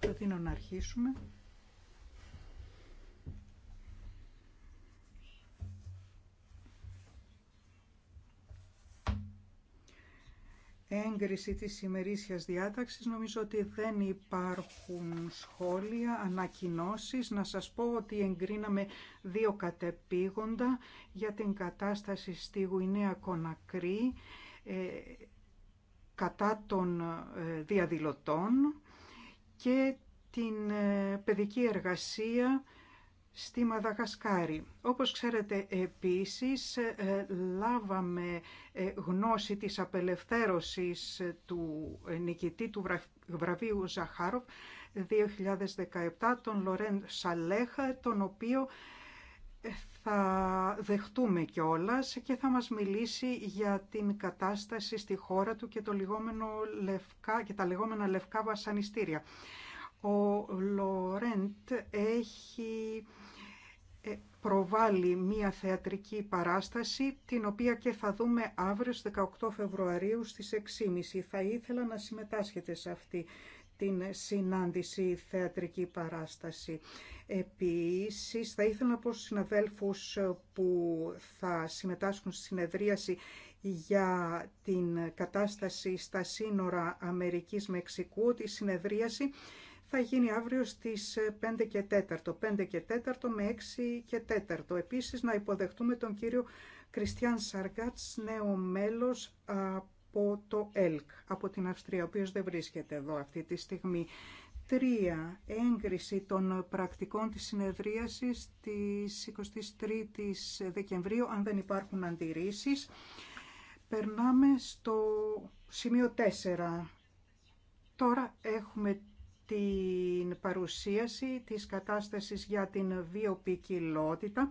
Προτείνω να αρχίσουμε. Έγκριση της ημερήσιας διάταξης. Νομίζω ότι δεν υπάρχουν σχόλια, ανακοινώσεις. Να σας πω ότι εγκρίναμε δύο κατεπήγοντα για την κατάσταση στη Γουινέα Κονακρή ε, κατά των ε, διαδηλωτών και την ε, παιδική εργασία στη Μαδαγασκάρη. Όπως ξέρετε επίσης ε, ε, λάβαμε γνώση της απελευθέρωσης του νικητή του βραβείου Ζαχάροφ 2017, τον Λορέν Σαλέχα, τον οποίο θα δεχτούμε κιόλα και θα μας μιλήσει για την κατάσταση στη χώρα του και, το λεγόμενο λευκά, και τα λεγόμενα λευκά βασανιστήρια. Ο Λορέντ έχει ε, προβάλλει μία θεατρική παράσταση, την οποία και θα δούμε αύριο στις 18 Φεβρουαρίου στις 6.30. Θα ήθελα να συμμετάσχετε σε αυτή την συνάντηση θεατρική παράσταση. Επίσης, θα ήθελα να πω στους συναδέλφους ε, που θα συμμετάσχουν στη συνεδρίαση για την κατάσταση στα σύνορα Αμερικής Μεξικού ότι η συνεδρίαση θα γίνει αύριο στις 5 ε, και 4, 5 και 4 με 6 και 4. Επίσης να υποδεχτούμε τον κύριο Κριστιαν Σαργάτς, νέο μέλος από το ΕΛΚ, από την Αυστρία, ο οποίος δεν βρίσκεται εδώ αυτή τη στιγμή. Τρία, Έγκριση των πρακτικών της συνεδρίασης της 23ης Δεκεμβρίου, αν δεν υπάρχουν αντιρρήσεις. Περνάμε στο σημείο 4. Τώρα έχουμε την παρουσίαση της κατάστασης για την βιοπικιλότητα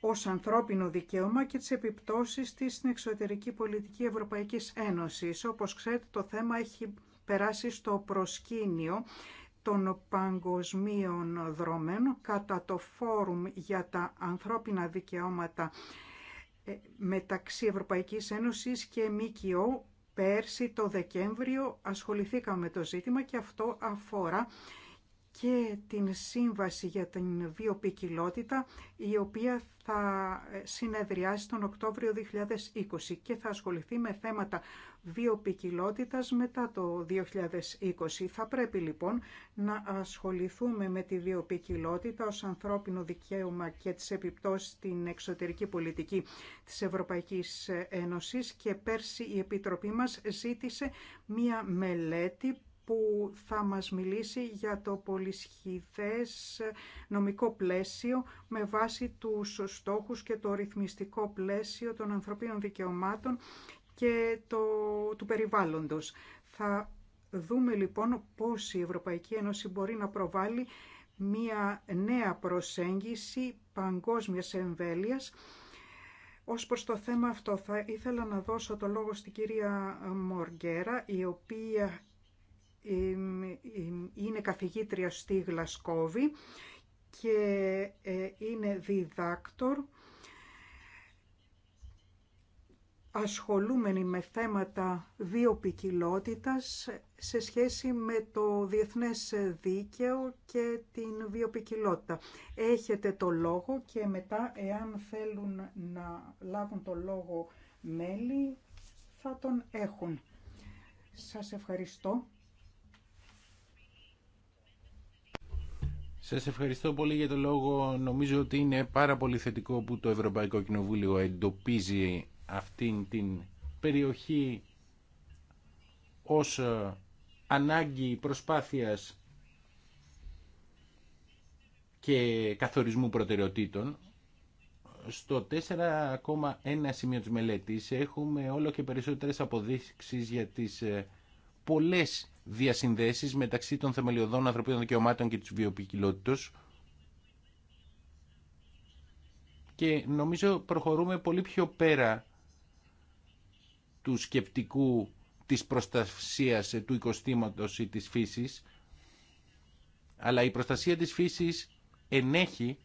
ως ανθρώπινο δικαίωμα και τις επιπτώσεις της στην εξωτερική πολιτική Ευρωπαϊκής Ένωσης. Όπως ξέρετε το θέμα έχει περάσει στο προσκήνιο των παγκοσμίων δρόμενων κατά το Φόρουμ για τα Ανθρώπινα Δικαιώματα ε, μεταξύ Ευρωπαϊκής Ένωσης και ΜΚΟ πέρσι το Δεκέμβριο ασχοληθήκαμε με το ζήτημα και αυτό αφορά και την Σύμβαση για την Βιοπικιλότητα, η οποία θα συνεδριάσει τον Οκτώβριο 2020 και θα ασχοληθεί με θέματα βιοπικιλότητας μετά το 2020. Θα πρέπει λοιπόν να ασχοληθούμε με τη βιοπικιλότητα ως ανθρώπινο δικαίωμα και τις επιπτώσεις στην εξωτερική πολιτική της Ευρωπαϊκής Ένωσης και πέρσι η Επιτροπή μας ζήτησε μία μελέτη που θα μας μιλήσει για το πολυσχηδές νομικό πλαίσιο με βάση τους στόχους και το ρυθμιστικό πλαίσιο των ανθρωπίνων δικαιωμάτων και του περιβάλλοντος. Θα δούμε λοιπόν πώς η Ευρωπαϊκή Ένωση μπορεί να προβάλλει μία νέα προσέγγιση παγκόσμιας εμβέλειας Ως προς το θέμα αυτό θα ήθελα να δώσω το λόγο στην κυρία Μοργέρα, η οποία είναι καθηγήτρια στη Γλασκόβη και ε, είναι διδάκτορ ασχολούμενη με θέματα βιοπικιλότητας σε σχέση με το διεθνές δίκαιο και την βιοπικιλότητα. Έχετε το λόγο και μετά εάν θέλουν να λάβουν το λόγο μέλη θα τον έχουν. Σας ευχαριστώ. Σας ευχαριστώ πολύ για το λόγο. Νομίζω ότι είναι πάρα πολύ θετικό που το Ευρωπαϊκό Κοινοβούλιο εντοπίζει αυτήν την περιοχή ως ε, ανάγκη προσπάθειας και καθορισμού προτεραιοτήτων. Στο 4,1 σημείο της μελέτης έχουμε όλο και περισσότερες αποδείξεις για τις ε, Πολλέ διασυνδέσεις μεταξύ των θεμελιωδών ανθρωπίνων δικαιωμάτων και της βιοποικιλότητα. και νομίζω προχωρούμε πολύ πιο πέρα του σκεπτικού της προστασίας του οικοστήματος ή της φύσης αλλά η προστασία της φύσης ενέχει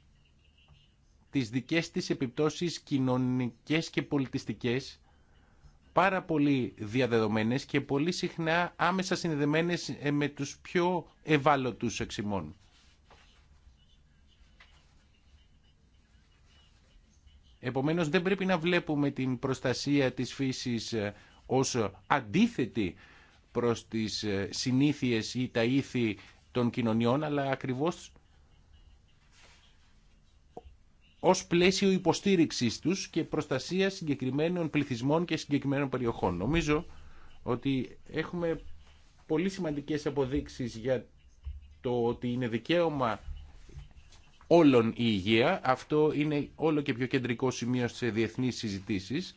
τις δικές της επιπτώσεις κοινωνικές και πολιτιστικές πάρα πολύ διαδεδομένες και πολύ συχνά άμεσα συνδεδεμένες ε, με τους πιο ευάλωτους εξημών. Επομένως δεν πρέπει να βλέπουμε την προστασία της φύσης ε, ως αντίθετη προς τις ε, συνήθειες ή τα ήθη των κοινωνιών, αλλά ακριβώς ως πλαίσιο υποστήριξης τους και προστασία συγκεκριμένων πληθυσμών και συγκεκριμένων περιοχών. Νομίζω ότι έχουμε πολύ σημαντικές αποδείξεις για το ότι είναι δικαίωμα όλων η υγεία. Αυτό είναι όλο και πιο κεντρικό σημείο σε διεθνείς συζητήσεις.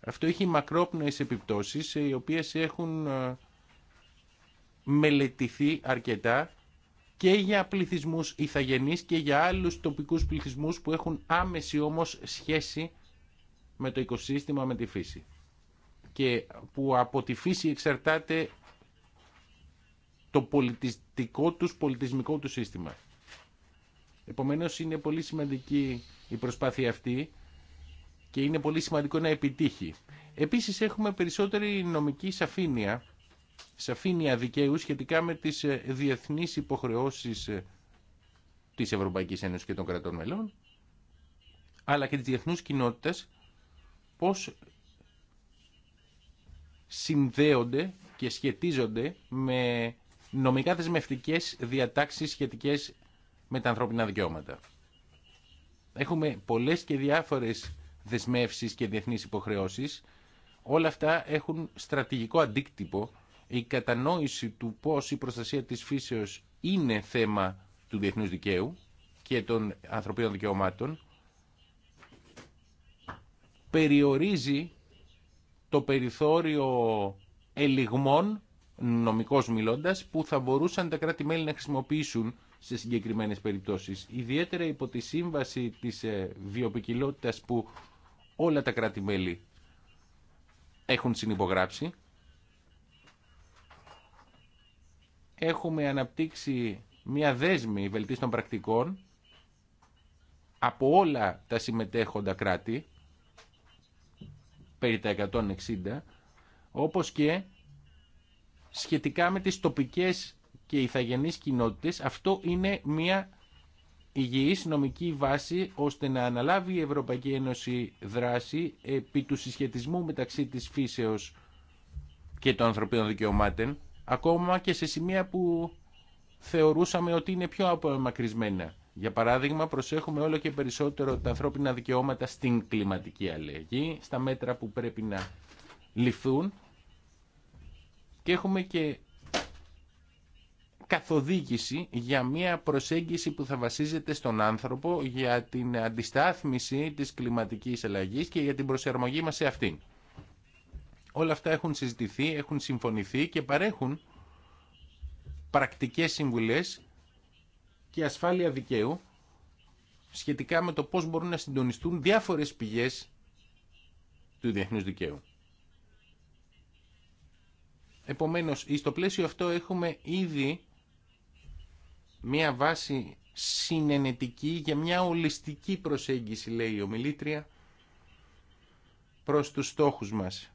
Αυτό έχει μακρόπνοες επιπτώσεις, οι οποίες έχουν ε, μελετηθεί αρκετά και για πληθυσμού ηθαγενεί και για άλλους τοπικούς πληθυσμού που έχουν άμεση όμω σχέση με το οικοσύστημα, με τη φύση και που από τη φύση εξαρτάται το πολιτιστικό τους, πολιτισμικό του σύστημα. Επομένως είναι πολύ σημαντική η προσπάθεια αυτή και είναι πολύ σημαντικό να επιτύχει. Επίσης έχουμε περισσότερη νομική σαφήνεια σαφήνεια δικαίου σχετικά με τις ε, διεθνείς υποχρεώσεις ε, της Ευρωπαϊκής Ένωσης και των κρατών μελών, αλλά και της διεθνούς κοινότητας, πώς συνδέονται και σχετίζονται με νομικά δεσμευτικές διατάξεις σχετικές με τα ανθρώπινα δικαιώματα. Έχουμε πολλές και διάφορες δεσμεύσεις και διεθνείς υποχρεώσεις. Όλα αυτά έχουν στρατηγικό αντίκτυπο η κατανόηση του πώς η προστασία της φύσεως είναι θέμα του διεθνούς δικαίου και των ανθρωπίνων δικαιωμάτων περιορίζει το περιθώριο ελιγμών νομικώς μιλώντας που θα μπορούσαν τα κράτη-μέλη να χρησιμοποιήσουν σε συγκεκριμένες περιπτώσεις. Ιδιαίτερα υπό τη σύμβαση της ε, βιοπικιλότητας που όλα τα κράτη-μέλη έχουν συνυπογράψει έχουμε αναπτύξει μια δέσμη βελτίστων πρακτικών από όλα τα συμμετέχοντα κράτη, περί τα 160, όπως και σχετικά με τις τοπικές και ηθαγενείς κοινότητες, αυτό είναι μια υγιής νομική βάση ώστε να αναλάβει η Ευρωπαϊκή Ένωση δράση επί του συσχετισμού μεταξύ της φύσεως και των ανθρωπίνων δικαιωμάτων ακόμα και σε σημεία που θεωρούσαμε ότι είναι πιο απομακρυσμένα. Για παράδειγμα, προσέχουμε όλο και περισσότερο τα ανθρώπινα δικαιώματα στην κλιματική αλλαγή, στα μέτρα που πρέπει να ληφθούν και έχουμε και καθοδήγηση για μια προσέγγιση που θα βασίζεται στον άνθρωπο για την αντιστάθμιση της κλιματικής αλλαγής και για την προσαρμογή μας σε αυτήν. Όλα αυτά έχουν συζητηθεί, έχουν συμφωνηθεί και παρέχουν πρακτικές συμβουλές και ασφάλεια δικαίου σχετικά με το πώς μπορούν να συντονιστούν διάφορες πηγές του διεθνούς δικαίου. Επομένως, στο πλαίσιο αυτό έχουμε ήδη μια βάση συνενετική για μια ολιστική προσέγγιση, λέει η ομιλήτρια, προς τους στόχους μας.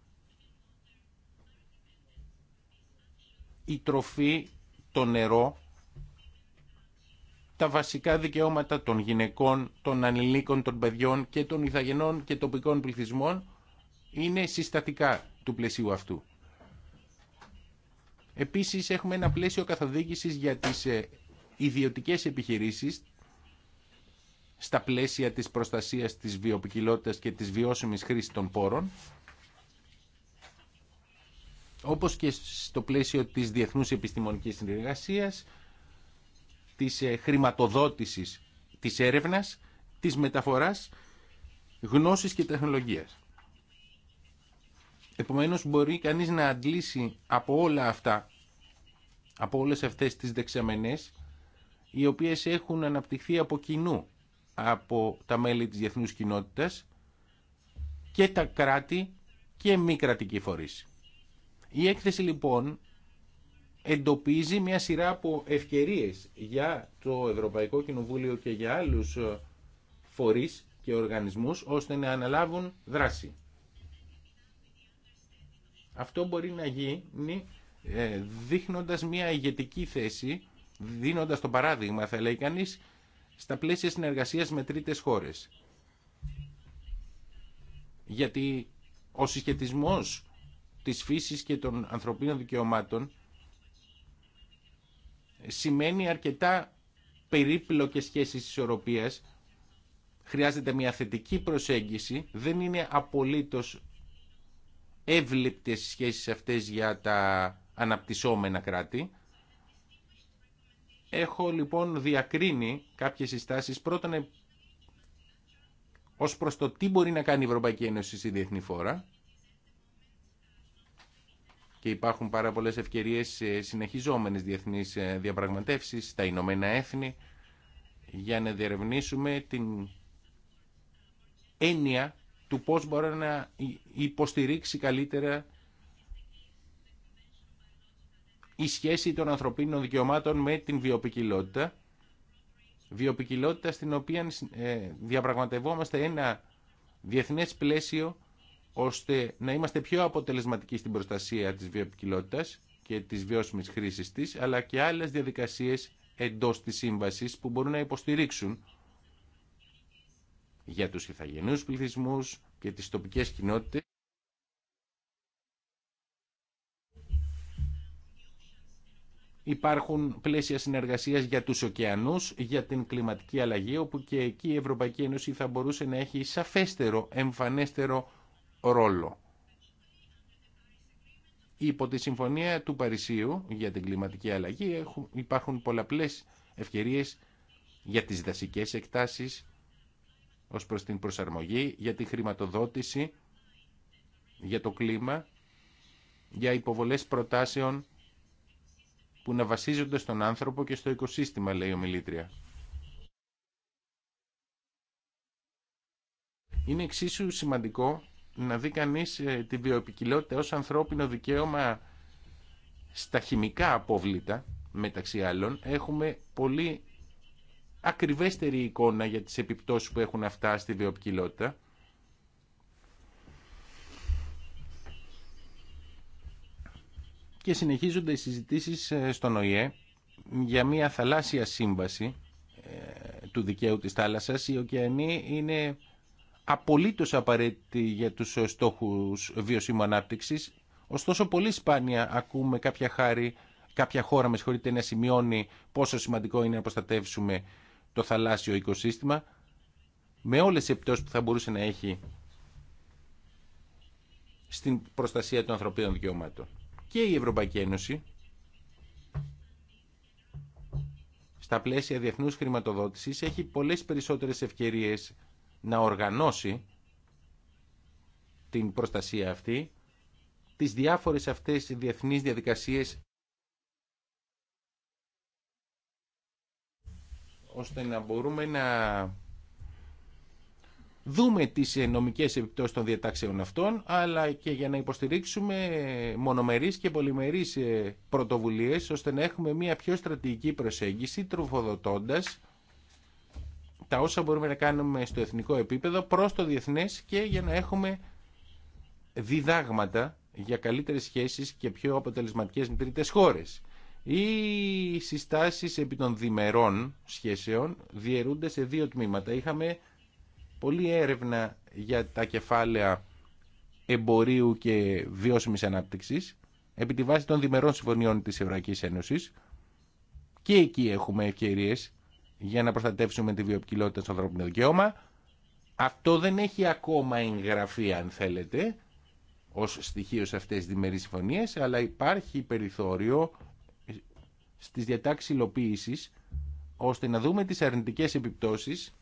η τροφή, το νερό, τα βασικά δικαιώματα των γυναικών, των ανηλίκων, των παιδιών και των ηθαγενών και τοπικών πληθυσμών είναι συστατικά του πλαισίου αυτού. Επίσης έχουμε ένα πλαίσιο καθοδήγησης για τις ε, ιδιωτικές επιχειρήσεις στα πλαίσια της προστασίας της βιοποικιλότητας και της βιώσιμης χρήσης των πόρων όπως και στο πλαίσιο της διεθνούς επιστημονικής συνεργασίας, της ε, χρηματοδότησης της έρευνας, της μεταφοράς γνώσης και τεχνολογίας. Επομένως μπορεί κανείς να αντλήσει από όλα αυτά, από όλες αυτές τις δεξαμενές, οι οποίες έχουν αναπτυχθεί από κοινού, από τα μέλη της διεθνούς κοινότητας και τα κράτη και μη κρατική φορείς. Η έκθεση λοιπόν εντοπίζει μια σειρά από ευκαιρίες για το Ευρωπαϊκό Κοινοβούλιο και για άλλους ε, φορείς και οργανισμούς ώστε να αναλάβουν δράση. Αυτό μπορεί να γίνει ε, δείχνοντας μια ηγετική θέση, δίνοντας το παράδειγμα θα λέει κανείς, στα πλαίσια συνεργασίας με τρίτες χώρες. Γιατί ο συσχετισμός της φύσης και των ανθρωπίνων δικαιωμάτων σημαίνει αρκετά περίπλοκες σχέσεις ισορροπίας. Χρειάζεται μια θετική προσέγγιση. Δεν είναι απολύτως εύληπτες σχέσεις αυτές για τα αναπτυσσόμενα κράτη. Έχω λοιπόν διακρίνει κάποιες συστάσεις πρώτον ε, ως προς το τι μπορεί να κάνει η Ευρωπαϊκή Ένωση στη διεθνή φόρα και υπάρχουν πάρα πολλέ ευκαιρίες σε συνεχιζόμενες διεθνείς ε, διαπραγματεύσεις στα Ηνωμένα Έθνη για να διερευνήσουμε την έννοια του πώς μπορεί να υποστηρίξει καλύτερα η σχέση των ανθρωπίνων δικαιωμάτων με την βιοπικιλότητα βιοπικιλότητα στην οποία ε, διαπραγματευόμαστε ένα διεθνές πλαίσιο ώστε να είμαστε πιο αποτελεσματικοί στην προστασία της βιοποικιλότητας και της βιώσιμης χρήσης της, αλλά και άλλες διαδικασίες εντός της σύμβασης που μπορούν να υποστηρίξουν για τους ηθαγενούς πληθυσμούς και τις τοπικές κοινότητες υπάρχουν πλαίσια συνεργασίας για τους ωκεανούς, για την κλιματική αλλαγή, όπου και εκεί η Ευρωπαϊκή Ένωση θα μπορούσε να έχει σαφέστερο, εμφανέστερο ρόλο. Υπό τη Συμφωνία του Παρισίου για την κλιματική αλλαγή υπάρχουν πολλαπλές ευκαιρίες για τις δασικές εκτάσεις ως προς την προσαρμογή, για τη χρηματοδότηση, για το κλίμα, για υποβολές προτάσεων που να βασίζονται στον άνθρωπο και στο οικοσύστημα, λέει ο Μιλήτρια. Είναι εξίσου σημαντικό να δει κανείς ε, την βιοπικιλότητα ως ανθρώπινο δικαίωμα στα χημικά απόβλητα, μεταξύ άλλων, έχουμε πολύ ακριβέστερη εικόνα για τις επιπτώσεις που έχουν αυτά στη βιοπικιλότητα. Και συνεχίζονται οι συζητήσεις ε, στον ΟΗΕ για μια θαλάσσια σύμβαση ε, του δικαίου της θάλασσας. Οι ωκεανοί είναι απολύτως απαραίτητη για τους ε, στόχους βιωσίμου ανάπτυξης. Ωστόσο, πολύ σπάνια ακούμε κάποια, χάρη, κάποια χώρα με συγχωρείτε, να σημειώνει πόσο σημαντικό είναι να προστατεύσουμε το θαλάσσιο οικοσύστημα με όλες τις επιπτώσεις που θα μπορούσε να έχει στην προστασία των ανθρωπίνων δικαιωμάτων. Και η Ευρωπαϊκή Ένωση στα πλαίσια διεθνούς χρηματοδότησης έχει πολλές περισσότερες ευκαιρίες να οργανώσει την προστασία αυτή, τις διάφορες αυτές διεθνείς διαδικασίες ώστε να μπορούμε να δούμε τις ε, νομικές επιπτώσεις των διατάξεων αυτών, αλλά και για να υποστηρίξουμε μονομερείς και πολυμερείς ε, πρωτοβουλίες, ώστε να έχουμε μια πιο στρατηγική προσέγγιση, τροφοδοτώντας τα όσα μπορούμε να κάνουμε στο εθνικό επίπεδο προς το διεθνές και για να έχουμε διδάγματα για καλύτερες σχέσεις και πιο αποτελεσματικές με τρίτες χώρες. Οι συστάσεις επί των διμερών σχέσεων διαιρούνται σε δύο τμήματα. Είχαμε πολλή έρευνα για τα κεφάλαια εμπορίου και βιώσιμης ανάπτυξης επί τη βάση των διμερών συμφωνιών της Ευρωπαϊκής Ένωσης και εκεί έχουμε ευκαιρίες για να προστατεύσουμε τη βιοποικιλότητα στο ανθρώπινο δικαίωμα. Αυτό δεν έχει ακόμα εγγραφεί, αν θέλετε, ως στοιχείο σε αυτές τις διμερείς συμφωνίες, αλλά υπάρχει περιθώριο στις διατάξεις υλοποίηση ώστε να δούμε τις αρνητικές επιπτώσεις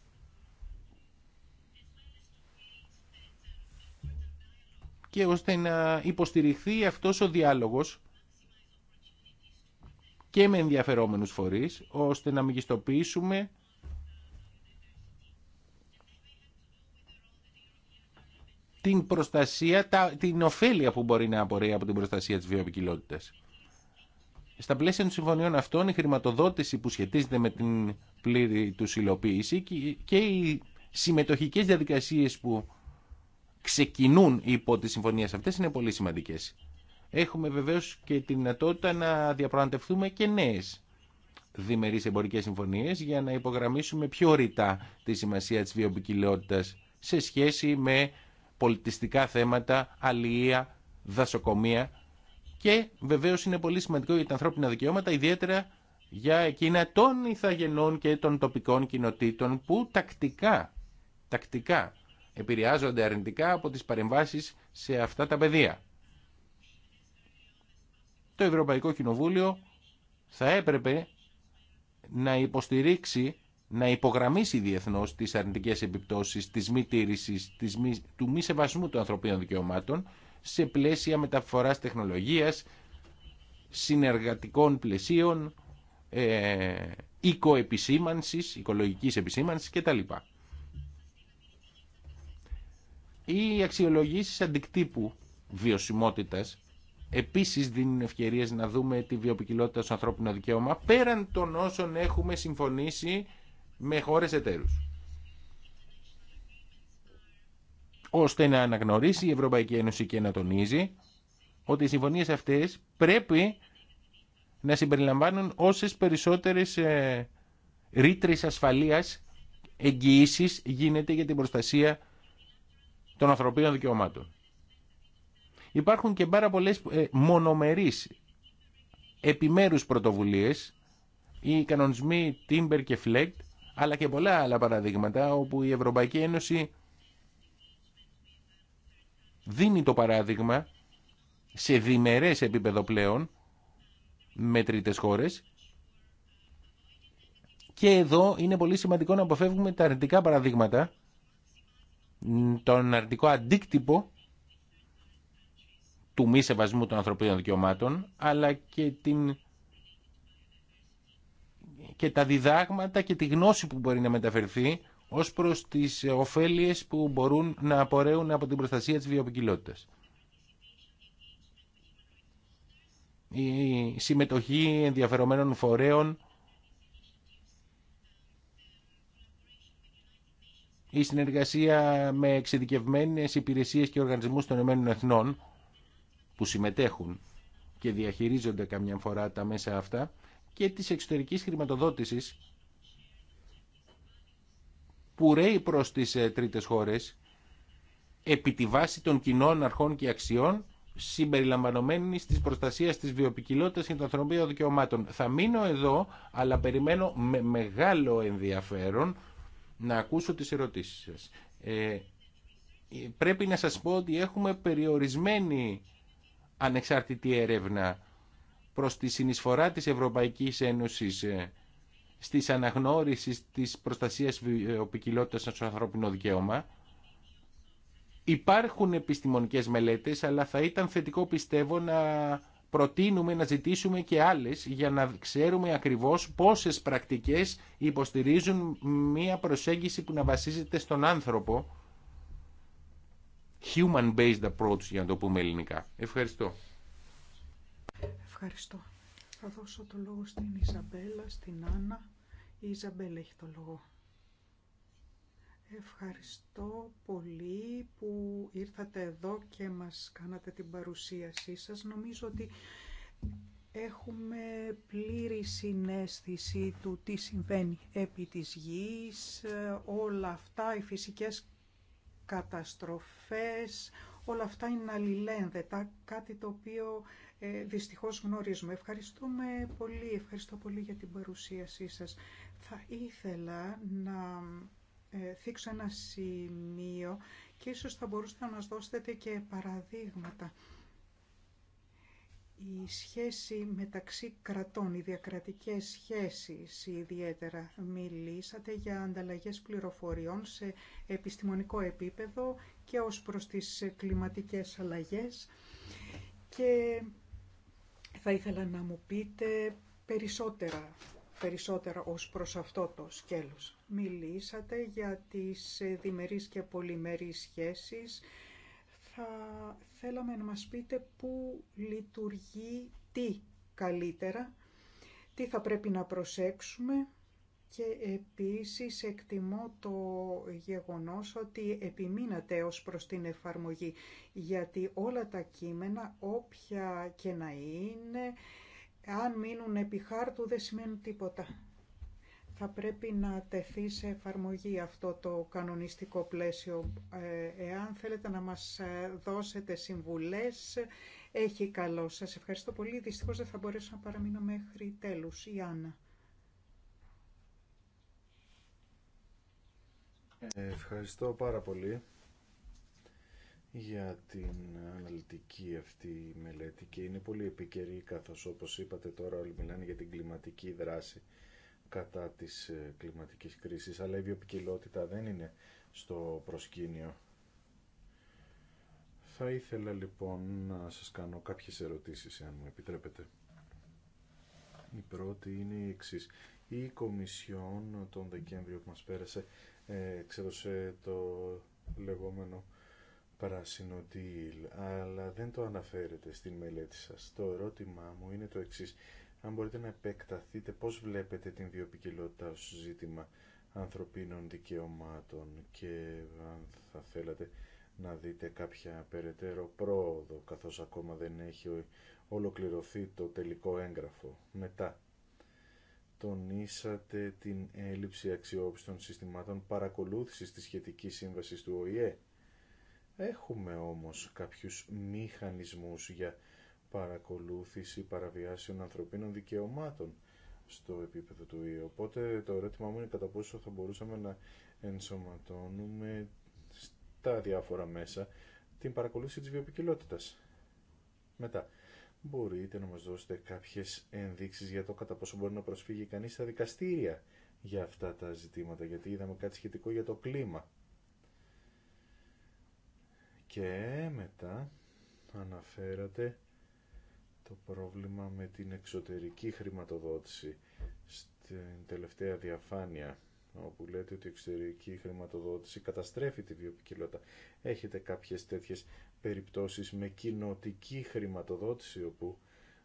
και ώστε να υποστηριχθεί αυτός ο διάλογος και με ενδιαφερόμενους φορείς, ώστε να μεγιστοποιήσουμε την προστασία, την ωφέλεια που μπορεί να απορρέει από την προστασία της βιοποικιλότητας. Στα πλαίσια των συμφωνιών αυτών, η χρηματοδότηση που σχετίζεται με την πλήρη του υλοποίηση και οι συμμετοχικές διαδικασίες που ξεκινούν υπό τις συμφωνίες αυτές είναι πολύ σημαντικές έχουμε βεβαίως και τη δυνατότητα να διαπραγματευτούμε και νέες διμερείς εμπορικές συμφωνίες για να υπογραμμίσουμε πιο ρητά τη σημασία της βιοποικιλότητας σε σχέση με πολιτιστικά θέματα, αλληλεία, δασοκομεία και βεβαίως είναι πολύ σημαντικό για τα ανθρώπινα δικαιώματα, ιδιαίτερα για εκείνα των ηθαγενών και των τοπικών κοινοτήτων που τακτικά, τακτικά επηρεάζονται αρνητικά από τις παρεμβάσεις σε αυτά τα πεδία το Ευρωπαϊκό Κοινοβούλιο θα έπρεπε να υποστηρίξει, να υπογραμμίσει διεθνώς τις αρνητικές επιπτώσεις της μη τήρηση, του μη σεβασμού των ανθρωπίνων δικαιωμάτων σε πλαίσια μεταφοράς τεχνολογία, συνεργατικών πλαισίων, ε, οικοεπισήμανσης, οικολογικής επισήμανσης κτλ. Οι αξιολογήσεις αντικτύπου βιωσιμότητας επίσης δίνουν ευκαιρίες να δούμε τη βιοποικιλότητα στο ανθρώπινο δικαίωμα πέραν των όσων έχουμε συμφωνήσει με χώρες εταίρους. Ώστε να αναγνωρίσει η Ευρωπαϊκή Ένωση και να τονίζει ότι οι συμφωνίες αυτές πρέπει να συμπεριλαμβάνουν όσες περισσότερες ε, ρήτρες ασφαλείας εγγυήσεις γίνεται για την προστασία των ανθρωπίνων δικαιωμάτων. Υπάρχουν και πάρα πολλές ε, μονομερείς επιμέρους πρωτοβουλίες, η κανονισμοί Timber και FLEGT αλλά και πολλά άλλα παραδείγματα όπου η Ευρωπαϊκή Ένωση δίνει το παράδειγμα σε διμερές επίπεδο πλέον με τρίτες χώρες και εδώ είναι πολύ σημαντικό να αποφεύγουμε τα αρνητικά παραδείγματα, τον αρνητικό αντίκτυπο του μη σεβασμού των ανθρωπίνων δικαιωμάτων, αλλά και, την... και τα διδάγματα και τη γνώση που μπορεί να μεταφερθεί ως προς τις ωφέλειες που μπορούν να απορρέουν από την προστασία της βιοποικιλότητας. Η συμμετοχή ενδιαφερομένων φορέων, η συνεργασία με εξειδικευμένες υπηρεσίες και οργανισμούς των Ηνωμένων Εθνών, που συμμετέχουν και διαχειρίζονται καμιά φορά τα μέσα αυτά και της εξωτερικής χρηματοδότησης που ρέει προς τις ε, τρίτες χώρες επί τη βάση των κοινών αρχών και αξιών συμπεριλαμβανομένη της προστασία της βιοπικιλότητας και των ανθρωπίνων δικαιωμάτων. Θα μείνω εδώ, αλλά περιμένω με μεγάλο ενδιαφέρον να ακούσω τις ερωτήσεις σας. Ε, ε, πρέπει να σας πω ότι έχουμε περιορισμένη ανεξάρτητη έρευνα προς τη συνεισφορά της Ευρωπαϊκής Ένωσης ε, στις αναγνώρισεις της προστασίας βιοποικιλότητας στο ανθρώπινο δικαίωμα. Υπάρχουν επιστημονικές μελέτες, αλλά θα ήταν θετικό πιστεύω να προτείνουμε να ζητήσουμε και άλλες για να ξέρουμε ακριβώς πόσες πρακτικές υποστηρίζουν μία προσέγγιση που να βασίζεται στον άνθρωπο human-based approach, για να το πούμε ελληνικά. Ευχαριστώ. Ευχαριστώ. Θα δώσω το λόγο στην Ιζαμπέλα, στην Άννα. Η Ιζαμπέλα έχει το λόγο. Ευχαριστώ πολύ που ήρθατε εδώ και μας κάνατε την παρουσίασή σας. Νομίζω ότι έχουμε πλήρη συνέστηση του τι συμβαίνει επί της γης, όλα αυτά, οι φυσικές καταστροφές, όλα αυτά είναι αλληλένδετα, κάτι το οποίο ε, δυστυχώς γνωρίζουμε. Ευχαριστούμε πολύ, ευχαριστώ πολύ για την παρουσίασή σας. Θα ήθελα να ε, θίξω ένα σημείο και ίσως θα μπορούσατε να μας δώσετε και παραδείγματα η σχέση μεταξύ κρατών, οι διακρατικές σχέσεις ιδιαίτερα. Μιλήσατε για ανταλλαγές πληροφοριών σε επιστημονικό επίπεδο και ως προς τις κλιματικές αλλαγές και θα ήθελα να μου πείτε περισσότερα περισσότερα ως προς αυτό το σκέλος. Μιλήσατε για τις διμερείς και πολυμερείς σχέσεις θέλαμε να μας πείτε πού λειτουργεί τι καλύτερα, τι θα πρέπει να προσέξουμε και επίσης εκτιμώ το γεγονός ότι επιμείνατε ως προς την εφαρμογή, γιατί όλα τα κείμενα, όποια και να είναι, αν μείνουν επί χάρτου δεν σημαίνουν τίποτα θα πρέπει να τεθεί σε εφαρμογή αυτό το κανονιστικό πλαίσιο. Ε, εάν θέλετε να μας ε, δώσετε συμβουλές, έχει καλό. Σας ευχαριστώ πολύ. Δυστυχώς δεν θα μπορέσω να παραμείνω μέχρι τέλους. Η Άννα. Ευχαριστώ πάρα πολύ για την αναλυτική αυτή μελέτη και είναι πολύ επικαιρή καθώς όπως είπατε τώρα όλοι μιλάνε για την κλιματική δράση κατά της ε, κλιματικής κρίσης, αλλά η βιοπικιλότητα δεν είναι στο προσκήνιο. Θα ήθελα λοιπόν να σας κάνω κάποιες ερωτήσεις, αν μου επιτρέπετε. Η πρώτη είναι η εξή. Η Κομισιόν τον Δεκέμβριο που μας πέρασε ε, εξέδωσε το λεγόμενο πράσινο deal, αλλά δεν το αναφέρετε στην μελέτη σας. Το ερώτημά μου είναι το εξής αν μπορείτε να επεκταθείτε πώς βλέπετε την βιοπικιλότητα ως ζήτημα ανθρωπίνων δικαιωμάτων και αν θα θέλατε να δείτε κάποια περαιτέρω πρόοδο καθώς ακόμα δεν έχει ολοκληρωθεί το τελικό έγγραφο. Μετά τονίσατε την έλλειψη αξιόπιστων συστημάτων παρακολούθησης της σχετικής σύμβασης του ΟΗΕ. Έχουμε όμως κάποιους μηχανισμούς για παρακολούθηση παραβιάσεων ανθρωπίνων δικαιωμάτων στο επίπεδο του ΙΕ. Οπότε το ερώτημα μου είναι κατά πόσο θα μπορούσαμε να ενσωματώνουμε στα διάφορα μέσα την παρακολούθηση της βιοποικιλότητας. Μετά, μπορείτε να μας δώσετε κάποιες ενδείξεις για το κατά πόσο μπορεί να προσφύγει κανείς στα δικαστήρια για αυτά τα ζητήματα, γιατί είδαμε κάτι σχετικό για το κλίμα. Και μετά αναφέρατε το πρόβλημα με την εξωτερική χρηματοδότηση στην τελευταία διαφάνεια όπου λέτε ότι η εξωτερική χρηματοδότηση καταστρέφει τη βιοποικιλότητα. Έχετε κάποιες τέτοιες περιπτώσεις με κοινοτική χρηματοδότηση όπου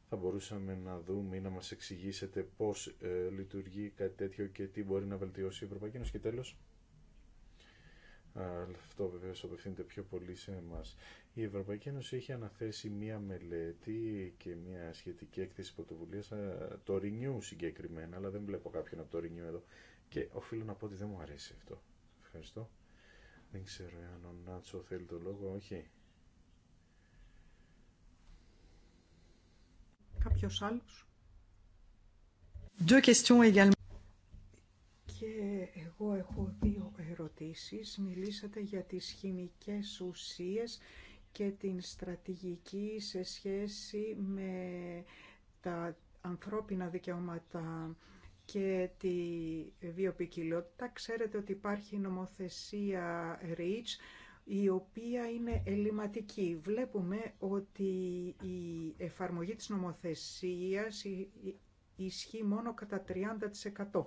θα μπορούσαμε να δούμε ή να μας εξηγήσετε πώς ε, λειτουργεί κάτι τέτοιο και τι μπορεί να βελτιώσει η Ευρωπαϊκή Ένωση. Και τέλος, αυτό βεβαίω απευθύνεται πιο πολύ σε εμά. Η Ευρωπαϊκή Ένωση έχει αναθέσει μία μελέτη και μία σχετική έκθεση πρωτοβουλία, ε, το Renew συγκεκριμένα, αλλά δεν βλέπω κάποιον από το Renew εδώ. Και οφείλω να πω ότι δεν μου αρέσει αυτό. Ευχαριστώ. Δεν ξέρω αν ο Νάτσο θέλει το λόγο, όχι. Κάποιος άλλος. Deux questions également. Και εγώ έχω δύο ερωτήσεις. Μιλήσατε για τις χημικές ουσίες και την στρατηγική σε σχέση με τα ανθρώπινα δικαιώματα και τη βιοπικιλότητα. Ξέρετε ότι υπάρχει νομοθεσία REACH, η οποία είναι ελληματική. Βλέπουμε ότι η εφαρμογή της νομοθεσίας ισχύει μόνο κατά 30%.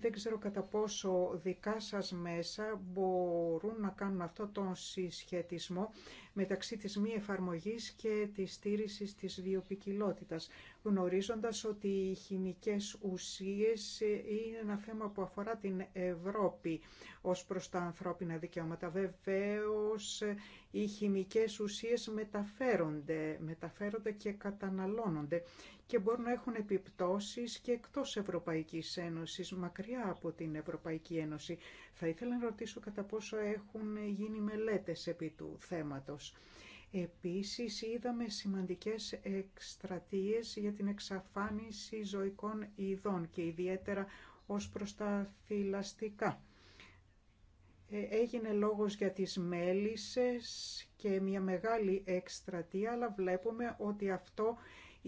Δεν ξέρω κατά πόσο δικά σας μέσα μπορούν να κάνουν αυτό τον συσχετισμό μεταξύ της μη εφαρμογής και της στήρησης της βιοπικιλότητας, γνωρίζοντας ότι οι χημικές ουσίες είναι ένα θέμα που αφορά την Ευρώπη ως προς τα ανθρώπινα δικαιώματα. Βεβαίως, οι χημικές ουσίες μεταφέρονται, μεταφέρονται και καταναλώνονται και μπορούν να έχουν επιπτώσεις και εκτός Ευρωπαϊκής Ένωσης, μακριά από την Ευρωπαϊκή Ένωση. Θα ήθελα να ρωτήσω κατά πόσο έχουν γίνει μελέτες επί του θέματος. Επίσης είδαμε σημαντικές εκστρατείες για την εξαφάνιση ζωικών ειδών και ιδιαίτερα ως προς τα θηλαστικά. Ε, έγινε λόγος για τις μέλισσες και μια μεγάλη εκστρατεία, αλλά βλέπουμε ότι αυτό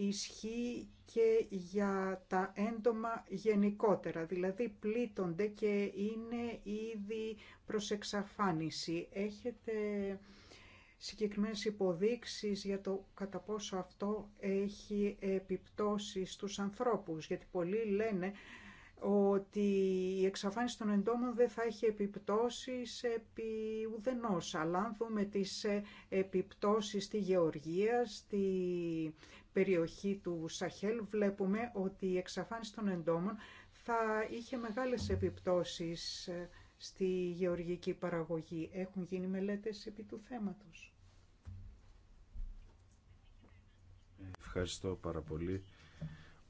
ισχύει και για τα έντομα γενικότερα, δηλαδή πλήττονται και είναι ήδη προς εξαφάνιση. Έχετε συγκεκριμένες υποδείξεις για το κατά πόσο αυτό έχει επιπτώσει στους ανθρώπους, γιατί πολλοί λένε ότι η εξαφάνιση των εντόμων δεν θα έχει επιπτώσεις επί ουδενός. Αλλά αν δούμε τις επιπτώσεις στη γεωργία, στη περιοχή του Σαχέλ βλέπουμε ότι η εξαφάνιση των εντόμων θα είχε μεγάλες επιπτώσεις ε, στη γεωργική παραγωγή. Έχουν γίνει μελέτες επί του θέματος. Ευχαριστώ πάρα πολύ.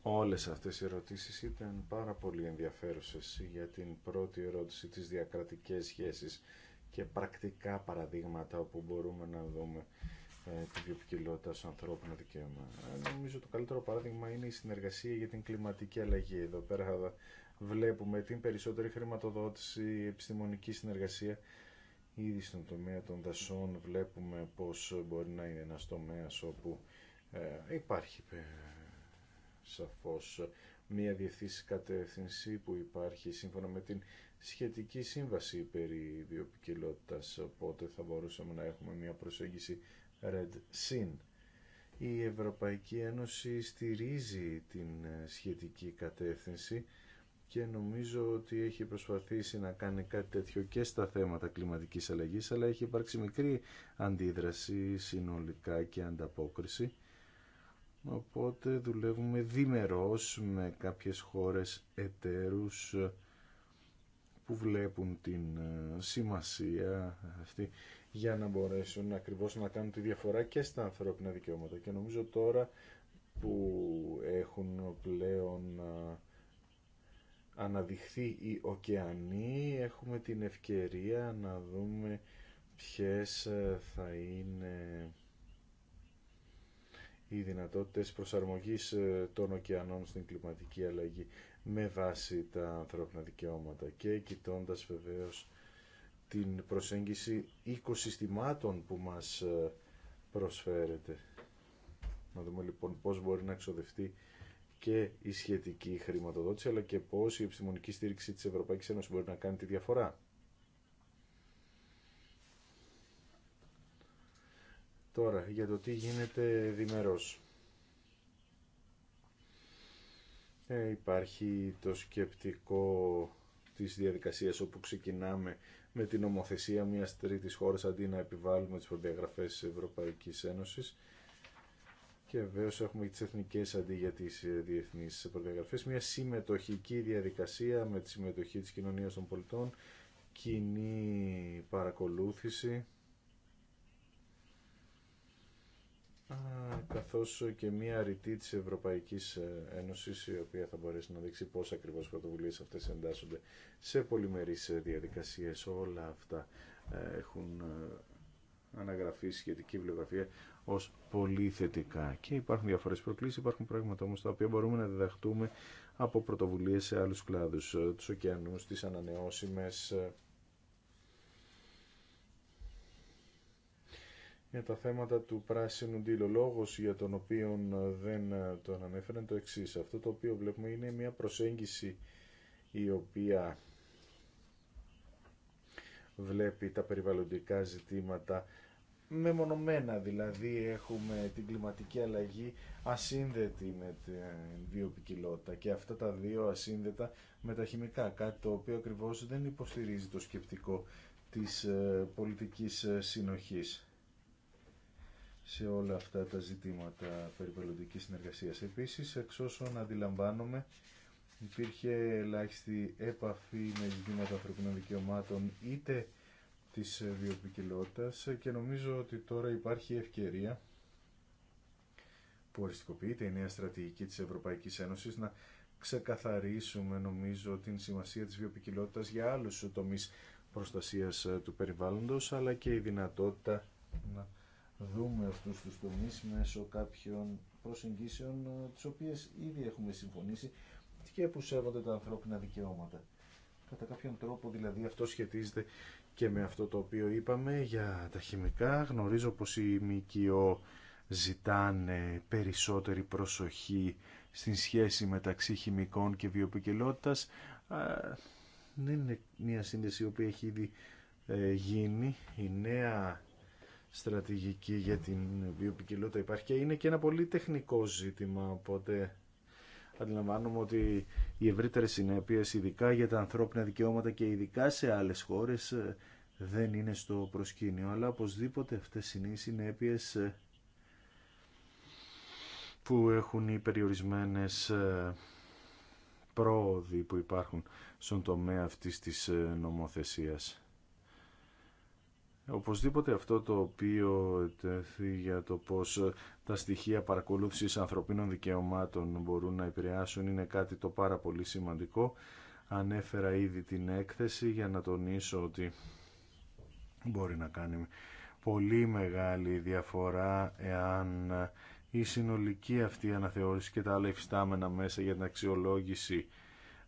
Όλες αυτές οι ερωτήσεις ήταν πάρα πολύ ενδιαφέρουσες για την πρώτη ερώτηση της διακρατικές σχέσεις και πρακτικά παραδείγματα όπου μπορούμε να δούμε ε, τη βιοποικιλότητα ως ανθρώπινο δικαίωμα. Ε, νομίζω το καλύτερο παράδειγμα είναι η συνεργασία για την κλιματική αλλαγή. Εδώ πέρα βλέπουμε την περισσότερη χρηματοδότηση, επιστημονική συνεργασία. Ήδη στον τομέα των δασών βλέπουμε πως μπορεί να είναι ένας τομέας όπου ε, υπάρχει σαφώς μία διευθύνση κατεύθυνση που υπάρχει σύμφωνα με την σχετική σύμβαση περί βιοποικιλότητας, οπότε θα μπορούσαμε να έχουμε μία προσέγγιση Red Sin. Η Ευρωπαϊκή Ένωση στηρίζει την ε, σχετική κατεύθυνση και νομίζω ότι έχει προσπαθήσει να κάνει κάτι τέτοιο και στα θέματα κλιματικής αλλαγής, αλλά έχει υπάρξει μικρή αντίδραση συνολικά και ανταπόκριση. Οπότε δουλεύουμε διμερώς με κάποιες χώρες εταίρους ε, που βλέπουν την ε, σημασία αυτή για να μπορέσουν ακριβώς να κάνουν τη διαφορά και στα ανθρώπινα δικαιώματα. Και νομίζω τώρα που έχουν πλέον αναδειχθεί οι ωκεανοί έχουμε την ευκαιρία να δούμε ποιες ε, θα είναι οι δυνατότητες προσαρμογής ε, των ωκεανών στην κλιματική αλλαγή με βάση τα ανθρώπινα δικαιώματα και κοιτώντας βεβαίως την προσέγγιση οικοσυστημάτων που μας ε, προσφέρεται. Να δούμε λοιπόν πώς μπορεί να εξοδευτεί και η σχετική χρηματοδότηση, αλλά και πώς η επιστημονική στήριξη της Ευρωπαϊκής Ένωσης μπορεί να κάνει τη διαφορά. Τώρα, για το τι γίνεται διμερός. Ε, υπάρχει το σκεπτικό της διαδικασίας όπου ξεκινάμε με την ομοθεσία μιας τρίτη χώρα αντί να επιβάλλουμε τις προδιαγραφές τη Ευρωπαϊκής Ένωσης. Και βεβαίω έχουμε τι εθνικέ αντί για τι ε, διεθνεί προδιαγραφέ. Μια συμμετοχική διαδικασία με τη συμμετοχή τη κοινωνία των πολιτών, κοινή παρακολούθηση καθώς και μία ρητή της Ευρωπαϊκής ε, Ένωσης η οποία θα μπορέσει να δείξει πώς ακριβώς οι πρωτοβουλίες αυτές εντάσσονται σε πολυμερείς ε, διαδικασίες. Όλα αυτά ε, έχουν αναγραφεί σχετική βιβλιογραφία ως πολύ θετικά και υπάρχουν διαφορές προκλήσεις, υπάρχουν πράγματα όμως τα οποία μπορούμε να διδαχτούμε από πρωτοβουλίες σε άλλους κλάδους, τους ωκεανούς, τις ανανεώσιμες για τα θέματα του πράσινου ντύλου. για τον οποίο ε, δεν ε, τον ανέφερε το εξή. Αυτό το οποίο βλέπουμε είναι μια προσέγγιση η οποία βλέπει τα περιβαλλοντικά ζητήματα μεμονωμένα, δηλαδή έχουμε την κλιματική αλλαγή ασύνδετη με την βιοπικιλότητα και αυτά τα δύο ασύνδετα με τα χημικά, κάτι το οποίο ακριβώς δεν υποστηρίζει το σκεπτικό της ε, πολιτικής συνοχής σε όλα αυτά τα ζητήματα περιβαλλοντικής συνεργασίας. Επίσης, εξ όσων αντιλαμβάνομαι, υπήρχε ελάχιστη έπαφη με ζητήματα ανθρωπινών δικαιωμάτων είτε της βιοπικιλότητας και νομίζω ότι τώρα υπάρχει ευκαιρία που οριστικοποιείται η νέα στρατηγική της Ευρωπαϊκής Ένωσης να ξεκαθαρίσουμε νομίζω την σημασία της βιοπικιλότητας για άλλους τομείς προστασίας του περιβάλλοντος αλλά και η δυνατότητα να δούμε αυτούς τους τομείς μέσω κάποιων προσεγγίσεων ε, τις οποίες ήδη έχουμε συμφωνήσει και που σέβονται τα ανθρώπινα δικαιώματα. Κατά κάποιον τρόπο δηλαδή αυτό σχετίζεται και με αυτό το οποίο είπαμε για τα χημικά. Γνωρίζω πως οι ΜΚΟ ζητάνε περισσότερη προσοχή στην σχέση μεταξύ χημικών και βιοποικιλότητας. Δεν είναι μια σύνδεση η οποία έχει ήδη ε, γίνει. Η νέα στρατηγική για την βιοπικιλότητα υπάρχει και είναι και ένα πολύ τεχνικό ζήτημα, οπότε αντιλαμβάνομαι ότι οι ευρύτερε συνέπειε, ειδικά για τα ανθρώπινα δικαιώματα και ειδικά σε άλλες χώρες, ε, δεν είναι στο προσκήνιο, αλλά οπωσδήποτε αυτές είναι οι συνέπειες ε, που έχουν οι περιορισμένες ε, πρόοδοι που υπάρχουν στον τομέα αυτής της νομοθεσίας. Οπωσδήποτε αυτό το οποίο τεθεί για το πώς τα στοιχεία παρακολούθησης ανθρωπίνων δικαιωμάτων μπορούν να επηρεάσουν είναι κάτι το πάρα πολύ σημαντικό. Ανέφερα ήδη την έκθεση για να τονίσω ότι μπορεί να κάνει πολύ μεγάλη διαφορά εάν η συνολική αυτή αναθεώρηση και τα άλλα υφιστάμενα μέσα για την αξιολόγηση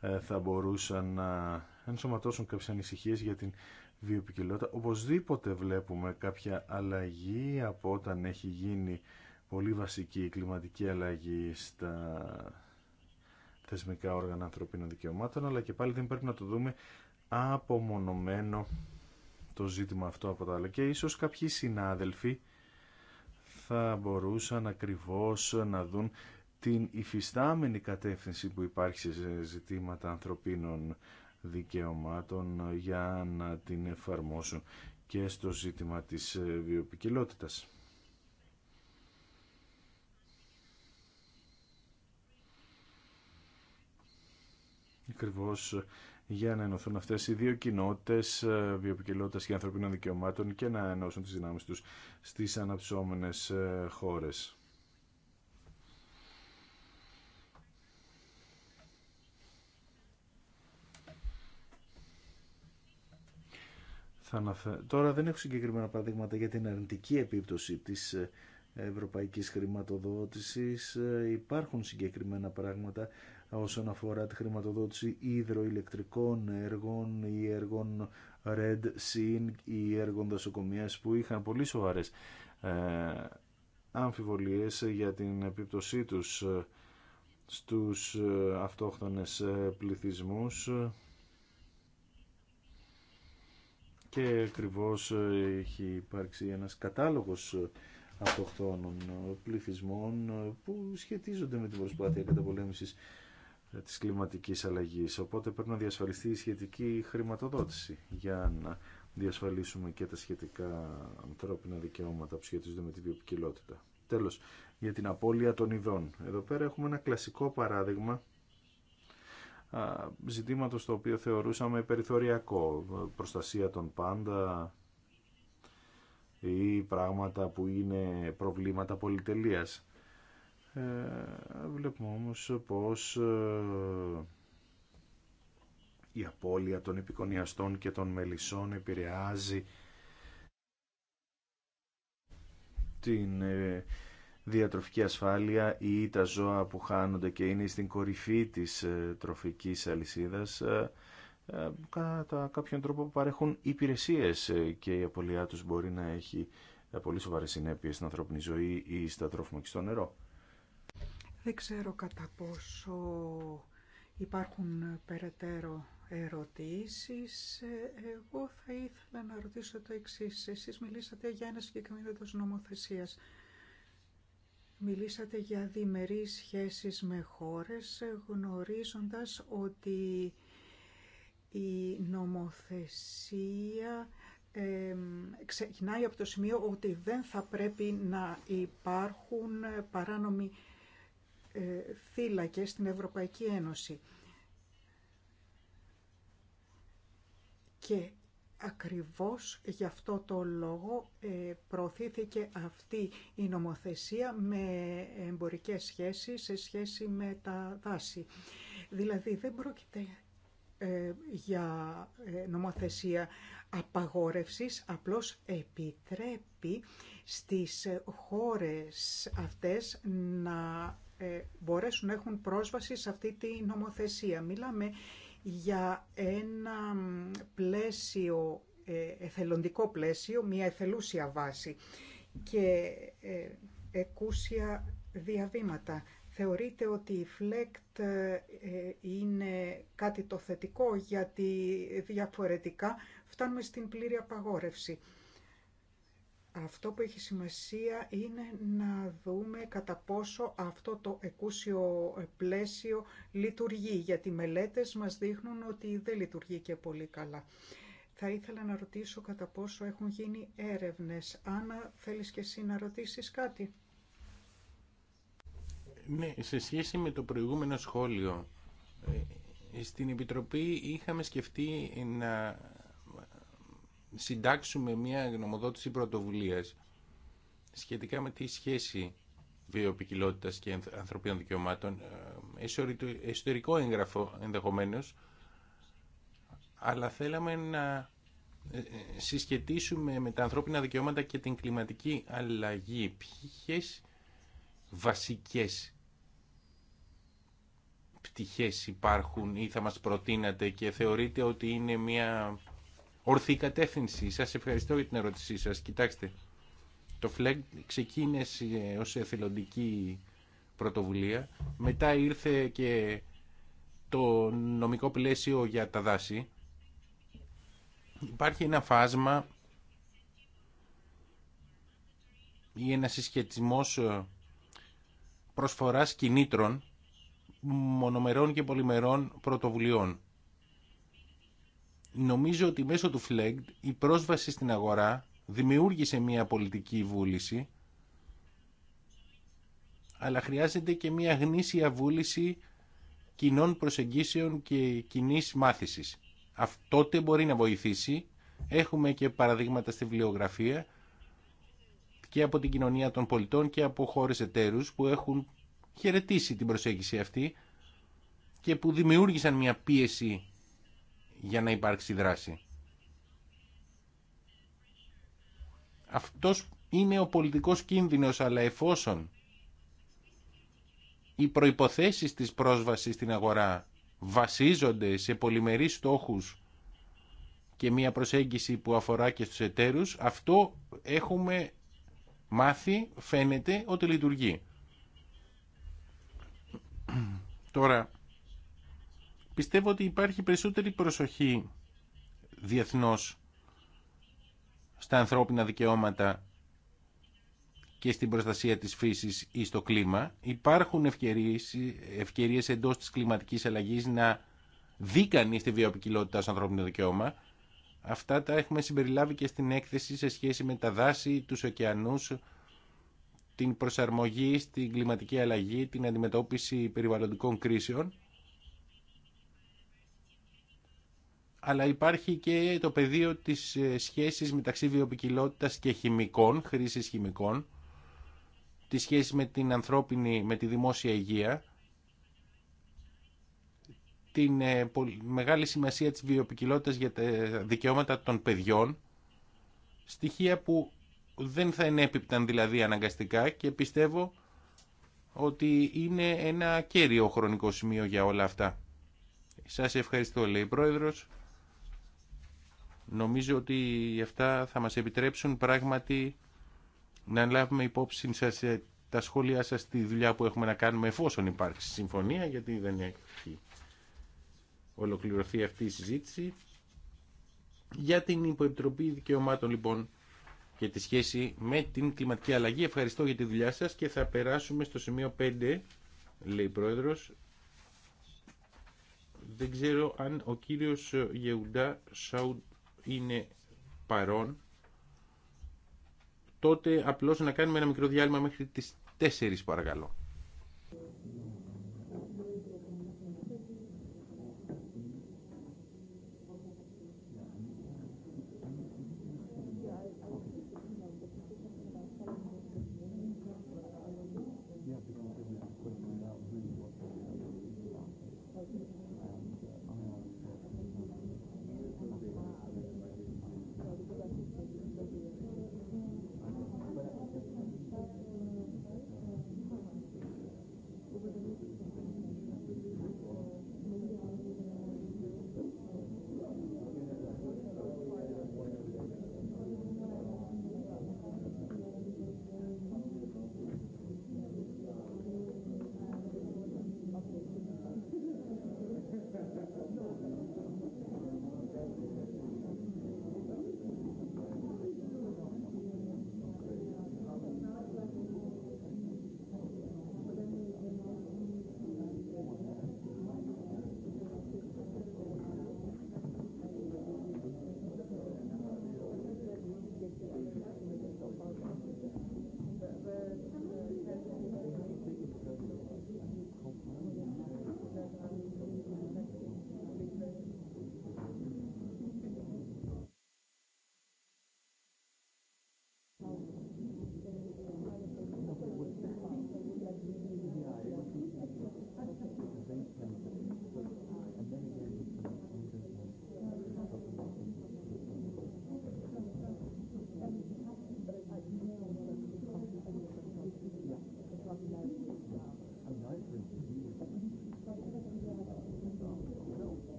ε, θα μπορούσαν να ενσωματώσουν κάποιες ανησυχίες για την βιοπικιλότητα. Οπωσδήποτε βλέπουμε κάποια αλλαγή από όταν έχει γίνει πολύ βασική κλιματική αλλαγή στα θεσμικά όργανα ανθρωπίνων δικαιωμάτων, αλλά και πάλι δεν πρέπει να το δούμε απομονωμένο το ζήτημα αυτό από τα άλλα. Και ίσως κάποιοι συνάδελφοι θα μπορούσαν ακριβώς να δουν την υφιστάμενη κατεύθυνση που υπάρχει σε ζητήματα ανθρωπίνων δικαιωμάτων για να την εφαρμόσουν και στο ζήτημα της ε, βιοπικιλότητας. Ακριβώ ε, για να ενωθούν αυτές οι δύο κοινότητες ε, βιοπικιλότητας και ανθρωπίνων δικαιωμάτων και να ενώσουν τις δυνάμεις τους στις αναψώμενες χώρες. Τώρα δεν έχω συγκεκριμένα παραδείγματα για την αρνητική επίπτωση της ε, ευρωπαϊκής χρηματοδότησης. Ε, υπάρχουν συγκεκριμένα πράγματα όσον αφορά τη χρηματοδότηση υδροηλεκτρικών έργων ή έργων Red Sin ή έργων δασοκομείας που είχαν πολύ σοβαρές ε, αμφιβολίες για την επίπτωσή τους ε, στους αυτόχθονες πληθυσμούς και ακριβώ ε, έχει υπάρξει ένας κατάλογος ε, αυτοχθόνων ε, πληθυσμών που σχετίζονται με την προσπάθεια καταπολέμησης της κλιματικής αλλαγής. Οπότε πρέπει να διασφαλιστεί η σχετική χρηματοδότηση για να διασφαλίσουμε και τα σχετικά ανθρώπινα δικαιώματα που σχετίζονται με τη βιοποικιλότητα. Τέλος, για την απώλεια των ειδών. Εδώ πέρα έχουμε ένα κλασικό παράδειγμα ζητήματος το οποίο θεωρούσαμε περιθωριακό, προστασία των πάντα ή πράγματα που είναι προβλήματα πολυτελείας. Ε, βλέπουμε όμως πως ε, η απώλεια των επικονιαστών και των μελισσών επηρεάζει την ε, διατροφική ασφάλεια ή τα ζώα που χάνονται και είναι στην κορυφή της ε, τροφικής αλυσίδας ε, ε, κατά κάποιον τρόπο παρέχουν υπηρεσίες και η απολυά τους μπορεί να έχει πολύ σοβαρέ συνέπειες στην ανθρώπινη ζωή ή στα τρόφιμα και στο νερό. Δεν ξέρω κατά πόσο υπάρχουν περαιτέρω ερωτήσεις. Εγώ θα ήθελα να ρωτήσω το εξής. Εσείς μιλήσατε για ένα συγκεκριμένο είδος Μιλήσατε για διμερείς σχέσεις με χώρες γνωρίζοντας ότι η νομοθεσία ξεκινάει από το σημείο ότι δεν θα πρέπει να υπάρχουν παράνομοι ε, θύλακες στην Ευρωπαϊκή Ένωση. Και Ακριβώς γι' αυτό το λόγο ε, προωθήθηκε αυτή η νομοθεσία με εμπορικές σχέσεις σε σχέση με τα δάση. Δηλαδή δεν πρόκειται ε, για ε, νομοθεσία απαγόρευσης, απλώς επιτρέπει στις χώρες αυτές να μπορέσουν να έχουν πρόσβαση σε αυτή τη νομοθεσία. Μιλάμε για ένα πλαίσιο, ε, εθελοντικό πλαίσιο, μια εθελούσια βάση και ε, εκούσια διαβήματα. Θεωρείτε ότι η ΦΛΕΚΤ ε, είναι κάτι το θετικό γιατί διαφορετικά φτάνουμε στην πλήρη απαγόρευση. Αυτό που έχει σημασία είναι να δούμε κατά πόσο αυτό το εκούσιο πλαίσιο λειτουργεί, γιατί οι μελέτες μας δείχνουν ότι δεν λειτουργεί και πολύ καλά. Θα ήθελα να ρωτήσω κατά πόσο έχουν γίνει έρευνες. Άννα, θέλεις και εσύ να ρωτήσεις κάτι. Ναι, σε σχέση με το προηγούμενο σχόλιο, ε, στην Επιτροπή είχαμε σκεφτεί να συντάξουμε μια γνωμοδότηση πρωτοβουλία σχετικά με τη σχέση βιοποικιλότητας και ανθρωπίνων δικαιωμάτων, ε, εσωτερικό έγγραφο ενδεχομένως, αλλά θέλαμε να ε, ε, συσχετίσουμε με τα ανθρώπινα δικαιώματα και την κλιματική αλλαγή. Ποιε βασικές πτυχές υπάρχουν ή θα μας προτείνατε και θεωρείτε ότι είναι μια ορθή κατεύθυνση. Σας ευχαριστώ για την ερώτησή σας. Κοιτάξτε, το ΦΛΕΚ ξεκίνησε ως εθελοντική πρωτοβουλία, μετά ήρθε και το νομικό πλαίσιο για τα δάση. Υπάρχει ένα φάσμα ή ένα συσχετισμός ε, προσφοράς κινήτρων μονομερών και πολυμερών πρωτοβουλειών νομίζω ότι μέσω του FLEGD η πρόσβαση στην αγορά δημιούργησε μια πολιτική βούληση αλλά χρειάζεται και μια γνήσια βούληση κοινών προσεγγίσεων και κοινή μάθησης. Αυτό μπορεί να βοηθήσει. Έχουμε και παραδείγματα στη βιβλιογραφία και από την κοινωνία των πολιτών και από χώρες εταίρους που έχουν χαιρετήσει την προσέγγιση αυτή και που δημιούργησαν μια πίεση για να υπάρξει δράση. Αυτός είναι ο πολιτικός κίνδυνος, αλλά εφόσον οι προϋποθέσεις της πρόσβασης στην αγορά βασίζονται σε πολυμερείς στόχους και μια προσέγγιση που αφορά και στους εταίρους, αυτό έχουμε μάθει, φαίνεται ότι λειτουργεί. Τώρα, πιστεύω ότι υπάρχει περισσότερη προσοχή διεθνώς στα ανθρώπινα δικαιώματα και στην προστασία της φύσης ή στο κλίμα. Υπάρχουν ευκαιρίες, ευκαιρίες εντός της κλιματικής αλλαγής να δει κανεί τη βιοποικιλότητα στο ανθρώπινο δικαίωμα. Αυτά τα έχουμε συμπεριλάβει και στην έκθεση σε σχέση με τα δάση, τους ωκεανούς, την προσαρμογή στην κλιματική αλλαγή, την αντιμετώπιση περιβαλλοντικών κρίσεων. αλλά υπάρχει και το πεδίο της ε, σχέσης μεταξύ βιοποικιλότητας και χημικών, χρήσης χημικών, τη σχέση με την ανθρώπινη, με τη δημόσια υγεία, την ε, μεγάλη σημασία της βιοποικιλότητας για τα δικαιώματα των παιδιών, στοιχεία που δεν θα ενέπιπταν δηλαδή αναγκαστικά και πιστεύω ότι είναι ένα κέριο χρονικό σημείο για όλα αυτά. Σας ευχαριστώ λέει Πρόεδρος. Νομίζω ότι αυτά θα μας επιτρέψουν πράγματι να λάβουμε υπόψη σας ε, τα σχόλιά σας στη δουλειά που έχουμε να κάνουμε εφόσον υπάρξει συμφωνία γιατί δεν έχει ολοκληρωθεί αυτή η συζήτηση για την Υποεπιτροπή Δικαιωμάτων λοιπόν και τη σχέση με την κλιματική αλλαγή. Ευχαριστώ για τη δουλειά σας και θα περάσουμε στο σημείο 5 λέει η Πρόεδρος δεν ξέρω αν ο κύριος Γεουντά Σαουντ είναι παρόν, τότε απλώς να κάνουμε ένα μικρό διάλειμμα μέχρι τις 4 παρακαλώ.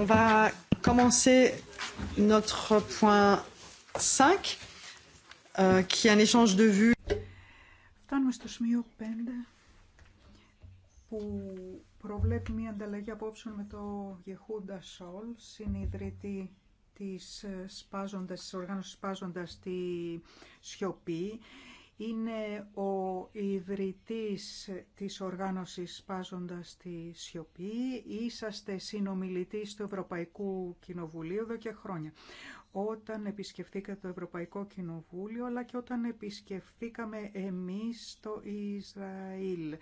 On va commencer notre point 5, euh, qui est un échange de vues. Φτάνουμε στο σημείο 5 που προβλέπει μια ανταλλαγή απόψεων με το Γεχούντα Σόλ, συνειδητή της, ε, σπάζοντας, της οργάνωσης σπάζοντας τη σιωπή είναι ο ιδρυτής της οργάνωσης Σπάζοντας τη Σιωπή. Είσαστε συνομιλητής του Ευρωπαϊκού Κοινοβουλίου εδώ και χρόνια. Όταν επισκεφθήκατε το Ευρωπαϊκό Κοινοβούλιο, αλλά και όταν επισκεφθήκαμε εμείς το Ισραήλ.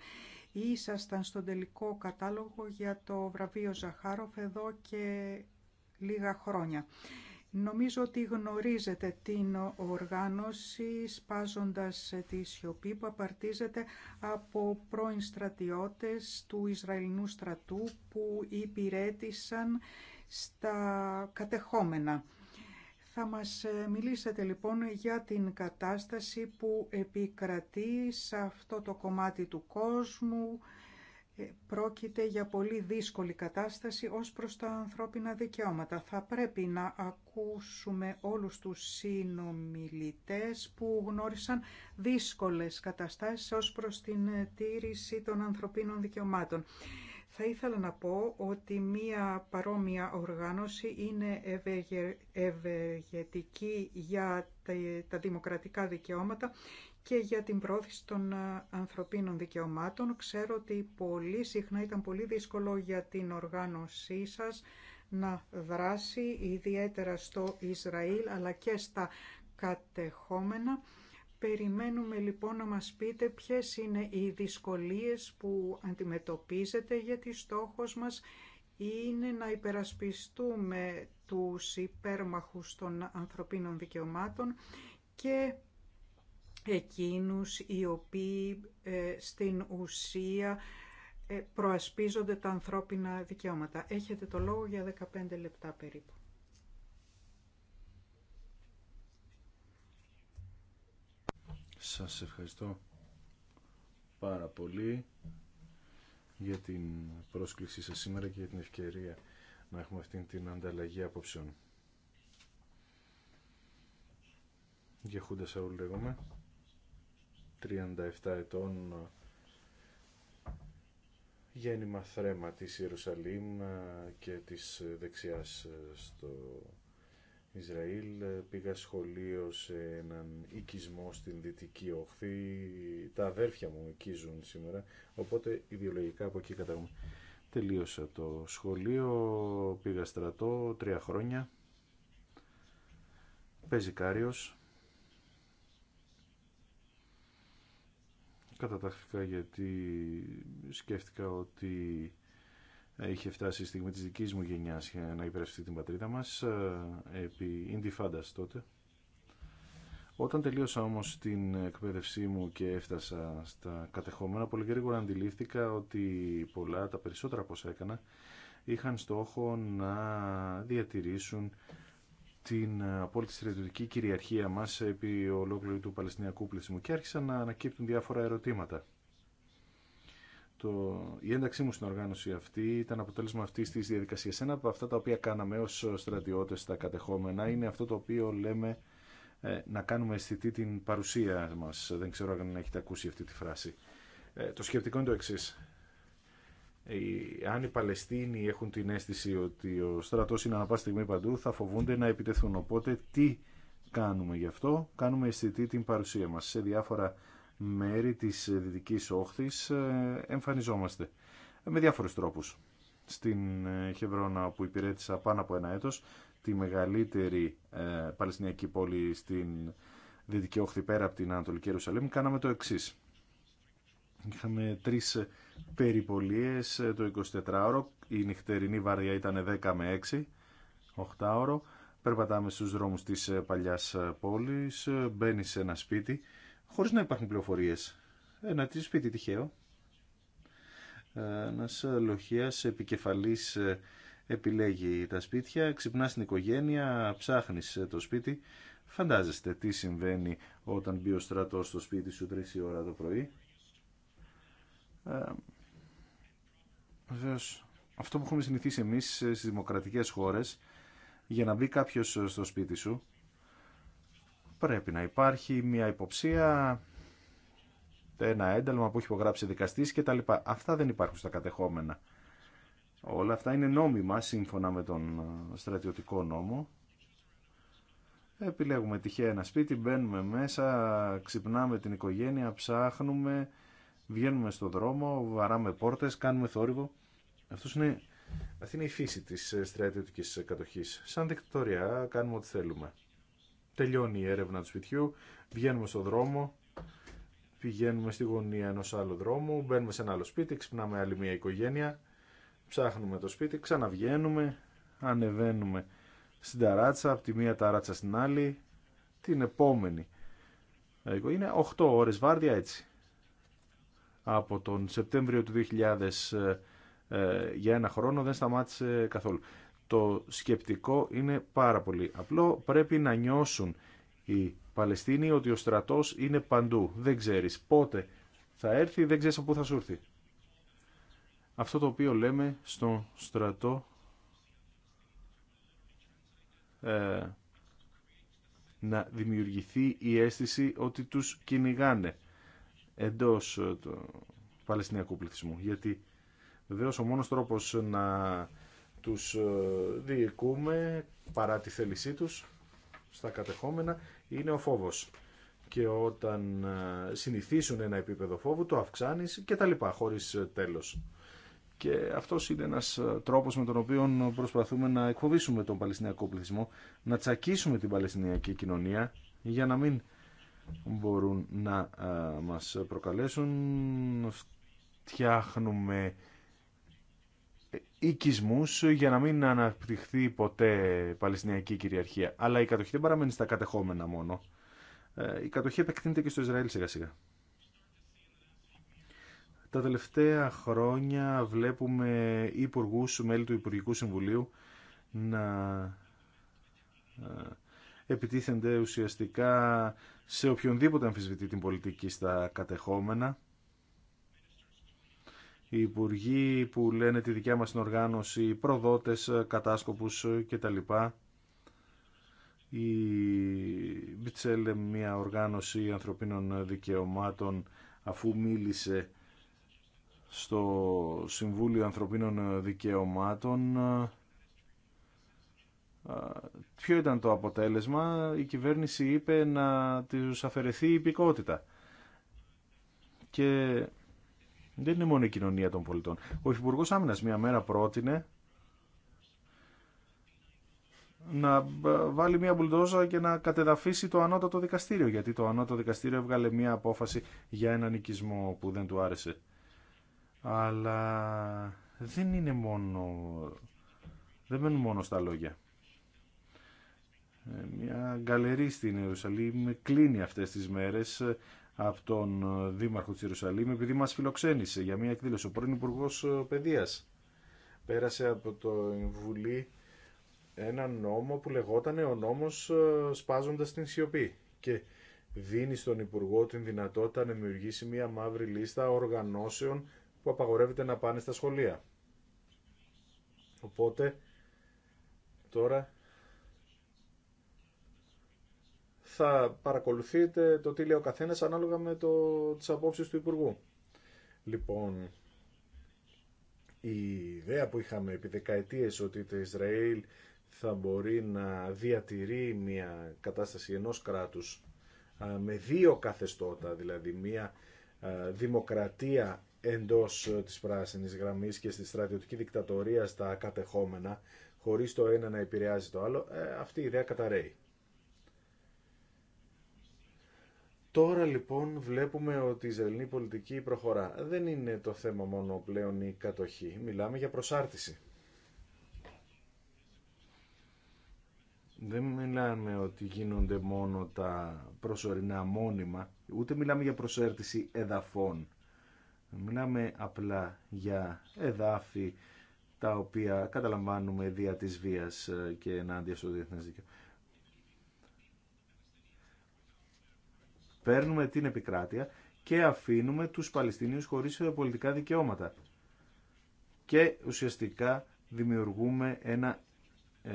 Ήσασταν στον τελικό κατάλογο για το βραβείο Ζαχάροφ εδώ και λίγα χρόνια. Νομίζω ότι γνωρίζετε την οργάνωση σπάζοντας τη σιωπή που απαρτίζεται από πρώην στρατιώτες του Ισραηλινού στρατού που υπηρέτησαν στα κατεχόμενα. Θα μας μιλήσετε λοιπόν για την κατάσταση που επικρατεί σε αυτό το κομμάτι του κόσμου, ε, πρόκειται για πολύ δύσκολη κατάσταση ως προς τα ανθρώπινα δικαιώματα. Θα πρέπει να ακούσουμε όλους τους συνομιλητές που γνώρισαν δύσκολες καταστάσεις ως προς την ε, τήρηση των ανθρωπίνων δικαιωμάτων. Θα ήθελα να πω ότι μία παρόμοια οργάνωση είναι ευεργετική για τα δημοκρατικά δικαιώματα και για την πρόθεση των ε, ανθρωπίνων δικαιωμάτων. Ξέρω ότι πολύ συχνά ήταν πολύ δύσκολο για την οργάνωσή σας να δράσει ιδιαίτερα στο Ισραήλ αλλά και στα κατεχόμενα. Περιμένουμε λοιπόν να μας πείτε ποιες είναι οι δυσκολίες που αντιμετωπίζετε γιατί στόχος μας είναι να υπερασπιστούμε τους υπέρμαχους των ανθρωπίνων δικαιωμάτων και εκείνους οι οποίοι ε, στην ουσία ε, προασπίζονται τα ανθρώπινα δικαιώματα. Έχετε το λόγο για 15 λεπτά περίπου. Σας ευχαριστώ πάρα πολύ για την πρόσκλησή σας σήμερα και για την ευκαιρία να έχουμε αυτήν την ανταλλαγή απόψεων. Για Χούντα Σαούλ λέγομαι. 37 ετών γέννημα θρέμα της Ιερουσαλήμ και της δεξιάς στο Ισραήλ. Πήγα σχολείο σε έναν οικισμό στην Δυτική Οχθή. Τα αδέρφια μου οικίζουν σήμερα, οπότε ιδεολογικά από εκεί καταγούμε. Τελείωσα το σχολείο, πήγα στρατό τρία χρόνια. Παίζει κατατάχθηκα γιατί σκέφτηκα ότι είχε φτάσει η στιγμή της δικής μου γενιάς για να υπερευστεί την πατρίδα μας ε, επί Ιντιφάντας τότε. Όταν τελείωσα όμως την εκπαίδευσή μου και έφτασα στα κατεχόμενα, πολύ γρήγορα αντιλήφθηκα ότι πολλά, τα περισσότερα πως έκανα, είχαν στόχο να διατηρήσουν την ε, απόλυτη στρατιωτική κυριαρχία μας επί ολόκληρου του Παλαιστινιακού πληθυσμού και άρχισαν να ανακύπτουν διάφορα ερωτήματα. Το... Η ένταξή μου στην οργάνωση αυτή ήταν αποτέλεσμα αυτή τη διαδικασία. Ένα από αυτά τα οποία κάναμε ω στρατιώτε στα κατεχόμενα είναι αυτό το οποίο λέμε ε, να κάνουμε αισθητή την παρουσία μα. Δεν ξέρω αν έχετε ακούσει αυτή τη φράση. Ε, το σκεπτικό είναι το εξή αν οι Παλαιστίνοι έχουν την αίσθηση ότι ο στρατός είναι ανα πάση στιγμή παντού, θα φοβούνται να επιτεθούν. Οπότε τι κάνουμε γι' αυτό, κάνουμε αισθητή την παρουσία μας. Σε διάφορα μέρη της Δυτικής Όχθης ε, εμφανιζόμαστε με διάφορους τρόπους. Στην ε, Χεβρώνα που υπηρέτησα πάνω από ένα έτος, τη μεγαλύτερη ε, Παλαιστινιακή πόλη στην Δυτική Όχθη πέρα από την Ανατολική Ιερουσαλήμ, κάναμε το εξή. Είχαμε περιπολίες ε, το 24ωρο, η νυχτερινή βαριά ήταν 10 με 6, 8 ώρο, περπατάμε στους δρόμους της ε, παλιάς ε, πόλης, μπαίνει σε ένα σπίτι, χωρίς να υπάρχουν πληροφορίες. Ένα σπίτι τυχαίο. Ένας λοχείας επικεφαλής επιλέγει τα σπίτια, ξυπνά στην οικογένεια, ψάχνεις το σπίτι, φαντάζεστε τι συμβαίνει όταν μπει ο στρατός στο σπίτι σου 3 ώρα το πρωί. Ε, Βεβαίω, αυτό που έχουμε συνηθίσει εμεί ε, στις δημοκρατικές χώρες, για να μπει κάποιο ε, στο σπίτι σου, πρέπει να υπάρχει μια υποψία, ένα ένταλμα που έχει υπογράψει δικαστής και τα λοιπά. Αυτά δεν υπάρχουν στα κατεχόμενα. Όλα αυτά είναι νόμιμα σύμφωνα με τον στρατιωτικό νόμο. Επιλέγουμε τυχαία ένα σπίτι, μπαίνουμε μέσα, ξυπνάμε την οικογένεια, ψάχνουμε Βγαίνουμε στον δρόμο, βαράμε πόρτες, κάνουμε θόρυβο. Αυτός είναι, αυτή είναι η φύση της ε, στρατιωτικής κατοχής. Σαν δικτωρία κάνουμε ό,τι θέλουμε. Τελειώνει η έρευνα του σπιτιού, βγαίνουμε στον δρόμο, πηγαίνουμε στη γωνία ενός άλλου δρόμου, μπαίνουμε σε ένα άλλο σπίτι, ξυπνάμε άλλη μια οικογένεια, ψάχνουμε το σπίτι, ξαναβγαίνουμε, ανεβαίνουμε στην ταράτσα, από τη μία ταράτσα στην άλλη, την επόμενη. Ε, είναι 8 ώρες βάρδια έτσι από τον Σεπτέμβριο του 2000 ε, ε, για ένα χρόνο δεν σταμάτησε καθόλου. Το σκεπτικό είναι πάρα πολύ απλό. Πρέπει να νιώσουν οι Παλαιστίνοι ότι ο στρατός είναι παντού. Δεν ξέρεις πότε θα έρθει, δεν ξέρεις από πού θα σου έρθει. Αυτό το οποίο λέμε στον στρατό ε, να δημιουργηθεί η αίσθηση ότι τους κυνηγάνε εντός ε, του Παλαιστινιακού πληθυσμού. Γιατί βεβαίω ο μόνος τρόπος να τους ε, διοικούμε παρά τη θέλησή τους στα κατεχόμενα είναι ο και όταν ε, συνηθίσουν ένα επίπεδο φόβου το αυξάνεις και τα λοιπά χωρίς τέλος. Και αυτός είναι ένας τρόπος με τον οποίο προσπαθούμε να εκφοβήσουμε τον Παλαιστινιακό πληθυσμό, να τσακίσουμε την Παλαιστινιακή κοινωνία για να μην μπορούν να μας προκαλέσουν. Φτιάχνουμε οικισμούς για να μην αναπτυχθεί ποτέ Παλαιστινιακή κυριαρχία. Αλλά η κατοχή δεν παραμένει στα κατεχόμενα μόνο. Ε, η κατοχή επεκτείνεται και στο Ισραήλ σιγά σιγά. Τα τελευταία χρόνια βλέπουμε υπουργούς, μέλη του Υπουργικού Συμβουλίου να επιτίθενται ουσιαστικά σε οποιονδήποτε αμφισβητεί την πολιτική στα κατεχόμενα. Οι υπουργοί που λένε τη δικιά μας οργάνωση, οι προδότες, κατάσκοπους κτλ. Η Μπιτσέλε, μια οργάνωση ανθρωπίνων δικαιωμάτων, αφού μίλησε στο Συμβούλιο Ανθρωπίνων Δικαιωμάτων, Ποιο ήταν το αποτέλεσμα, η κυβέρνηση είπε να τους αφαιρεθεί η υπηκότητα. Και δεν είναι μόνο η κοινωνία των πολιτών. Ο Υφυπουργό Άμυνα μία μέρα πρότεινε να βάλει μία μπουλντόζα και να κατεδαφίσει το ανώτατο δικαστήριο. Γιατί το ανώτατο δικαστήριο έβγαλε μία απόφαση για έναν οικισμό που δεν του άρεσε. Αλλά δεν είναι μόνο. Δεν μένουν μόνο στα λόγια μια γκαλερί στην Ιερουσαλήμ κλείνει αυτές τις μέρες ε, από τον ε, Δήμαρχο της Ιερουσαλήμ επειδή μας φιλοξένησε για μια εκδήλωση. Ο πρώην υπουργό ε, Παιδείας πέρασε από το Βουλή ένα νόμο που λεγόταν ο νόμος σπάζοντας την σιωπή και δίνει στον Υπουργό την δυνατότητα να δημιουργήσει μια μαύρη λίστα οργανώσεων που απαγορεύεται να πάνε στα σχολεία. Οπότε τώρα θα παρακολουθείτε το τι λέει ο καθένα ανάλογα με το, τις απόψεις του Υπουργού. Λοιπόν, η ιδέα που είχαμε επί δεκαετίες ότι το Ισραήλ θα μπορεί να διατηρεί μια κατάσταση ενός κράτους με δύο καθεστώτα, δηλαδή μια δημοκρατία εντός ε, της πράσινης γραμμής και στη στρατιωτική δικτατορία στα κατεχόμενα, χωρίς το ένα να επηρεάζει το άλλο, ε, αυτή η ιδέα καταραίει. Τώρα λοιπόν βλέπουμε ότι η Ισραηλινή πολιτική προχωρά. Δεν είναι το θέμα μόνο πλέον η κατοχή, μιλάμε για προσάρτηση. Δεν μιλάμε ότι γίνονται μόνο τα προσωρινά μόνιμα, ούτε μιλάμε για προσάρτηση εδαφών. Μιλάμε απλά για εδάφη τα οποία καταλαμβάνουμε δια της βίας ε, και ενάντια στο διεθνές παίρνουμε την επικράτεια και αφήνουμε τους Παλαιστινίους χωρίς πολιτικά δικαιώματα. Και ουσιαστικά δημιουργούμε ένα ε,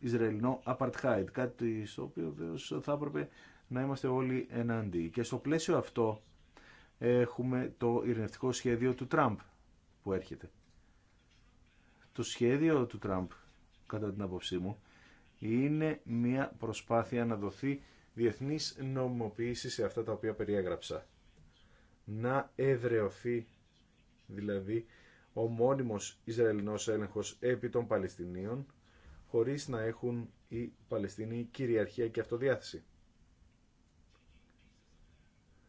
Ισραηλινό apartheid, κάτι στο οποίο θα έπρεπε να είμαστε όλοι εναντί. Και στο πλαίσιο αυτό έχουμε το ειρηνευτικό σχέδιο του Τραμπ που έρχεται. Το σχέδιο του Τραμπ, κατά την άποψή μου, είναι μια προσπάθεια να δοθεί διεθνής νομιμοποίηση σε αυτά τα οποία περιέγραψα. Να εδρεωθεί δηλαδή ο μόνιμος Ισραηλινός έλεγχος επί των Παλαιστινίων χωρίς να έχουν οι Παλαιστινοί κυριαρχία και αυτοδιάθεση.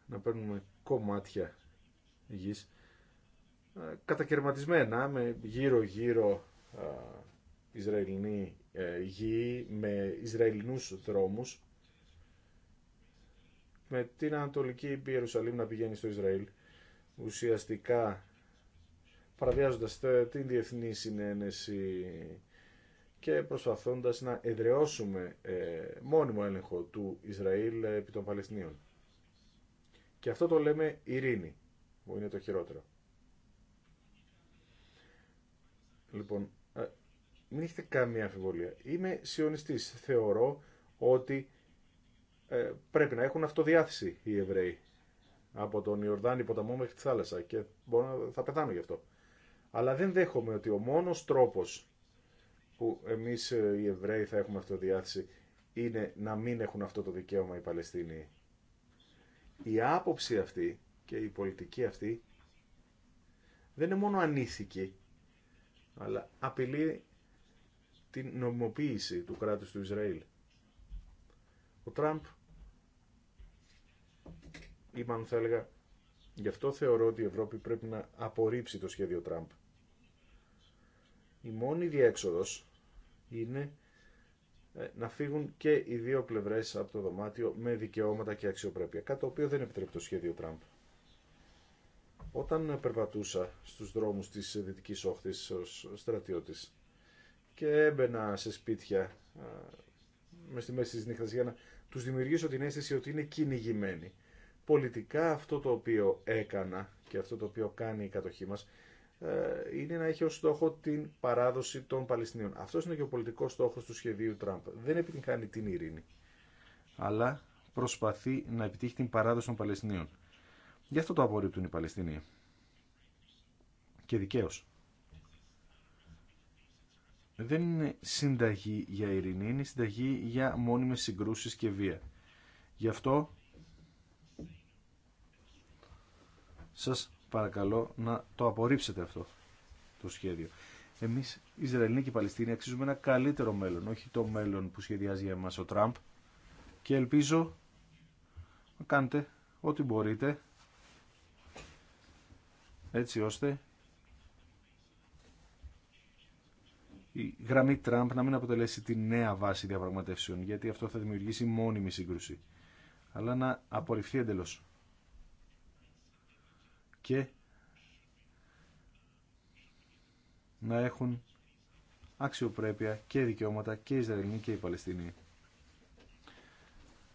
Να παίρνουμε κομμάτια γης ε, κατακαιρματισμένα με γύρω-γύρω ε, Ισραηλινή ε, γη με Ισραηλινούς δρόμους με την Ανατολική Ιερουσαλήμ να πηγαίνει στο Ισραήλ, ουσιαστικά παραβιάζοντας την διεθνή συνένεση και προσπαθώντας να εδραιώσουμε ε, μόνιμο έλεγχο του Ισραήλ ε, επί των Παλαιστινίων. Και αυτό το λέμε ειρήνη, που είναι το χειρότερο. Λοιπόν, ε, μην έχετε καμία αμφιβολία. Είμαι σιωνιστής. Θεωρώ ότι ε, πρέπει να έχουν αυτοδιάθεση οι Εβραίοι από τον Ιορδάνη ποταμό μέχρι τη θάλασσα και μπορώ να, θα πεθάνω γι' αυτό. Αλλά δεν δέχομαι ότι ο μόνος τρόπος που εμείς ε, οι Εβραίοι θα έχουμε αυτοδιάθεση είναι να μην έχουν αυτό το δικαίωμα οι Παλαιστίνοι. Η άποψη αυτή και η πολιτική αυτή δεν είναι μόνο ανήθικη, αλλά απειλεί την νομιμοποίηση του κράτους του Ισραήλ. Ο Τραμπ ή μάλλον θα έλεγα γι' αυτό θεωρώ ότι η Ευρώπη πρέπει να απορρίψει το σχέδιο Τραμπ. Η μόνη διέξοδος είναι ε, να φύγουν και οι δύο πλευρές από το δωμάτιο με δικαιώματα και αξιοπρέπεια, κάτι το οποίο δεν επιτρέπει το σχέδιο Τραμπ. Όταν περπατούσα στους δρόμους της Δυτικής Όχθης ως στρατιώτης και έμπαινα σε σπίτια με στη μέση της νύχτας για να τους δημιουργήσω την αίσθηση ότι είναι κυνηγημένοι. Πολιτικά αυτό το οποίο έκανα και αυτό το οποίο κάνει η κατοχή μας ε, είναι να έχει ως στόχο την παράδοση των Παλαιστινίων. Αυτός είναι και ο πολιτικός στόχος του σχεδίου Τραμπ. Δεν επιτυγχάνει την ειρήνη, αλλά προσπαθεί να επιτύχει την παράδοση των Παλαιστινίων. Γι' αυτό το απορρίπτουν οι Παλαιστινοί. Και δικαίως δεν είναι συνταγή για ειρηνή, είναι συνταγή για μόνιμες συγκρούσεις και βία. Γι' αυτό σας παρακαλώ να το απορρίψετε αυτό το σχέδιο. Εμείς, Ισραηλοί και Παλαιστίνοι, αξίζουμε ένα καλύτερο μέλλον, όχι το μέλλον που σχεδιάζει για εμάς ο Τραμπ. Και ελπίζω να κάνετε ό,τι μπορείτε, έτσι ώστε η γραμμή Τραμπ να μην αποτελέσει τη νέα βάση διαπραγματεύσεων, γιατί αυτό θα δημιουργήσει μόνιμη σύγκρουση, αλλά να απορριφθεί εντελώ. Και να έχουν αξιοπρέπεια και δικαιώματα και οι Ισραηλοί και οι Παλαιστινοί.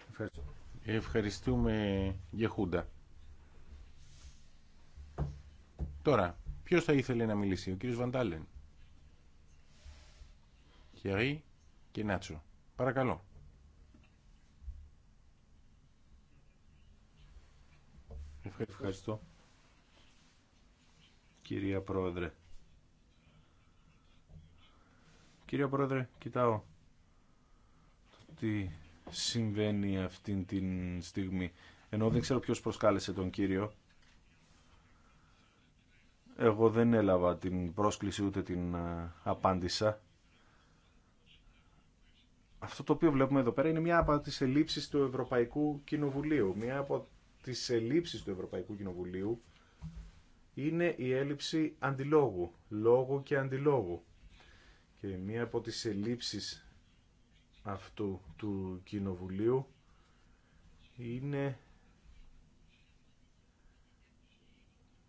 Ευχαριστούμε Ευχαριστούμε Γεχούντα. Τώρα, ποιος θα ήθελε να μιλήσει, ο κύριος Βαντάλεν και Νάτσο. Παρακαλώ. Ευχαριστώ. Κυρία Πρόεδρε. Κυρία Πρόεδρε, κοιτάω τι συμβαίνει αυτή την στιγμή. Ενώ δεν ξέρω ποιος προσκάλεσε τον κύριο. Εγώ δεν έλαβα την πρόσκληση ούτε την απάντησα αυτό το οποίο βλέπουμε εδώ πέρα είναι μία από τις ελλείψεις του Ευρωπαϊκού Κοινοβουλίου. Μία από τις ελλείψεις του Ευρωπαϊκού Κοινοβουλίου είναι η έλλειψη αντιλόγου, λόγου και αντιλόγου. Και μία από τις ελλείψεις αυτού του Κοινοβουλίου είναι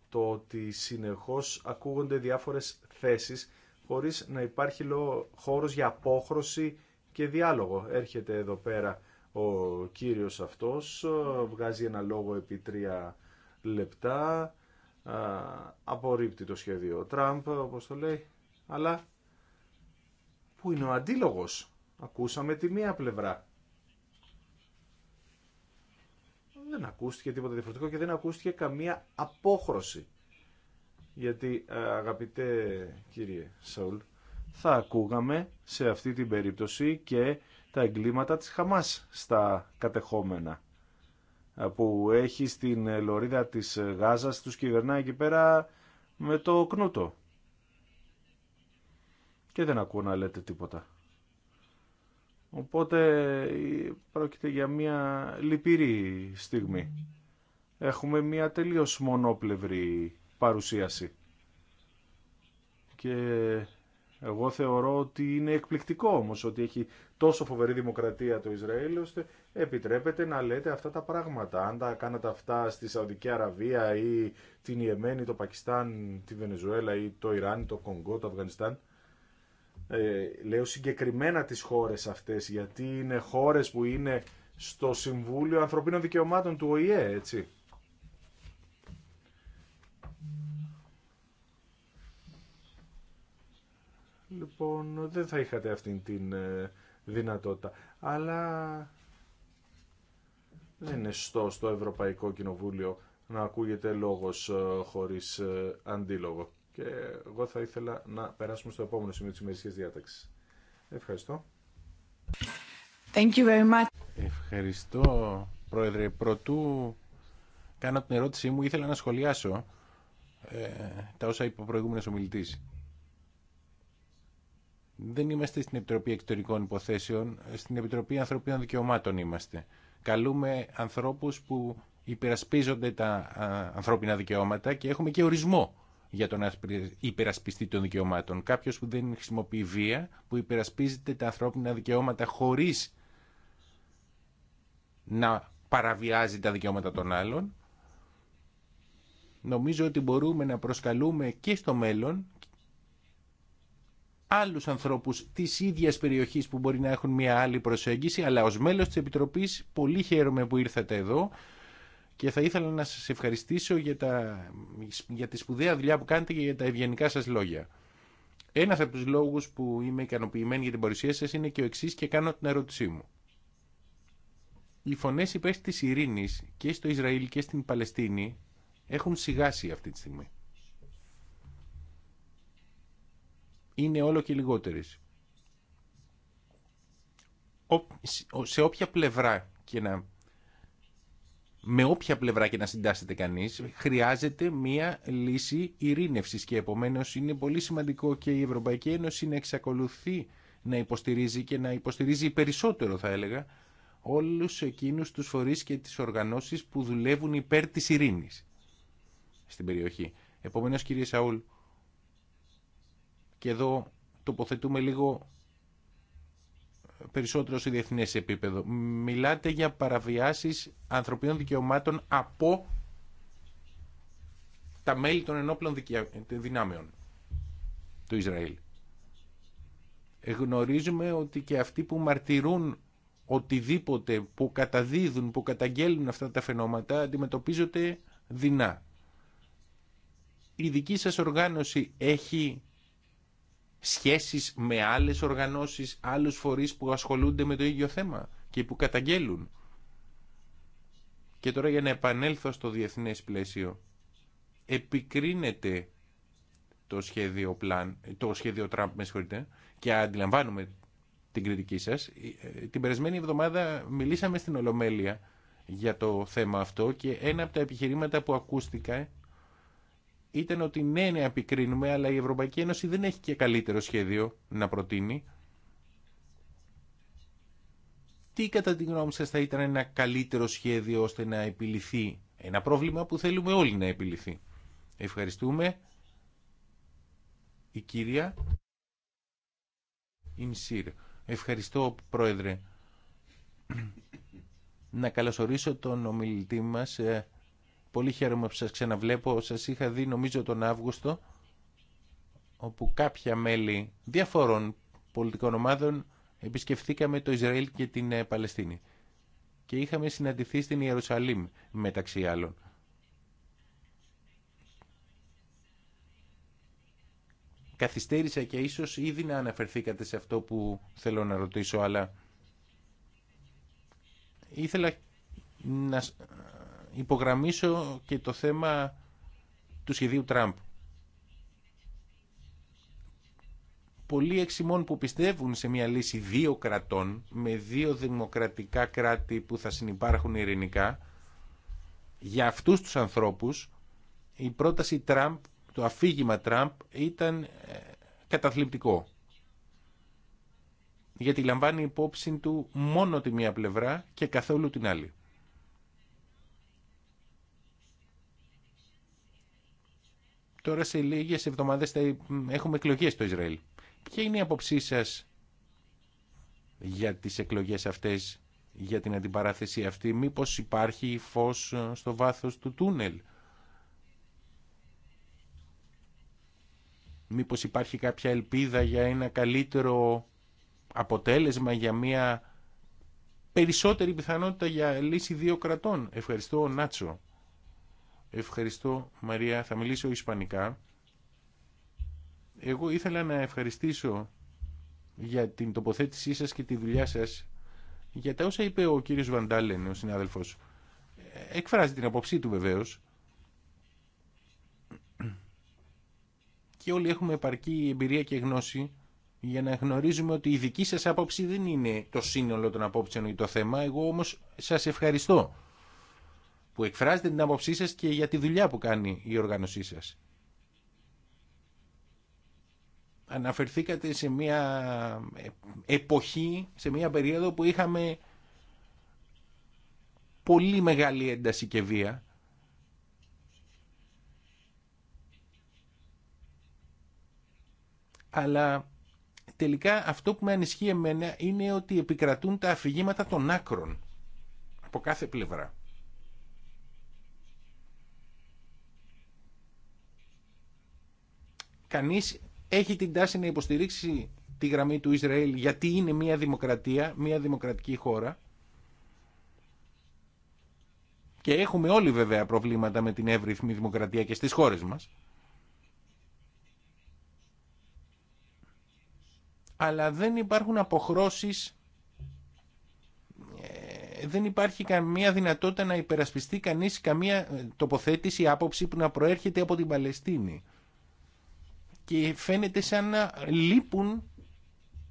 το ότι συνεχώς ακούγονται διάφορες θέσεις χωρίς να υπάρχει χώρος για απόχρωση και διάλογο. Έρχεται εδώ πέρα ο κύριος αυτός, βγάζει ένα λόγο επί τρία λεπτά, απορρίπτει το σχέδιο Τραμπ, όπως το λέει, αλλά που είναι ο αντίλογος. Ακούσαμε τη μία πλευρά. Δεν ακούστηκε τίποτα διαφορετικό και δεν ακούστηκε καμία απόχρωση. Γιατί αγαπητέ κύριε Σαουλ, θα ακούγαμε σε αυτή την περίπτωση και τα εγκλήματα της Χαμάς στα κατεχόμενα που έχει στην λωρίδα της Γάζας τους κυβερνάει εκεί πέρα με το κνούτο και δεν ακούω να λέτε τίποτα οπότε πρόκειται για μια λυπηρή στιγμή έχουμε μια τελείως μονόπλευρη παρουσίαση και εγώ θεωρώ ότι είναι εκπληκτικό όμω ότι έχει τόσο φοβερή δημοκρατία το Ισραήλ ώστε επιτρέπεται να λέτε αυτά τα πράγματα. Αν τα κάνατε αυτά στη Σαουδική Αραβία ή την Ιεμένη, το Πακιστάν, τη Βενεζουέλα ή το Ιράν, το Κονγκό, το Αφγανιστάν. Ε, λέω συγκεκριμένα τις χώρες αυτές γιατί είναι χώρες που είναι στο Συμβούλιο Ανθρωπίνων Δικαιωμάτων του ΟΗΕ, έτσι. λοιπόν δεν θα είχατε αυτήν την ε, δυνατότητα. Αλλά δεν είναι σωστό στο Ευρωπαϊκό Κοινοβούλιο να ακούγεται λόγος ε, χωρίς ε, αντίλογο. Και εγώ θα ήθελα να περάσουμε στο επόμενο σημείο της ημερησίας διάταξης. Ευχαριστώ. Thank you very much. Ευχαριστώ, Πρόεδρε. Πρωτού κάνω την ερώτησή μου, ήθελα να σχολιάσω ε, τα όσα είπε ο προηγούμενος ομιλητής. Δεν είμαστε στην Επιτροπή Εκτορικών Υποθέσεων, στην Επιτροπή Ανθρωπίνων Δικαιωμάτων είμαστε. Καλούμε ανθρώπους που υπερασπίζονται τα ανθρώπινα δικαιώματα και έχουμε και ορισμό για τον υπερασπιστή των δικαιωμάτων. Κάποιο που δεν χρησιμοποιεί βία, που υπερασπίζεται τα ανθρώπινα δικαιώματα χωρί να παραβιάζει τα δικαιώματα των άλλων. Νομίζω ότι μπορούμε να προσκαλούμε και στο μέλλον Άλλου ανθρώπου τη ίδια περιοχή που μπορεί να έχουν μια άλλη προσέγγιση, αλλά ω μέλο τη επιτροπή πολύ χαίρομαι που ήρθατε εδώ και θα ήθελα να σα ευχαριστήσω για, τα, για τη σπουδαία δουλειά που κάνετε και για τα ευγενικά σα λόγια. Ένα από του λόγου που είμαι ικανοποιημένη για την παρουσία σα είναι και ο εξή και κάνω την ερώτησή μου. Οι φωνέ υπέρ της ειρήνης και στο Ισραήλ και στην Παλαιστίνη έχουν σιγάσει αυτή τη στιγμή. είναι όλο και λιγότερες. Σε όποια πλευρά και να με όποια πλευρά και να συντάσσεται κανείς, χρειάζεται μία λύση ειρήνευσης και επομένως είναι πολύ σημαντικό και η Ευρωπαϊκή Ένωση να εξακολουθεί να υποστηρίζει και να υποστηρίζει περισσότερο θα έλεγα όλους εκείνους τους φορείς και τις οργανώσεις που δουλεύουν υπέρ της ειρήνης στην περιοχή. Επομένως κύριε Σαούλ, και εδώ τοποθετούμε λίγο περισσότερο σε διεθνέ επίπεδο. Μιλάτε για παραβιάσεις ανθρωπίνων δικαιωμάτων από τα μέλη των ενόπλων δυνάμεων του Ισραήλ. Γνωρίζουμε ότι και αυτοί που μαρτυρούν οτιδήποτε που καταδίδουν, που καταγγέλνουν αυτά τα φαινόματα αντιμετωπίζονται δεινά. Η δική σας οργάνωση έχει σχέσεις με άλλες οργανώσεις, άλλους φορείς που ασχολούνται με το ίδιο θέμα και που καταγγέλουν. Και τώρα για να επανέλθω στο διεθνές πλαίσιο, επικρίνεται το σχέδιο, πλάν, το σχέδιο Τραμπ, με συγχωρείτε, και αντιλαμβάνουμε την κριτική σας. Την περασμένη εβδομάδα μιλήσαμε στην Ολομέλεια για το θέμα αυτό και ένα από τα επιχειρήματα που ακούστηκα ήταν ότι ναι, ναι, επικρίνουμε, αλλά η Ευρωπαϊκή Ένωση δεν έχει και καλύτερο σχέδιο να προτείνει. Τι κατά την γνώμη σας θα ήταν ένα καλύτερο σχέδιο ώστε να επιληθεί ένα πρόβλημα που θέλουμε όλοι να επιληθεί. Ευχαριστούμε. Η κυρία Ινσύρ. Ευχαριστώ πρόεδρε. Να καλωσορίσω τον ομιλητή μας ε, Πολύ χαίρομαι που σας ξαναβλέπω. Σας είχα δει νομίζω τον Αύγουστο όπου κάποια μέλη διαφόρων πολιτικών ομάδων επισκεφθήκαμε το Ισραήλ και την ε, Παλαιστίνη. Και είχαμε συναντηθεί στην Ιερουσαλήμ μεταξύ άλλων. Καθυστέρησα και ίσως ήδη να αναφερθήκατε σε αυτό που θέλω να ρωτήσω, αλλά ήθελα να υπογραμμίσω και το θέμα του σχεδίου Τραμπ. Πολλοί εξημών που πιστεύουν σε μια λύση δύο κρατών με δύο δημοκρατικά κράτη που θα συνεπάρχουν ειρηνικά, για αυτούς τους ανθρώπους η πρόταση Τραμπ, το αφήγημα Τραμπ ήταν ε, καταθλιπτικό. Γιατί λαμβάνει υπόψη του μόνο τη μία πλευρά και καθόλου την άλλη. Τώρα σε λίγες εβδομάδες θα έχουμε εκλογές στο Ισραήλ. Ποια είναι η αποψή σας για τις εκλογές αυτές, για την αντιπαράθεση αυτή, μήπως υπάρχει φως στο βάθος του τούνελ. Μήπως υπάρχει κάποια ελπίδα για ένα καλύτερο αποτέλεσμα, για μια περισσότερη πιθανότητα για λύση δύο κρατών. Ευχαριστώ, Νάτσο. Ευχαριστώ Μαρία, θα μιλήσω ισπανικά. Εγώ ήθελα να ευχαριστήσω για την τοποθέτησή σας και τη δουλειά σας για τα όσα είπε ο κύριος Βαντάλεν, ο συνάδελφος. Εκφράζει την απόψή του βεβαίως. Και όλοι έχουμε επαρκή εμπειρία και γνώση για να γνωρίζουμε ότι η δική σας άποψη δεν είναι το σύνολο των απόψεων ή το θέμα. Εγώ όμως σας ευχαριστώ που εκφράζετε την άποψή σας και για τη δουλειά που κάνει η οργάνωσή σας. Αναφερθήκατε σε μια εποχή, σε μια περίοδο που είχαμε πολύ μεγάλη ένταση και βία. Αλλά τελικά αυτό που με ανισχύει εμένα είναι ότι επικρατούν τα αφηγήματα των άκρων από κάθε πλευρά. κανείς έχει την τάση να υποστηρίξει τη γραμμή του Ισραήλ γιατί είναι μια δημοκρατία, μια δημοκρατική χώρα και έχουμε όλοι βέβαια προβλήματα με την εύρυθμη δημοκρατία και στις χώρες μας αλλά δεν υπάρχουν αποχρώσεις ε, δεν υπάρχει καμία δυνατότητα να υπερασπιστεί κανείς καμία τοποθέτηση άποψη που να προέρχεται από την Παλαιστίνη και φαίνεται σαν να λείπουν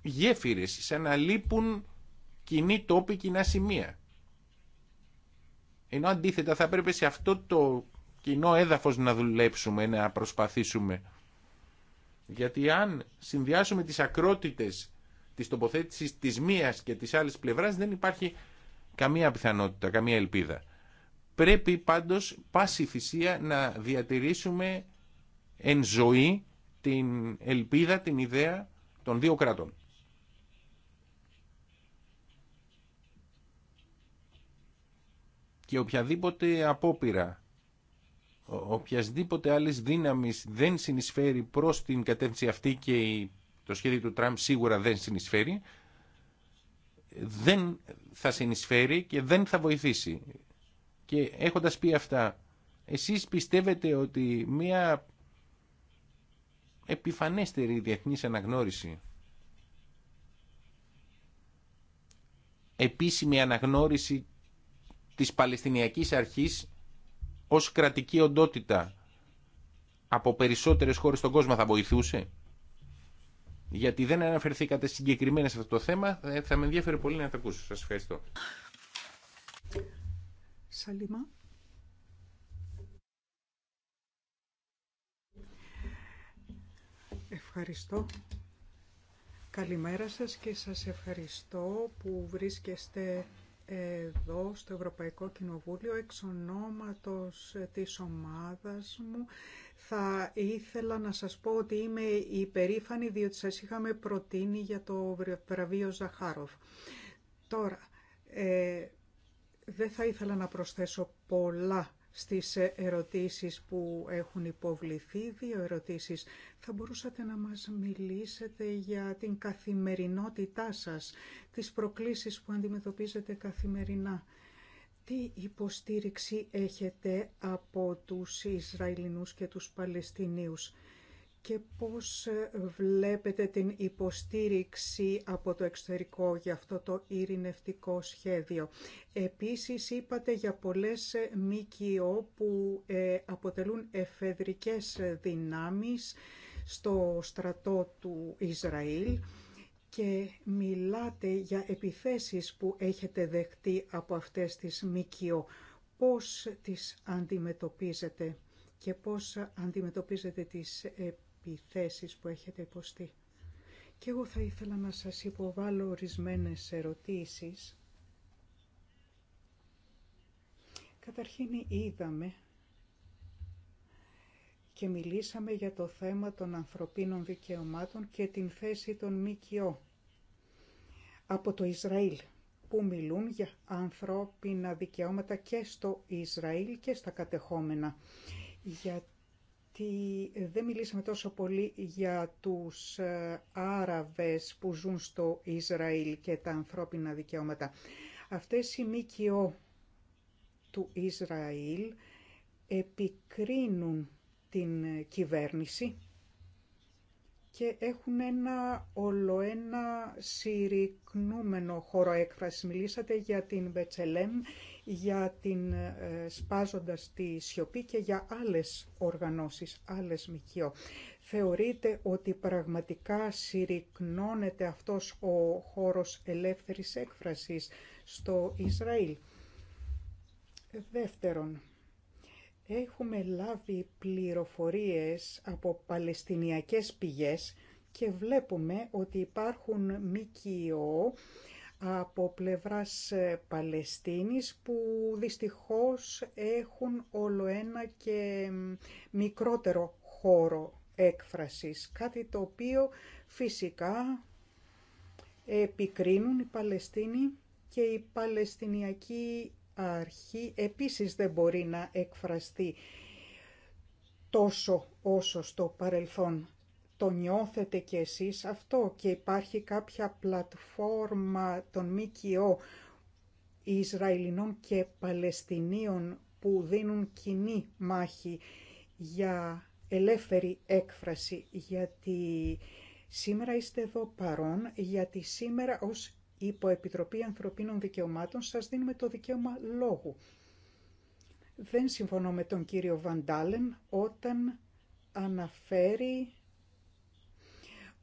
γέφυρες, σαν να λείπουν κοινοί τόποι, κοινά σημεία. Ενώ αντίθετα θα πρέπει σε αυτό το κοινό έδαφος να δουλέψουμε, να προσπαθήσουμε. Γιατί αν συνδυάσουμε τις ακρότητες της τοποθέτησης της μίας και της άλλης πλευράς δεν υπάρχει καμία πιθανότητα, καμία ελπίδα. Πρέπει πάντως πάση θυσία να διατηρήσουμε εν ζωή την ελπίδα, την ιδέα των δύο κρατών. Και οποιαδήποτε απόπειρα, οποιασδήποτε άλλης δύναμης δεν συνεισφέρει προς την κατεύθυνση αυτή και το σχέδιο του Τραμπ σίγουρα δεν συνεισφέρει, δεν θα συνεισφέρει και δεν θα βοηθήσει. Και έχοντας πει αυτά, εσείς πιστεύετε ότι μια επιφανέστερη διεθνής αναγνώριση. Επίσημη αναγνώριση της Παλαιστινιακής Αρχής ως κρατική οντότητα από περισσότερες χώρες στον κόσμο θα βοηθούσε. Γιατί δεν αναφερθήκατε συγκεκριμένα σε αυτό το θέμα, ε, θα με ενδιαφέρει πολύ να τα ακούσω. Σας ευχαριστώ. Σαλίμα. ευχαριστώ. Καλημέρα σας και σας ευχαριστώ που βρίσκεστε εδώ στο Ευρωπαϊκό Κοινοβούλιο εξ ονόματος της ομάδας μου. Θα ήθελα να σας πω ότι είμαι υπερήφανη διότι σας είχαμε προτείνει για το βραβείο Ζαχάροφ. Τώρα, ε, δεν θα ήθελα να προσθέσω πολλά στις ε, ερωτήσεις που έχουν υποβληθεί. Δύο ερωτήσεις. Θα μπορούσατε να μας μιλήσετε για την καθημερινότητά σας, τις προκλήσεις που αντιμετωπίζετε καθημερινά. Τι υποστήριξη έχετε από τους Ισραηλινούς και τους Παλαιστινίους και πώς ε, βλέπετε την υποστήριξη από το εξωτερικό για αυτό το ειρηνευτικό σχέδιο. Επίσης είπατε για πολλές ε, ΜΚΟ που ε, αποτελούν εφεδρικές δυνάμεις στο στρατό του Ισραήλ και μιλάτε για επιθέσεις που έχετε δεχτεί από αυτές τις ΜΚΟ. Πώς τις αντιμετωπίζετε και πώς αντιμετωπίζετε τις επιθέσεις επιθέσεις που έχετε υποστεί. Και εγώ θα ήθελα να σας υποβάλω ορισμένες ερωτήσεις. Καταρχήν είδαμε και μιλήσαμε για το θέμα των ανθρωπίνων δικαιωμάτων και την θέση των ΜΚΟ από το Ισραήλ που μιλούν για ανθρώπινα δικαιώματα και στο Ισραήλ και στα κατεχόμενα. για ότι ε, δεν μιλήσαμε τόσο πολύ για τους ε, Άραβες που ζουν στο Ισραήλ και τα ανθρώπινα δικαιώματα. Αυτές οι ΜΚΟ του Ισραήλ επικρίνουν την ε, κυβέρνηση και έχουν ένα ολοένα συρρυκνούμενο χώρο έκφραση. Μιλήσατε για την Μπετσελέμ για την ε, σπάζοντας τη σιωπή και για άλλες οργανώσεις, άλλες μικιό. Θεωρείτε ότι πραγματικά συρρυκνώνεται αυτός ο χώρος ελεύθερης έκφρασης στο Ισραήλ. Δεύτερον, έχουμε λάβει πληροφορίες από παλαιστινιακές πηγές και βλέπουμε ότι υπάρχουν μικιό από πλευράς ε, Παλαιστίνης που δυστυχώς έχουν όλο ένα και μικρότερο χώρο έκφρασης, κάτι το οποίο φυσικά επικρίνουν οι Παλαιστίνοι και η Παλαιστινιακή Αρχή επίσης δεν μπορεί να εκφραστεί τόσο όσο στο παρελθόν. Το νιώθετε και εσείς αυτό και υπάρχει κάποια πλατφόρμα των ΜΚΟ Ισραηλινών και Παλαιστινίων που δίνουν κοινή μάχη για ελεύθερη έκφραση γιατί σήμερα είστε εδώ παρόν γιατί σήμερα ως Υποεπιτροπή Ανθρωπίνων Δικαιωμάτων σας δίνουμε το δικαίωμα λόγου. Δεν συμφωνώ με τον κύριο Βαντάλεν όταν αναφέρει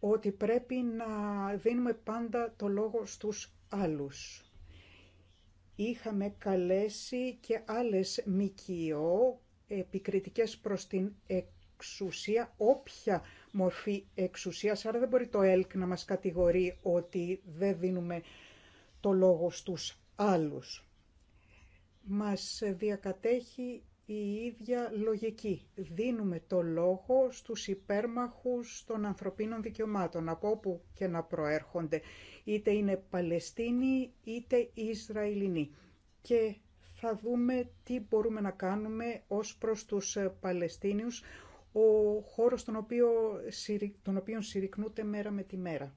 ότι πρέπει να δίνουμε πάντα το λόγο στους άλλους. Είχαμε καλέσει και άλλες μικιό επικριτικές προς την εξουσία, όποια μορφή εξουσίας, άρα δεν μπορεί το ΕΛΚ να μας κατηγορεί ότι δεν δίνουμε το λόγο στους άλλους. Μας διακατέχει η ίδια λογική. Δίνουμε το λόγο στους υπέρμαχους των ανθρωπίνων δικαιωμάτων, από όπου και να προέρχονται, είτε είναι Παλαιστίνοι είτε Ισραηλινοί. Και θα δούμε τι μπορούμε να κάνουμε ως προς τους Παλαιστίνιους, ο χώρος τον οποίο, τον οποίο μέρα με τη μέρα.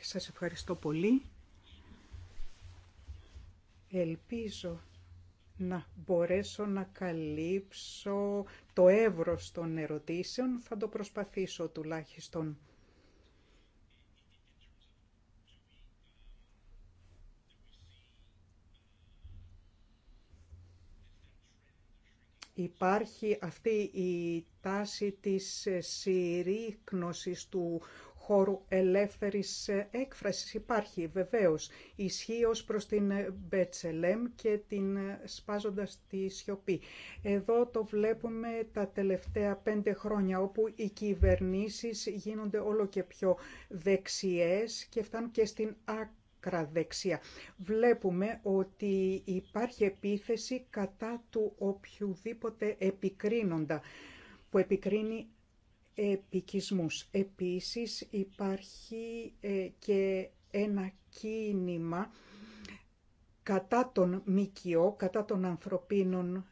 Σας ευχαριστώ πολύ. Ελπίζω να μπορέσω να καλύψω το εύρος των ερωτήσεων. Θα το προσπαθήσω τουλάχιστον. Υπάρχει αυτή η τάση της συρρήκνωσης του χώρου ελεύθερης ε, έκφρασης υπάρχει βεβαίως ισχύει ως προς την ε, Μπετσελέμ και την ε, σπάζοντας τη σιωπή. Εδώ το βλέπουμε τα τελευταία πέντε χρόνια όπου οι κυβερνήσεις γίνονται όλο και πιο δεξιές και φτάνουν και στην ακραδεξιά. δεξιά. Βλέπουμε ότι υπάρχει επίθεση κατά του οποιοδήποτε επικρίνοντα που επικρίνει επικισμούς. Επίσης υπάρχει ε, και ένα κίνημα κατά τον ΜΚΟ, κατά των ανθρωπίνων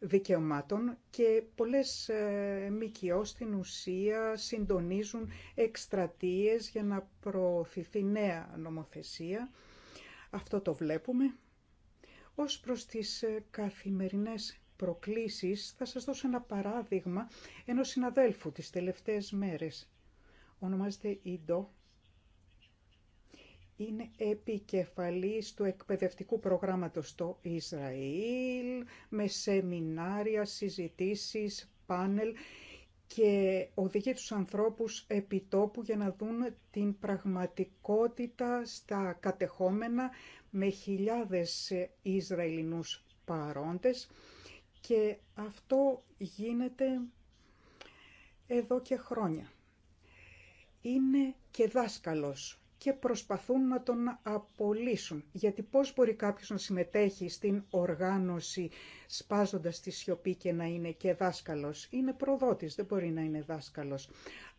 δικαιωμάτων και πολλές ε, ΜΚΟ στην ουσία συντονίζουν εκστρατείες για να προωθηθεί νέα νομοθεσία. Αυτό το βλέπουμε. Ως προς τις ε, καθημερινές προκλήσεις, θα σας δώσω ένα παράδειγμα ενός συναδέλφου τις τελευταίες μέρες. Ονομάζεται Ιντο. Είναι επικεφαλής του εκπαιδευτικού προγράμματος στο Ισραήλ, με σεμινάρια, συζητήσεις, πάνελ και οδηγεί τους ανθρώπους επιτόπου για να δουν την πραγματικότητα στα κατεχόμενα με χιλιάδες Ισραηλινούς παρόντες και αυτό γίνεται εδώ και χρόνια. Είναι και δάσκαλος και προσπαθούν να τον απολύσουν. Γιατί πώς μπορεί κάποιος να συμμετέχει στην οργάνωση σπάζοντας τη σιωπή και να είναι και δάσκαλος. Είναι προδότης, δεν μπορεί να είναι δάσκαλος.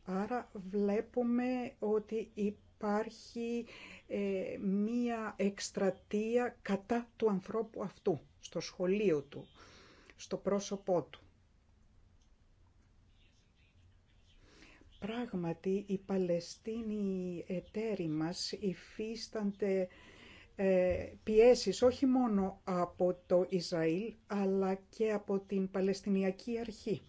Άρα βλέπουμε ότι υπάρχει ε, μία εκστρατεία κατά του ανθρώπου αυτού, στο σχολείο του στο πρόσωπό του. Πράγματι, οι Παλαιστίνοι εταίροι μας υφίστανται ε, πιέσεις όχι μόνο από το Ισραήλ, αλλά και από την Παλαιστινιακή Αρχή.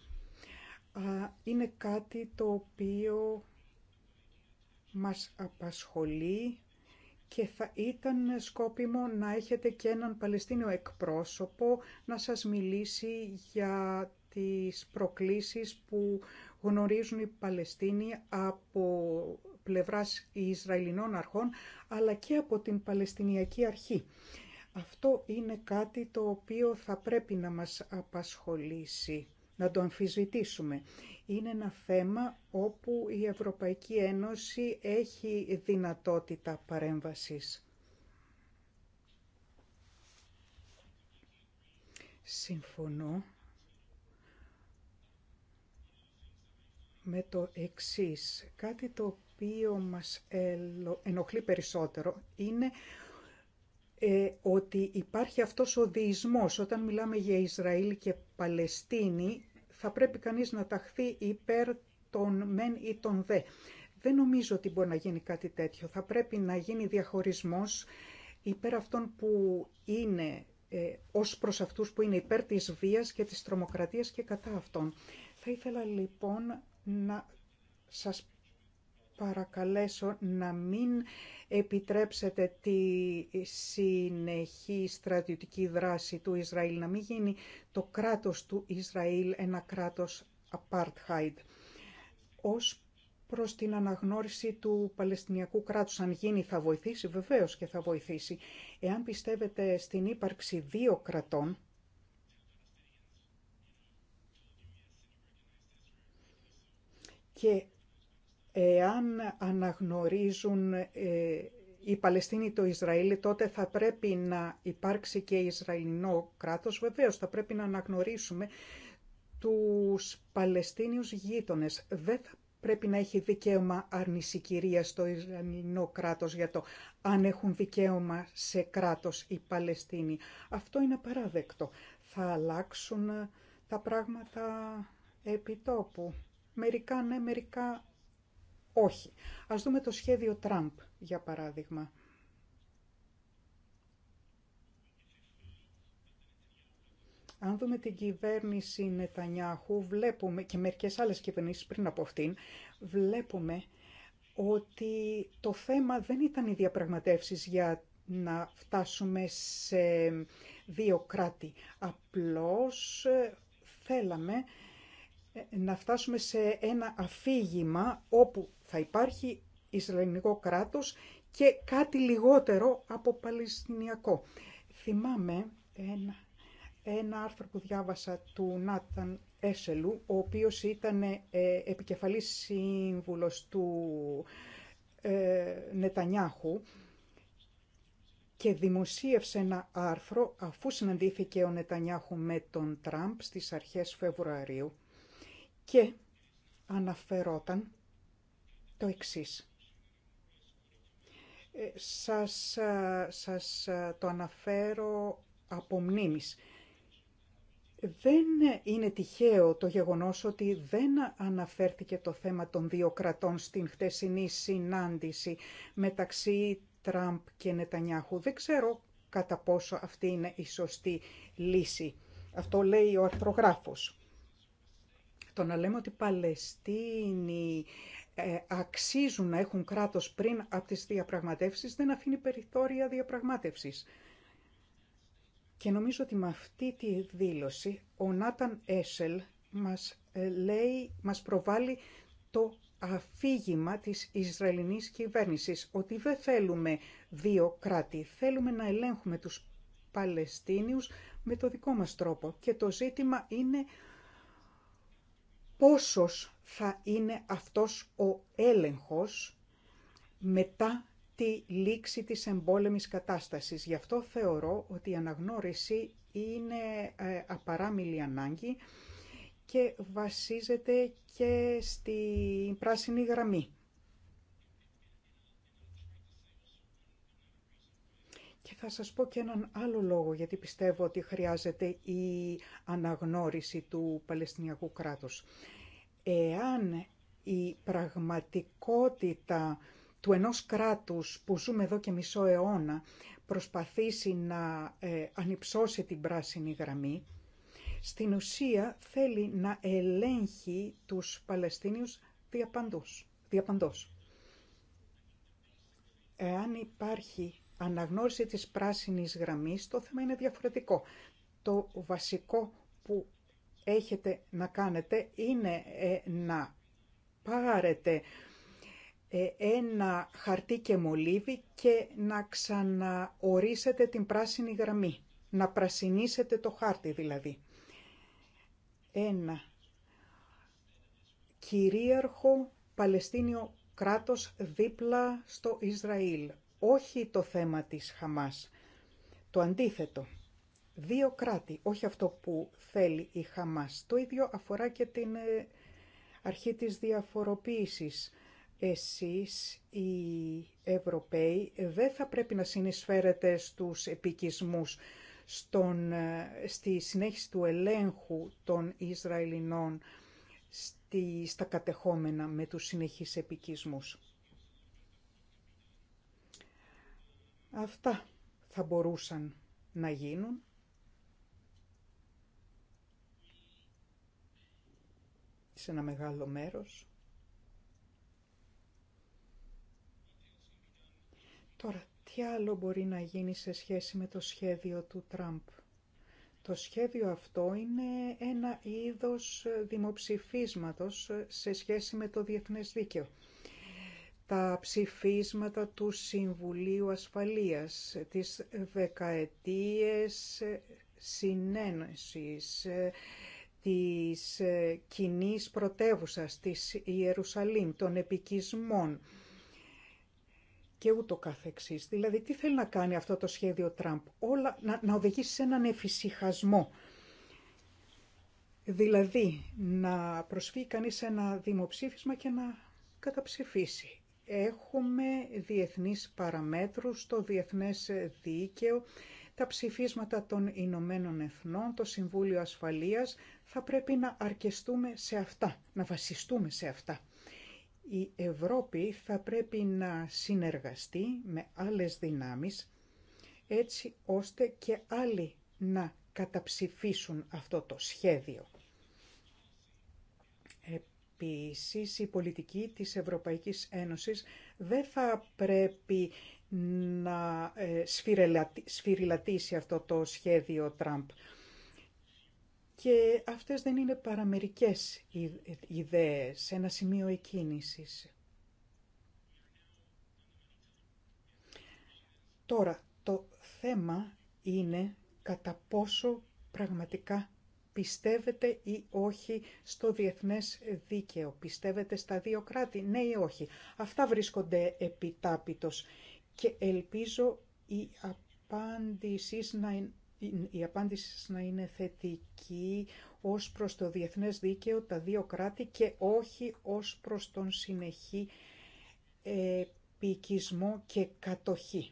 Είναι κάτι το οποίο μας απασχολεί και θα ήταν σκόπιμο να έχετε και έναν Παλαιστίνιο εκπρόσωπο να σας μιλήσει για τις προκλήσεις που γνωρίζουν οι Παλαιστίνοι από πλευράς Ισραηλινών αρχών, αλλά και από την Παλαιστινιακή αρχή. Αυτό είναι κάτι το οποίο θα πρέπει να μας απασχολήσει να το αμφισβητήσουμε. Είναι ένα θέμα όπου η Ευρωπαϊκή Ένωση έχει δυνατότητα παρέμβασης. Συμφωνώ με το εξής. Κάτι το οποίο μας ενοχλεί περισσότερο είναι ε, ότι υπάρχει αυτός ο διεισμός όταν μιλάμε για Ισραήλ και Παλαιστίνη θα πρέπει κανείς να ταχθεί υπέρ των μεν ή των δε. Δεν νομίζω ότι μπορεί να γίνει κάτι τέτοιο. Θα πρέπει να γίνει διαχωρισμός υπέρ αυτών που είναι ε, ως προς αυτούς που είναι υπέρ της βίας και της τρομοκρατίας και κατά αυτών. Θα ήθελα λοιπόν να σας παρακαλέσω να μην επιτρέψετε τη συνεχή στρατιωτική δράση του Ισραήλ, να μην γίνει το κράτος του Ισραήλ ένα κράτος apartheid. Ως προς την αναγνώριση του Παλαιστινιακού κράτους, αν γίνει θα βοηθήσει, βεβαίως και θα βοηθήσει. Εάν πιστεύετε στην ύπαρξη δύο κρατών, και Εάν αναγνωρίζουν ε, οι Παλαιστίνοι το Ισραήλ, τότε θα πρέπει να υπάρξει και Ισραηλινό κράτος. Βεβαίως, θα πρέπει να αναγνωρίσουμε τους Παλαιστίνιους γείτονες. Δεν θα πρέπει να έχει δικαίωμα άρνηση κυρία στο Ισραηλινό κράτος για το αν έχουν δικαίωμα σε κράτος οι Παλαιστίνοι. Αυτό είναι παράδεκτο. Θα αλλάξουν τα πράγματα επιτόπου. Μερικά ναι, μερικά όχι. Ας δούμε το σχέδιο Τραμπ, για παράδειγμα. Αν δούμε την κυβέρνηση Νετανιάχου, βλέπουμε και μερικές άλλες κυβερνήσεις πριν από αυτήν, βλέπουμε ότι το θέμα δεν ήταν οι διαπραγματεύσεις για να φτάσουμε σε δύο κράτη. Απλώς ε, θέλαμε ε, να φτάσουμε σε ένα αφήγημα όπου θα υπάρχει Ισραηλινικό κράτος και κάτι λιγότερο από Παλαιστινιακό. Θυμάμαι ένα, ένα άρθρο που διάβασα του Νάταν Έσελου, ο οποίος ήταν ε, επικεφαλής σύμβουλος του ε, Νετανιάχου και δημοσίευσε ένα άρθρο αφού συναντήθηκε ο Νετανιάχου με τον Τραμπ στις αρχές Φεβρουαρίου και αναφερόταν το εξής. Ε, σας, σας το αναφέρω από μνήμης. Δεν είναι τυχαίο το γεγονός ότι δεν αναφέρθηκε το θέμα των δύο κρατών στην χτεσινή συνάντηση μεταξύ Τραμπ και Νετανιάχου. Δεν ξέρω κατά πόσο αυτή είναι η σωστή λύση. Αυτό λέει ο αρθρογράφος. Το να λέμε ότι οι Παλαιστίνοι ε, αξίζουν να έχουν κράτος πριν από τις διαπραγματεύσεις δεν αφήνει περιθώρια διαπραγμάτευσης. Και νομίζω ότι με αυτή τη δήλωση ο Νάταν Έσελ μας, ε, λέει, μας προβάλλει το αφήγημα της Ισραηλινής κυβέρνησης ότι δεν θέλουμε δύο κράτη, θέλουμε να ελέγχουμε τους Παλαιστίνιους με το δικό μας τρόπο και το ζήτημα είναι πόσος θα είναι αυτός ο έλεγχος μετά τη λήξη της εμπόλεμης κατάστασης. Γι' αυτό θεωρώ ότι η αναγνώριση είναι ε, απαράμιλη ανάγκη και βασίζεται και στην πράσινη γραμμή. Και θα σας πω και έναν άλλο λόγο, γιατί πιστεύω ότι χρειάζεται η αναγνώριση του Παλαιστινιακού κράτους. Εάν η πραγματικότητα του ενός κράτους που ζούμε εδώ και μισό αιώνα προσπαθήσει να ε, ανυψώσει την πράσινη γραμμή, στην ουσία θέλει να ελέγχει τους Παλαιστίνιους διαπαντός. διαπαντός. Εάν υπάρχει αναγνώριση της πράσινης γραμμής, το θέμα είναι διαφορετικό. Το βασικό που έχετε να κάνετε είναι ε, να πάρετε ε, ένα χαρτί και μολύβι και να ξαναορίσετε την πράσινη γραμμή. Να πρασινίσετε το χάρτη δηλαδή. Ένα κυρίαρχο Παλαιστίνιο κράτος δίπλα στο Ισραήλ όχι το θέμα της Χαμάς. Το αντίθετο. Δύο κράτη, όχι αυτό που θέλει η Χαμάς. Το ίδιο αφορά και την ε, αρχή της διαφοροποίησης. Εσείς οι Ευρωπαίοι δεν θα πρέπει να συνεισφέρετε στους επικισμούς, στον, ε, στη συνέχιση του ελέγχου των Ισραηλινών στη, στα κατεχόμενα με τους συνεχείς επικισμούς. Αυτά θα μπορούσαν να γίνουν. σε ένα μεγάλο μέρος. Τώρα, τι άλλο μπορεί να γίνει σε σχέση με το σχέδιο του Τραμπ. Το σχέδιο αυτό είναι ένα είδος δημοψηφίσματος σε σχέση με το διεθνές δίκαιο τα ψηφίσματα του Συμβουλίου Ασφαλείας, της δεκαετίες συνένωσης της κοινή πρωτεύουσα, της Ιερουσαλήμ, των επικισμών και ούτω καθεξής. Δηλαδή τι θέλει να κάνει αυτό το σχέδιο Τραμπ, Όλα, να, να οδηγήσει σε έναν εφησυχασμό. Δηλαδή να προσφύγει κανείς σε ένα δημοψήφισμα και να καταψηφίσει. Έχουμε διεθνείς παραμέτρους, το διεθνές δίκαιο, τα ψηφίσματα των Ηνωμένων Εθνών, το Συμβούλιο Ασφαλείας, θα πρέπει να αρκεστούμε σε αυτά, να βασιστούμε σε αυτά. Η Ευρώπη θα πρέπει να συνεργαστεί με άλλες δυνάμεις, έτσι ώστε και άλλοι να καταψηφίσουν αυτό το σχέδιο. Επίσης, η πολιτική της Ευρωπαϊκής Ένωσης δεν θα πρέπει να ε, σφυριλατήσει αυτό το σχέδιο Τραμπ. Και αυτές δεν είναι παραμερικές ιδέες, ένα σημείο εκκίνησης. Τώρα, το θέμα είναι κατά πόσο πραγματικά Πιστεύετε ή όχι στο διεθνές δίκαιο. Πιστεύετε στα δύο κράτη, ναι ή όχι. Αυτά βρίσκονται επιτάπητος και ελπίζω η απάντηση να να είναι θετική ως προς το διεθνές δίκαιο τα δύο κράτη και όχι ως προς τον συνεχή επικισμό και κατοχή.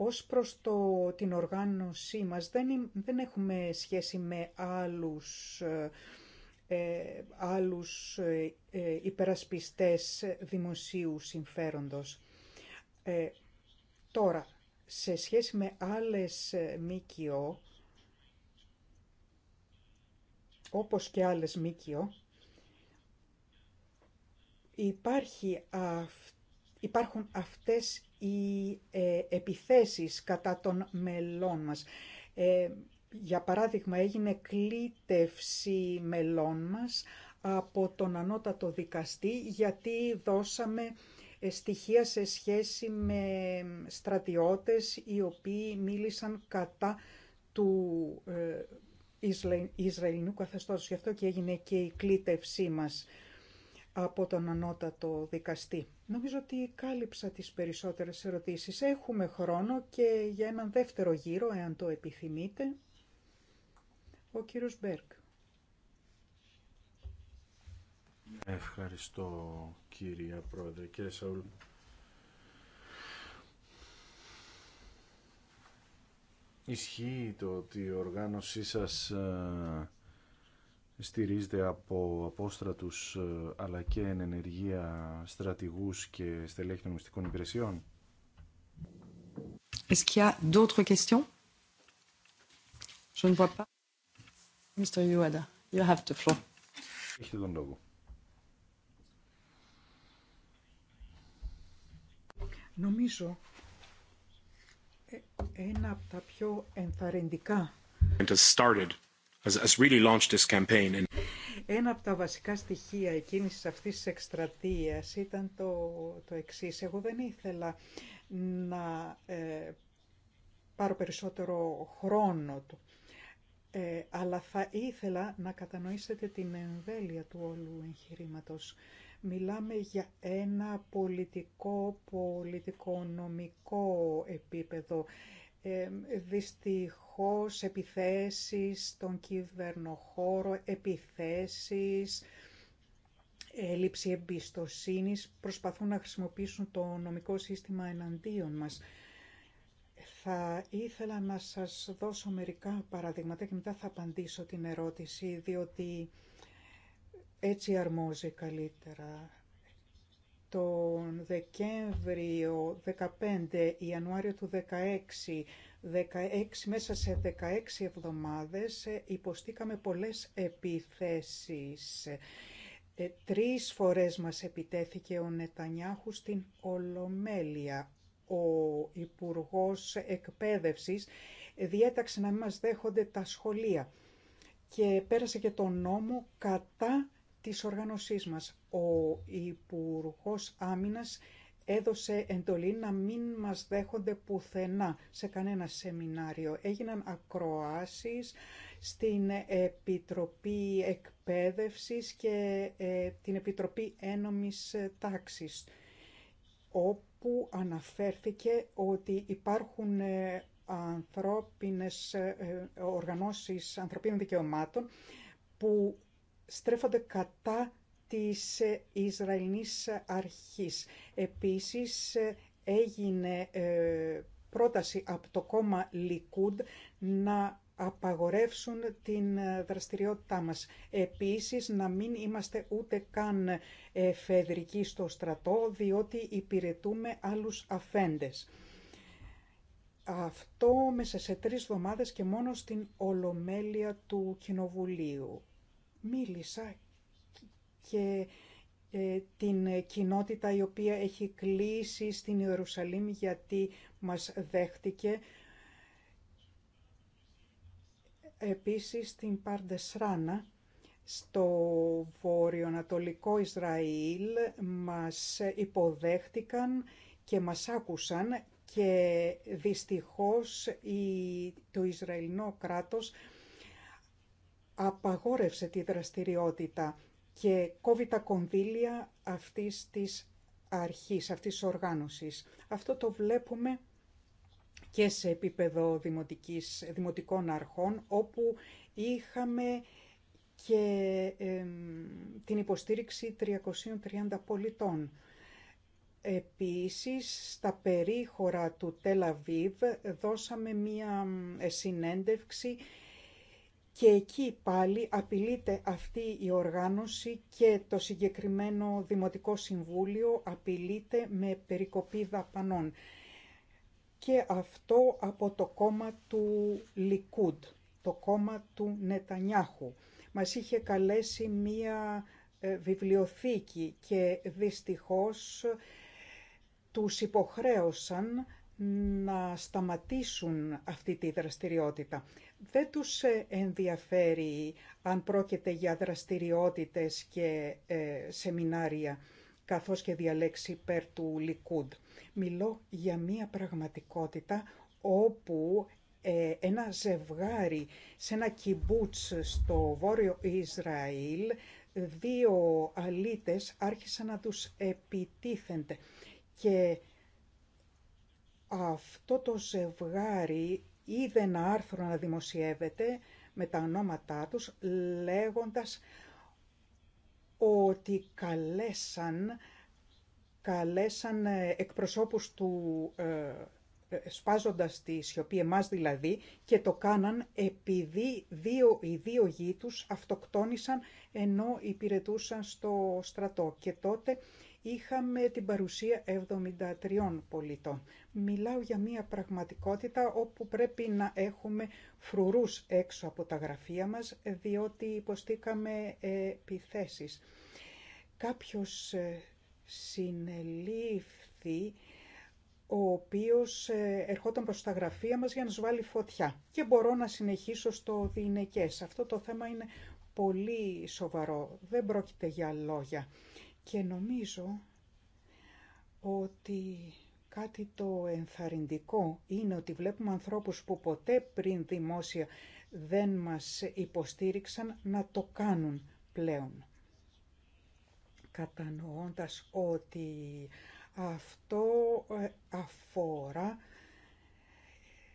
Ως προς το, την οργάνωσή μας δεν, δεν έχουμε σχέση με άλλους, ε, ε άλλους ε, ε, υπερασπιστές δημοσίου συμφέροντος. τώρα, σε σχέση με άλλες ΜΚΟ, όπως και άλλες ΜΚΟ, υπάρχει αυτή υπάρχουν αυτές οι ε, επιθέσεις κατά των μελών μας. Ε, για παράδειγμα, έγινε κλήτευση μελών μας από τον Ανώτατο Δικαστή γιατί δώσαμε ε, στοιχεία σε σχέση με στρατιώτες οι οποίοι μίλησαν κατά του ε, Ισραηλινού καθεστώτος. Γι' αυτό και έγινε και η κλήτευσή μας από τον ανώτατο δικαστή. Νομίζω ότι κάλυψα τις περισσότερες ερωτήσεις. Έχουμε χρόνο και για έναν δεύτερο γύρο, εάν το επιθυμείτε. Ο κύριος Μπέρκ. Ευχαριστώ κύριε Πρόεδρε. Κύριε Σαούλ. Ισχύει το ότι η οργάνωσή σας ε, στηρίζεται από απόστρατους ε, αλλά και εν ενεργεία στρατηγούς και στελέχη των μυστικών Έχετε τον λόγο. Νομίζω ε, ένα από τα πιο ενθαρρυντικά ένα από τα βασικά στοιχεία εκείνης αυτής της εκστρατείας ήταν το, το εξής. Εγώ δεν ήθελα να ε, πάρω περισσότερο χρόνο του, ε, αλλά θα ήθελα να κατανοήσετε την εμβέλεια του όλου εγχειρήματος. Μιλάμε για ένα πολιτικό, πολιτικονομικό επίπεδο ε, δυστυχώς επιθέσεις στον κυβερνοχώρο, επιθέσεις, έλλειψη εμπιστοσύνης, προσπαθούν να χρησιμοποιήσουν το νομικό σύστημα εναντίον μας. Θα ήθελα να σας δώσω μερικά παραδείγματα και μετά θα απαντήσω την ερώτηση, διότι έτσι αρμόζει καλύτερα τον Δεκέμβριο 15, Ιανουάριο του 16, 16 μέσα σε 16 εβδομάδες ε, υποστήκαμε πολλές επιθέσεις. Ε, τρεις φορές μας επιτέθηκε ο Νετανιάχου στην Ολομέλεια. Ο Υπουργός Εκπαίδευσης διέταξε να μην μας δέχονται τα σχολεία και πέρασε και τον νόμο κατά της οργανωσής μας. Ο Υπουργό Άμυνας έδωσε εντολή να μην μας δέχονται πουθενά σε κανένα σεμινάριο. Έγιναν ακροάσεις στην Επιτροπή Εκπαίδευσης και ε, την Επιτροπή Ένομης Τάξης, όπου αναφέρθηκε ότι υπάρχουν ε, ανθρώπινες ε, οργανώσεις ανθρωπίνων δικαιωμάτων που στρέφονται κατά της ε, Ισραηλινής αρχής. Επίσης ε, έγινε ε, πρόταση από το κόμμα Λικούντ να απαγορεύσουν την δραστηριότητά μας. Επίσης, να μην είμαστε ούτε καν φεδρικοί στο στρατό, διότι υπηρετούμε άλλους αφέντες. Αυτό μέσα σε τρεις εβδομάδες και μόνο στην Ολομέλεια του Κοινοβουλίου μίλησα και ε, την κοινότητα η οποία έχει κλείσει στην Ιερουσαλήμ γιατί μας δέχτηκε. Επίσης στην Παρντεσράνα στο βορειοανατολικό Ισραήλ μας υποδέχτηκαν και μας άκουσαν και δυστυχώς η, το Ισραηλινό κράτος απαγόρευσε τη δραστηριότητα και κόβει τα κονδύλια αυτής της αρχής, αυτής της οργάνωσης. Αυτό το βλέπουμε και σε επίπεδο δημοτικών αρχών, όπου είχαμε και την υποστήριξη 330 πολιτών. Επίσης, στα περίχωρα του Τελαβίβ δώσαμε μία ε, συνέντευξη και εκεί πάλι απειλείται αυτή η οργάνωση και το συγκεκριμένο Δημοτικό Συμβούλιο απειλείται με περικοπή δαπανών. Και αυτό από το κόμμα του Λικούντ, το κόμμα του Νετανιάχου. Μας είχε καλέσει μία ε, βιβλιοθήκη και δυστυχώς τους υποχρέωσαν να σταματήσουν αυτή τη δραστηριότητα δεν τους ε, ενδιαφέρει αν πρόκειται για δραστηριότητες και ε, σεμινάρια, καθώς και διαλέξει υπέρ του Λικούντ. Μιλώ για μία πραγματικότητα όπου ε, ένα ζευγάρι σε ένα κιμπούτς στο βόρειο Ισραήλ, δύο αλίτες άρχισαν να τους επιτίθενται και αυτό το ζευγάρι είδε ένα άρθρο να δημοσιεύεται με τα ονόματά τους λέγοντας ότι καλέσαν, καλέσαν εκπροσώπους του, ε, ε, σπάζοντας τη σιωπή εμάς δηλαδή, και το κάναν επειδή δύο, οι δύο γη τους αυτοκτόνησαν ενώ υπηρετούσαν στο στρατό. Και τότε είχαμε την παρουσία 73 πολιτών. Μιλάω για μια πραγματικότητα όπου πρέπει να έχουμε φρουρούς έξω από τα γραφεία μας, διότι υποστήκαμε επιθέσεις. Κάποιος ε, συνελήφθη ο οποίος ε, ερχόταν προς τα γραφεία μας για να σου βάλει φωτιά. Και μπορώ να συνεχίσω στο διηνεκές. Αυτό το θέμα είναι πολύ σοβαρό. Δεν πρόκειται για λόγια. Και νομίζω ότι κάτι το ενθαρρυντικό είναι ότι βλέπουμε ανθρώπους που ποτέ πριν δημόσια δεν μας υποστήριξαν να το κάνουν πλέον. Κατανοώντας ότι αυτό ε, αφορά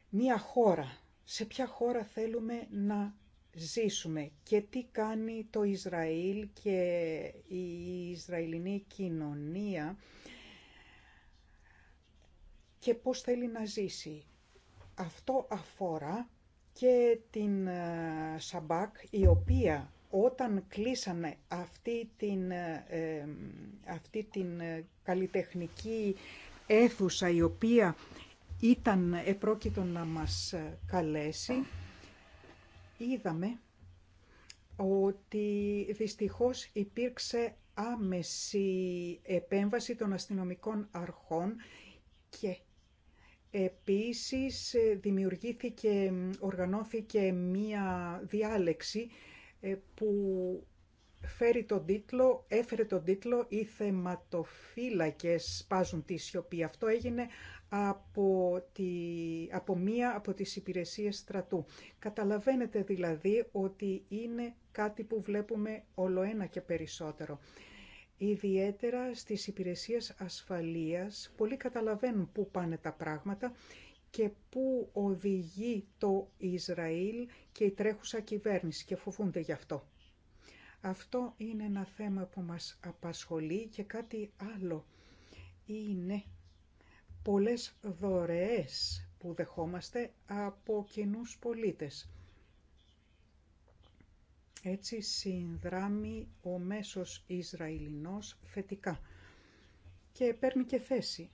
μία χώρα. Σε ποια χώρα θέλουμε να ζήσουμε και τι κάνει το Ισραήλ και η Ισραηλινή κοινωνία και πώς θέλει να ζήσει. Αυτό αφορά και την ε, Σαμπάκ η οποία όταν κλείσανε αυτή την, ε, αυτή την ε, καλλιτεχνική αίθουσα η οποία ήταν επρόκειτο να μας καλέσει είδαμε ότι δυστυχώς υπήρξε άμεση επέμβαση των αστυνομικών αρχών και επίσης δημιουργήθηκε, οργανώθηκε μία διάλεξη ε, που φέρει τον τίτλο, έφερε τον τίτλο «Οι θεματοφύλακες σπάζουν τη σιωπή». Αυτό έγινε από, από μία από τις υπηρεσίες στρατού. Καταλαβαίνετε δηλαδή ότι είναι κάτι που βλέπουμε όλο ένα και περισσότερο. Ιδιαίτερα στις υπηρεσίες ασφαλείας, πολλοί καταλαβαίνουν πού πάνε τα πράγματα και πού οδηγεί το Ισραήλ και η τρέχουσα κυβέρνηση και φοβούνται γι' αυτό. Αυτό είναι ένα θέμα που μας απασχολεί και κάτι άλλο είναι πολλές δωρεές που δεχόμαστε από κοινού πολίτες. Έτσι συνδράμει ο μέσος Ισραηλινός θετικά και παίρνει και θέση.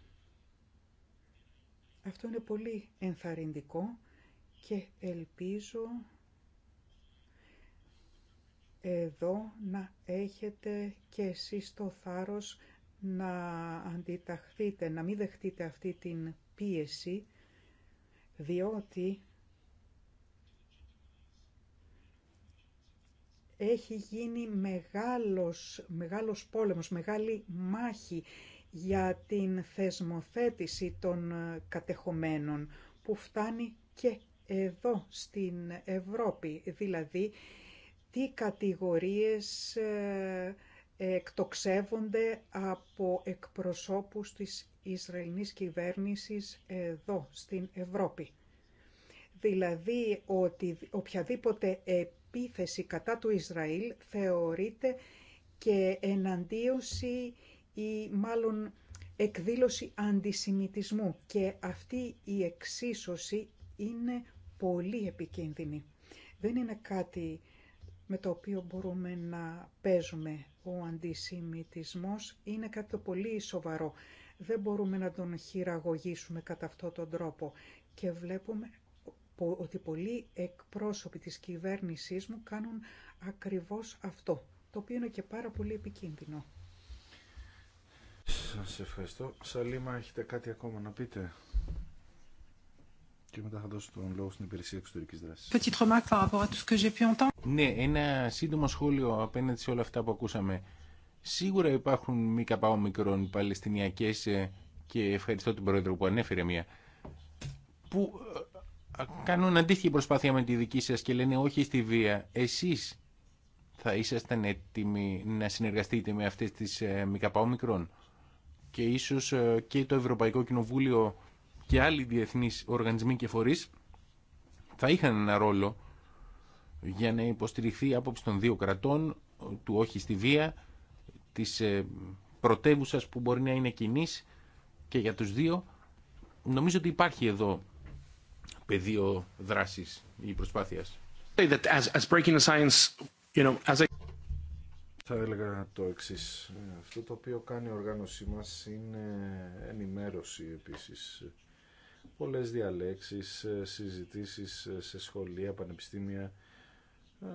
Αυτό είναι πολύ ενθαρρυντικό και ελπίζω εδώ να έχετε και εσείς το θάρρος να αντιταχθείτε, να μην δεχτείτε αυτή την πίεση, διότι έχει γίνει μεγάλος, μεγάλος πόλεμος, μεγάλη μάχη για την θεσμοθέτηση των ε, κατεχομένων που φτάνει και εδώ στην Ευρώπη, δηλαδή τι κατηγορίες ε, εκτοξεύονται από εκπροσώπους της Ισραηλινής κυβέρνησης εδώ στην Ευρώπη. Δηλαδή ότι οποιαδήποτε επίθεση κατά του Ισραήλ θεωρείται και εναντίωση ή μάλλον εκδήλωση αντισημιτισμού και αυτή η εξίσωση είναι πολύ επικίνδυνη. Δεν είναι κάτι με το οποίο μπορούμε να παίζουμε. Ο αντισημιτισμός είναι κάτι πολύ σοβαρό. Δεν μπορούμε να τον χειραγωγήσουμε κατά αυτόν τον τρόπο. Και βλέπουμε ότι πολλοί εκπρόσωποι της κυβέρνησής μου κάνουν ακριβώς αυτό, το οποίο είναι και πάρα πολύ επικίνδυνο. Σας ευχαριστώ. Σαλίμα, έχετε κάτι ακόμα να πείτε και μετά θα δώσω τον λόγο στην υπηρεσία εξωτερική δράση. Ναι, ένα σύντομο σχόλιο απέναντι σε όλα αυτά που ακούσαμε. Σίγουρα υπάρχουν μη καπάω μικρών παλαιστινιακέ ε, και ευχαριστώ την πρόεδρο που ανέφερε μία που ε, κάνουν αντίστοιχη προσπάθεια με τη δική σα και λένε όχι στη βία. Εσεί θα ήσασταν έτοιμοι να συνεργαστείτε με αυτές τις ε, ΜΚΟ μικρών και ίσω και το Ευρωπαϊκό Κοινοβούλιο και άλλοι διεθνείς οργανισμοί και φορείς θα είχαν ένα ρόλο για να υποστηριχθεί η άποψη των δύο κρατών του όχι στη βία της ε, πρωτεύουσα που μπορεί να είναι κοινή και για τους δύο νομίζω ότι υπάρχει εδώ πεδίο δράσης ή προσπάθειας. Θα έλεγα το εξή. Ε, αυτό το οποίο κάνει η οργάνωσή μας είναι ενημέρωση επίσης πολλές διαλέξεις, ε, συζητήσεις ε, σε σχολεία, πανεπιστήμια,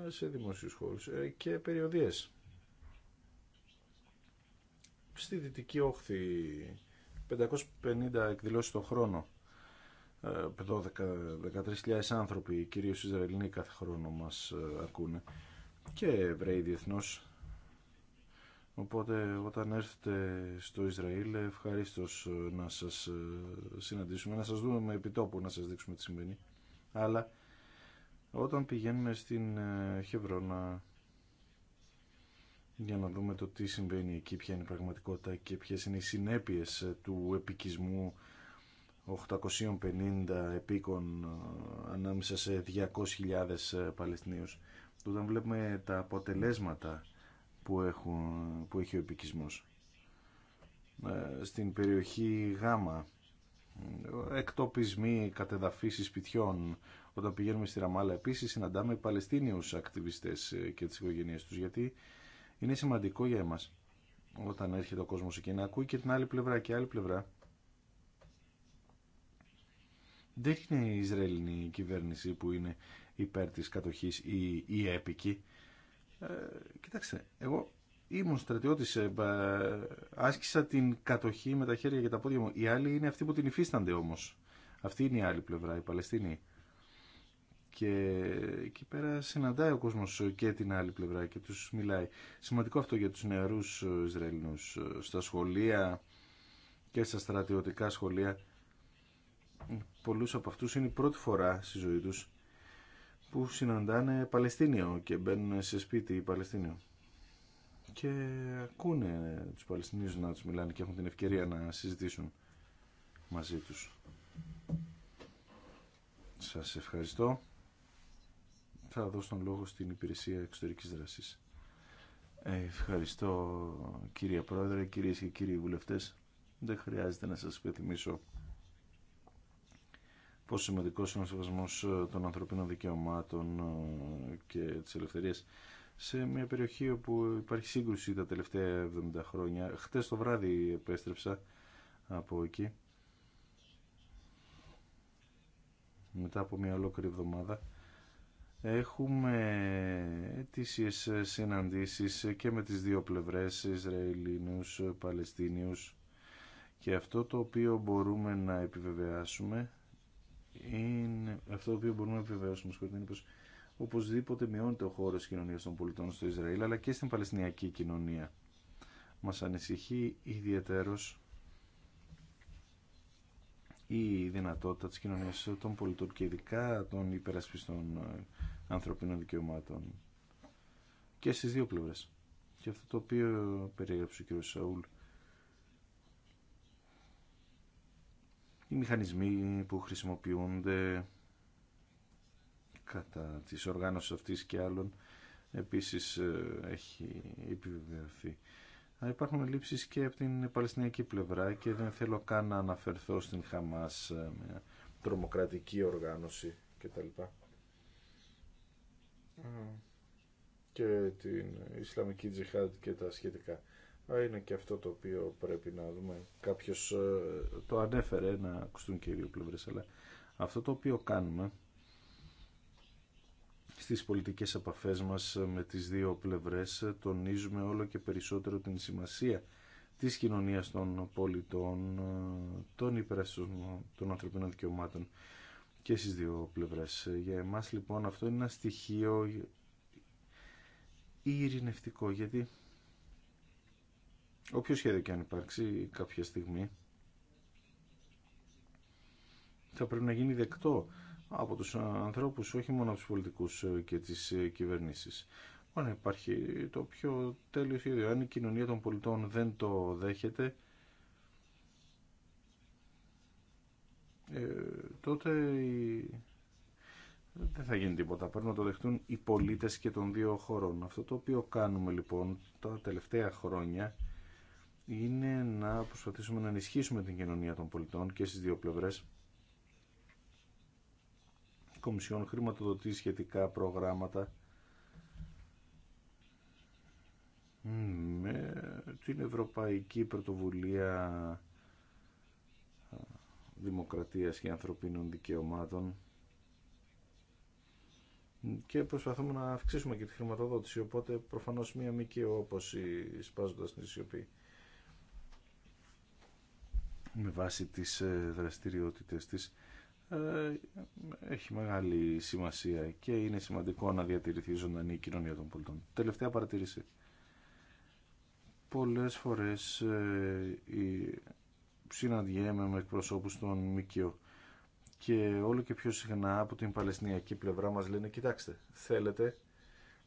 ε, σε δημόσιους χώρους και περιοδίες. Στη Δυτική Όχθη 550 εκδηλώσεις το χρόνο, 13.000 άνθρωποι, κυρίως Ισραηλοί κάθε χρόνο μας ακούνε και Εβραίοι διεθνώς Οπότε όταν έρθετε στο Ισραήλ ευχαριστώ ε, να σας ε, συναντήσουμε, να σας δούμε με επιτόπου να σας δείξουμε τι συμβαίνει. Αλλά όταν πηγαίνουμε στην ε, Χευρώνα για να δούμε το τι συμβαίνει εκεί, ποια είναι η πραγματικότητα και ποιες είναι οι συνέπειες του επικισμού 850 επίκων ανάμεσα σε 200.000 Παλαιστινίους. Όταν βλέπουμε τα αποτελέσματα που, έχουν, που έχει ο επικισμός. Ε, στην περιοχή Γάμα, εκτοπισμοί, κατεδαφίσεις σπιτιών. Όταν πηγαίνουμε στη Ραμάλα επίσης συναντάμε Παλαιστίνιους ακτιβιστές ε, και τις οικογένειές τους γιατί είναι σημαντικό για εμάς όταν έρχεται ο κόσμος εκεί να ακούει και την άλλη πλευρά και άλλη πλευρά. Δεν είναι η Ισραηλινή κυβέρνηση που είναι υπέρ της κατοχής ή η έπικη. Ε, κοιτάξτε, εγώ ήμουν στρατιώτης, ε, άσκησα την κατοχή με τα χέρια και τα πόδια μου. Οι άλλοι είναι αυτοί που την υφίστανται όμως. Αυτή είναι η άλλη πλευρά, η Παλαιστίνη. Και εκεί πέρα συναντάει ο κόσμος και την άλλη πλευρά και τους μιλάει. Σημαντικό αυτό για τους νεαρούς ε, Ισραηλινούς στα σχολεία και στα στρατιωτικά σχολεία. Πολλούς από αυτούς είναι η πρώτη φορά στη ζωή τους που συναντάνε Παλαιστίνιο και μπαίνουν σε σπίτι Παλαιστίνιο. Και ακούνε τους Παλαιστινίους να τους μιλάνε και έχουν την ευκαιρία να συζητήσουν μαζί τους. Σας ευχαριστώ. Θα δώσω τον λόγο στην Υπηρεσία Εξωτερικής Δράσης. Ευχαριστώ κύριε Πρόεδρε, κυρίες και κύριοι βουλευτές. Δεν χρειάζεται να σας υπενθυμίσω πόσο σημαντικό είναι ο σεβασμό ε, των ανθρωπίνων δικαιωμάτων ε, και της ελευθερίας σε μια περιοχή όπου υπάρχει σύγκρουση τα τελευταία 70 χρόνια. Χτες το βράδυ επέστρεψα από εκεί. Μετά από μια ολόκληρη εβδομάδα έχουμε αιτήσιες συναντήσεις και με τις δύο πλευρές, Ισραηλινούς, Παλαιστίνιους και αυτό το οποίο μπορούμε να επιβεβαιάσουμε είναι αυτό το οποίο μπορούμε να επιβεβαιώσουμε είναι πως οπωσδήποτε μειώνεται ο χώρος τη κοινωνίας των πολιτών στο Ισραήλ αλλά και στην Παλαιστινιακή κοινωνία. Μας ανησυχεί ιδιαίτερω η δυνατότητα τη κοινωνίας των πολιτών και ειδικά των υπερασπιστών ε, ανθρωπίνων δικαιωμάτων και στις δύο πλευρές. Και αυτό το οποίο περιέγραψε ο κ. Σαούλ οι μηχανισμοί που χρησιμοποιούνται κατά τις οργάνωσης αυτής και άλλων επίσης ε, έχει επιβεβαιωθεί. Υπάρχουν λήψεις και από την Παλαιστινιακή πλευρά και δεν θέλω καν να αναφερθώ στην Χαμάς ε, μια τρομοκρατική οργάνωση κτλ. Και την Ισλαμική Τζιχάτ και τα σχετικά είναι και αυτό το οποίο πρέπει να δούμε. Κάποιος ε, το ανέφερε να ακουστούν και οι δύο πλευρέ. αλλά αυτό το οποίο κάνουμε στις πολιτικές επαφέ μας με τις δύο πλευρές τονίζουμε όλο και περισσότερο την σημασία της κοινωνίας των πολιτών, ε, των υπερασπισμών των ανθρωπίνων δικαιωμάτων και στις δύο πλευρές. Για εμάς λοιπόν αυτό είναι ένα στοιχείο ειρηνευτικό, γιατί όποιο σχέδιο και αν υπάρξει κάποια στιγμή θα πρέπει να γίνει δεκτό από τους ανθρώπους, όχι μόνο από τους πολιτικούς ε, και τις ε, κυβερνήσεις. Όταν υπάρχει το πιο τέλειο σχέδιο. Αν η κοινωνία των πολιτών δεν το δέχεται, ε, τότε δεν θα γίνει τίποτα. Πρέπει να το δεχτούν οι πολίτες και των δύο χωρών. Αυτό το οποίο κάνουμε λοιπόν τα τελευταία χρόνια είναι να προσπαθήσουμε να ενισχύσουμε την κοινωνία των πολιτών και στις δύο πλευρές. Κομισιόν σχετικά προγράμματα με την Ευρωπαϊκή Πρωτοβουλία Δημοκρατίας και Ανθρωπίνων Δικαιωμάτων και προσπαθούμε να αυξήσουμε και τη χρηματοδότηση οπότε προφανώς μία ΜΚΟ όπως η Σπάζοντας την Σιωπή με βάση τις ε, δραστηριότητες της ε, έχει μεγάλη σημασία και είναι σημαντικό να διατηρηθεί η κοινωνία των πολιτών. Τελευταία παρατήρηση. Πολλές φορές ε, συναντιέμαι με εκπροσώπους των ΜΚΙΟ και όλο και πιο συχνά από την Παλαιστινιακή πλευρά μας λένε «Κοιτάξτε, θέλετε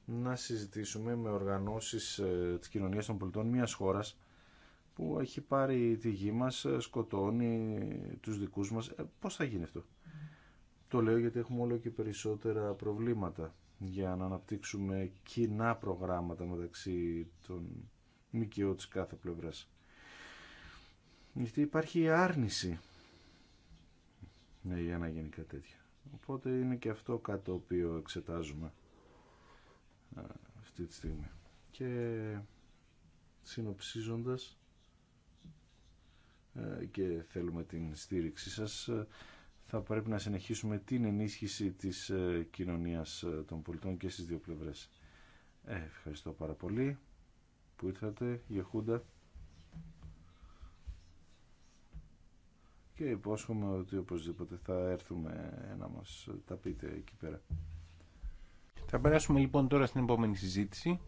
να συζητήσουμε με οργανώσεις της κοινωνίας των πολιτών μιας χώρας που έχει πάρει τη γη μας, ε, σκοτώνει τους δικούς μας. Ε, πώς θα γίνει αυτό. Το λέω γιατί έχουμε όλο και περισσότερα προβλήματα για να αναπτύξουμε κοινά προγράμματα μεταξύ των ΜΚΟ της κάθε πλευράς. Γιατί υπάρχει άρνηση ναι, για να γίνει κάτι τέτοιο. Οπότε είναι και αυτό κάτι το οποίο εξετάζουμε ε, αυτή τη στιγμή. Και συνοψίζοντας ε, και θέλουμε την στήριξή σας θα πρέπει να συνεχίσουμε την ενίσχυση της ε, κοινωνίας ε, των πολιτών και στις δύο πλευρές. Ε, ευχαριστώ πάρα πολύ που ήρθατε, Γεχούντα. Και υπόσχομαι ότι οπωσδήποτε θα έρθουμε να μας τα πείτε εκεί πέρα. Θα περάσουμε λοιπόν τώρα στην επόμενη συζήτηση.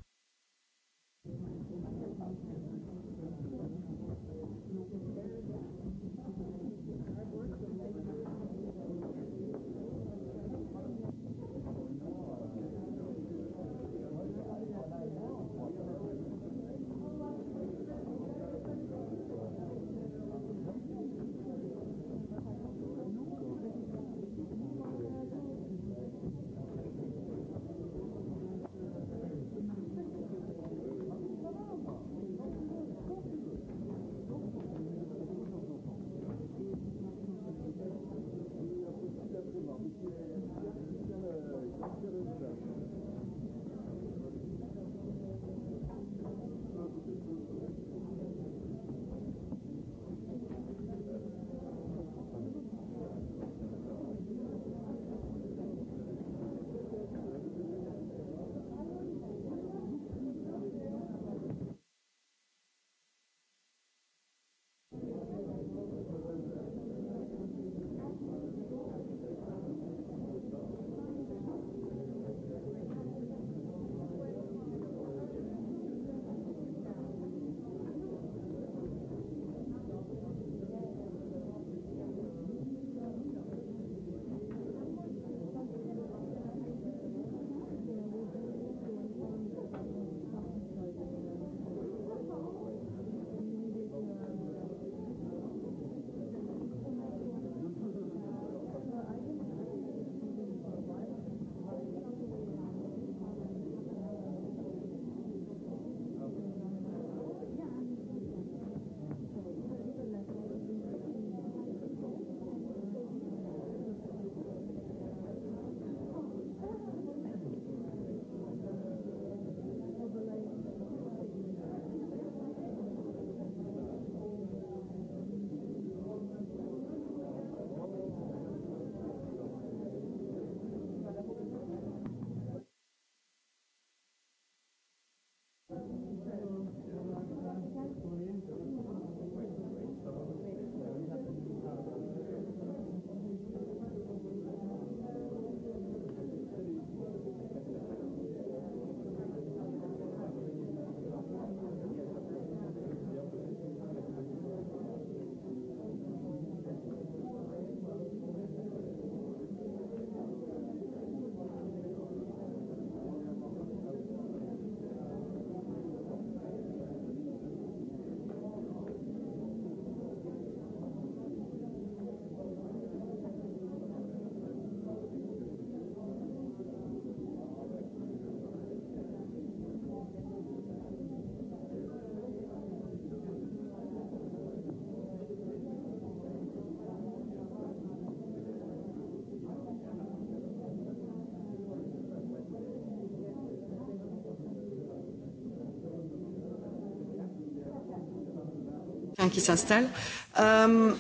Um,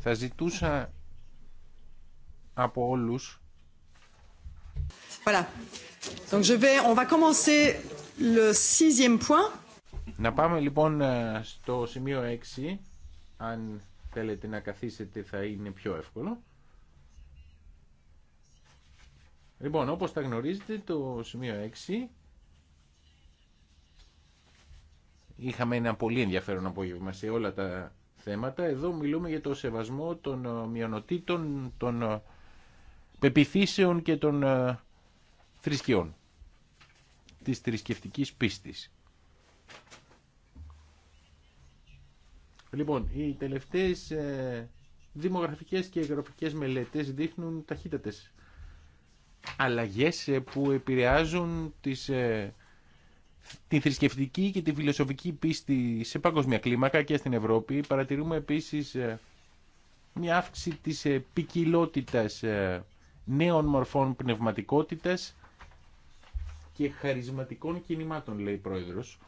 θα ζητούσα από όλους. Voilà. Donc je vais, on va commencer le sixième point. Να πάμε λοιπόν ε, στο σημείο 6. Αν θέλετε να καθίσετε θα είναι πιο εύκολο. Λοιπόν, όπως τα γνωρίζετε, το σημείο 6 Είχαμε ένα πολύ ενδιαφέρον απόγευμα σε όλα τα θέματα. Εδώ μιλούμε για το σεβασμό των ε, μειονοτήτων, των ε, πεπιθήσεων και των ε, θρησκειών. Της θρησκευτική πίστης. Λοιπόν, οι τελευταίες δημογραφικές και εγγραφικές μελέτες δείχνουν ταχύτατες αλλαγές που επηρεάζουν τις τη θρησκευτική και τη φιλοσοφική πίστη σε παγκοσμία κλίμακα και στην Ευρώπη. Παρατηρούμε επίσης ε, μια αύξηση της ποικιλότητα ε, νέων μορφών πνευματικότητας και χαρισματικών κινημάτων, λέει η Πρόεδρος.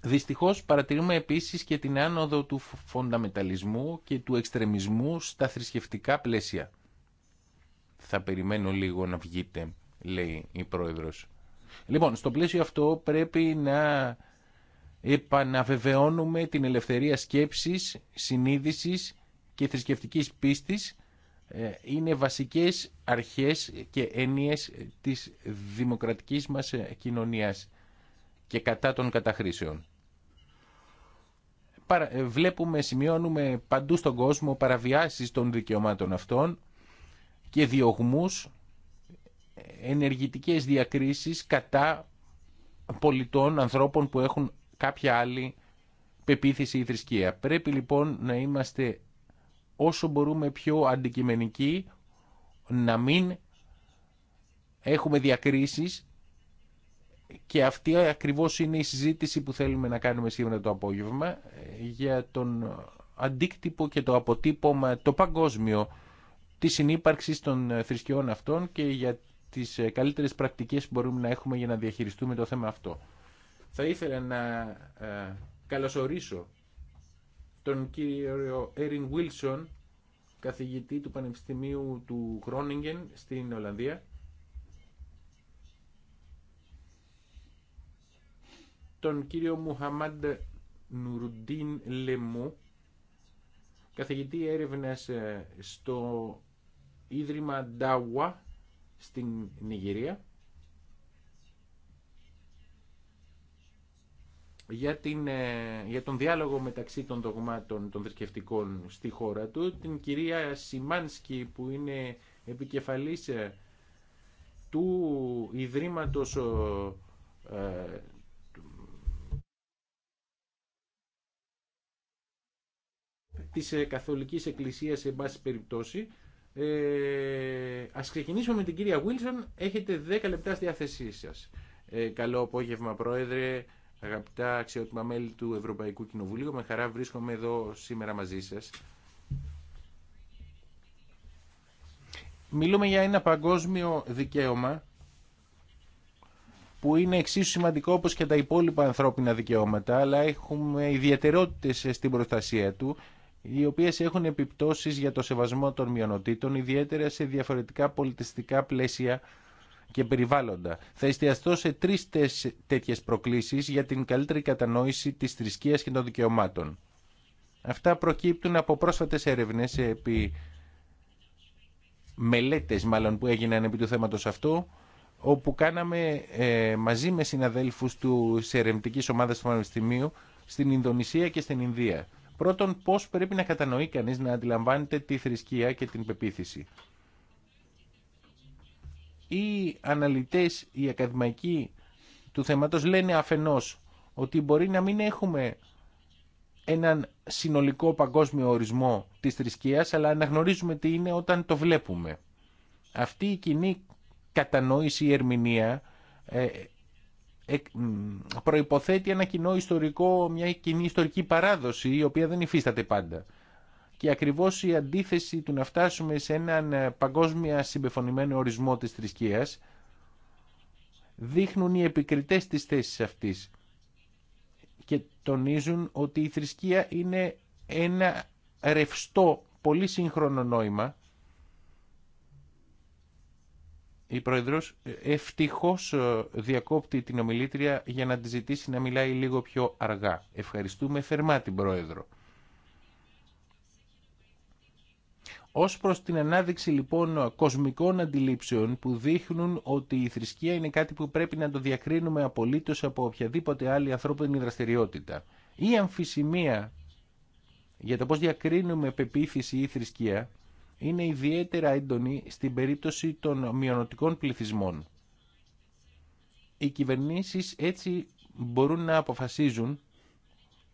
Δυστυχώς παρατηρούμε επίσης και την άνοδο του φονταμεταλισμού και του εξτρεμισμού στα θρησκευτικά πλαίσια. Θα περιμένω λίγο να βγείτε, λέει η Πρόεδρος. Λοιπόν, στο πλαίσιο αυτό πρέπει να επαναβεβαιώνουμε την ελευθερία σκέψης, συνείδησης και θρησκευτικής πίστης ε, είναι βασικές αρχές και έννοιες της δημοκρατικής μας ε, κοινωνίας και κατά των καταχρήσεων. Ε, βλέπουμε, σημειώνουμε παντού στον κόσμο παραβιάσεις των δικαιωμάτων αυτών και διωγμούς ενεργητικές διακρίσεις κατά πολιτών, ανθρώπων που έχουν κάποια άλλη πεποίθηση ή θρησκεία. Πρέπει λοιπόν να είμαστε όσο μπορούμε πιο αντικειμενικοί, να μην έχουμε διακρίσεις και αυτή ακριβώς είναι η συζήτηση που θέλουμε να κάνουμε σήμερα το απόγευμα ε, για τον αντίκτυπο και το αποτύπωμα, το παγκόσμιο της συνύπαρξης των θρησκειών αυτών και για τις ε, καλύτερες πρακτικές που μπορούμε να έχουμε για να διαχειριστούμε το θέμα αυτό. Θα ήθελα να ε, καλωσορίσω τον κύριο Έριν Βίλσον, καθηγητή του Πανεπιστημίου του Χρόνιγκεν στην Ολλανδία. Τον κύριο Μουχαμάντ Νουρντίν Λεμού, καθηγητή έρευνας ε, στο Ίδρυμα Ντάουα στην Νιγηρία για, την, ε, για τον διάλογο μεταξύ των δογμάτων των θρησκευτικών στη χώρα του, την κυρία Σιμάνσκι που είναι επικεφαλής ε, του Ιδρύματος ε, της ε, Καθολικής Εκκλησίας σε μπάση περιπτώσει ε, ας ξεκινήσουμε με την κυρία Βίλσον. Έχετε 10 λεπτά στη διάθεσή σα. Ε, καλό απόγευμα Πρόεδρε, αγαπητά αξιότιμα μέλη του Ευρωπαϊκού Κοινοβουλίου. Με χαρά βρίσκομαι εδώ σήμερα μαζί σας. Μιλούμε για ένα παγκόσμιο δικαίωμα που είναι εξίσου σημαντικό όπως και τα υπόλοιπα ανθρώπινα δικαιώματα, αλλά έχουμε ιδιαιτερότητες στην προστασία του οι οποίε έχουν επιπτώσει για το σεβασμό των μειονοτήτων, ιδιαίτερα σε διαφορετικά πολιτιστικά πλαίσια και περιβάλλοντα. Θα εστιαστώ σε τρει τέτοιε προκλήσει για την καλύτερη κατανόηση της θρησκεία και των δικαιωμάτων. Αυτά προκύπτουν από πρόσφατε έρευνε, επί μελέτες μάλλον που έγιναν επί του θέματο αυτού, όπου κάναμε ε, μαζί με συναδέλφους του ερευνητική ομάδα του Πανεπιστημίου στην Ινδονησία και στην Ινδία. Πρώτον, πώς πρέπει να κατανοεί κανεί να αντιλαμβάνεται τη θρησκεία και την πεποίθηση. Οι αναλυτές, οι ακαδημαϊκοί του θέματος λένε αφενός ότι μπορεί να μην έχουμε έναν συνολικό παγκόσμιο ορισμό της θρησκείας, αλλά αναγνωρίζουμε τι είναι όταν το βλέπουμε. Αυτή η κοινή κατανόηση, η ερμηνεία, ε, προϋποθέτει ένα κοινό ιστορικό, μια κοινή ιστορική παράδοση η οποία δεν υφίσταται πάντα. Και ακριβώς η αντίθεση του να φτάσουμε σε έναν ε, παγκόσμια συμπεφωνημένο ορισμό της θρησκείας δείχνουν οι επικριτές της θέσης αυτής και τονίζουν ότι η θρησκεία είναι ένα ρευστό, πολύ σύγχρονο νόημα Η Πρόεδρος ε, ευτυχώς ε, διακόπτει την ομιλήτρια για να τη ζητήσει να μιλάει λίγο πιο αργά. Ευχαριστούμε θερμά την Πρόεδρο. Ως προς την ανάδειξη λοιπόν κοσμικών αντιλήψεων που δείχνουν ότι η θρησκεία είναι κάτι που πρέπει να το διακρίνουμε απολύτως από οποιαδήποτε άλλη ανθρώπινη δραστηριότητα. Η αμφισημία για το πώς διακρίνουμε πεποίθηση ή θρησκεία είναι ιδιαίτερα έντονη στην περίπτωση των μειονοτικών πληθυσμών. Οι κυβερνήσεις έτσι μπορούν να αποφασίζουν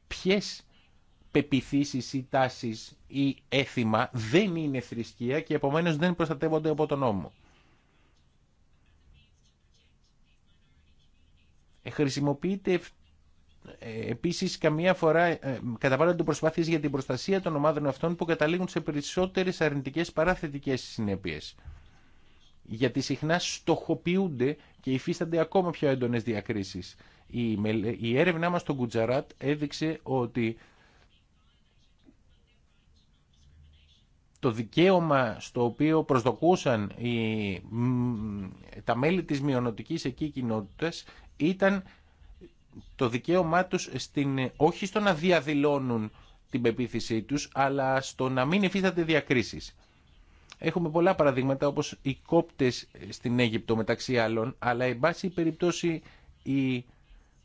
ποιες πεπιθήσεις ή τάσεις ή έθιμα δεν είναι θρησκεία και επομένως δεν προστατεύονται από τον νόμο. Χρησιμοποιείται Επίσης, καμία φορά ε, καταβάλλονται προσπάθειες για την προστασία των ομάδων αυτών που καταλήγουν σε περισσότερες αρνητικές παρά θετικές συνέπειες. Γιατί συχνά στοχοποιούνται και υφίστανται ακόμα πιο έντονε διακρίσεις. Η έρευνά μας στο Κουτζαράτ έδειξε ότι το δικαίωμα στο οποίο προσδοκούσαν οι, τα μέλη της μειονοτικής εκεί κοινότητας ήταν το δικαίωμά τους στην, όχι στο να διαδηλώνουν την πεποίθησή τους, αλλά στο να μην υφίσταται διακρίσεις. Έχουμε πολλά παραδείγματα όπως οι κόπτες στην Αίγυπτο μεταξύ άλλων, αλλά εν πάση περιπτώσει η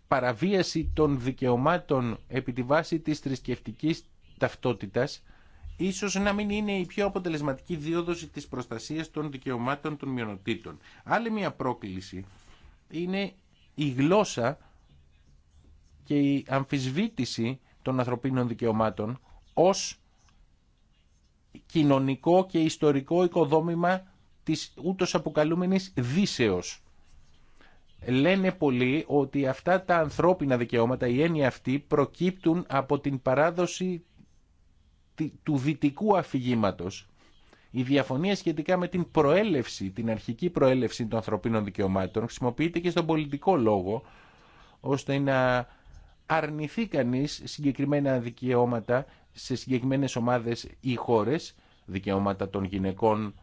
παραβίαση των δικαιωμάτων επί τη βάση της θρησκευτική ταυτότητας ίσως να μην είναι η πιο αποτελεσματική διόδοση της προστασίας των δικαιωμάτων των μειονοτήτων. Άλλη μια πρόκληση είναι η γλώσσα και η αμφισβήτηση των ανθρωπίνων δικαιωμάτων ως κοινωνικό και ιστορικό οικοδόμημα της ούτως αποκαλούμενης δύσεως. Λένε πολλοί ότι αυτά τα ανθρώπινα δικαιώματα, η έννοια αυτή, προκύπτουν από την παράδοση του δυτικού αφηγήματο. Η διαφωνία σχετικά με την προέλευση, την αρχική προέλευση των ανθρωπίνων δικαιωμάτων χρησιμοποιείται και στον πολιτικό λόγο, ώστε να αρνηθεί κανείς συγκεκριμένα δικαιώματα σε συγκεκριμένες ομάδες ή χώρες, δικαιώματα των γυναικών,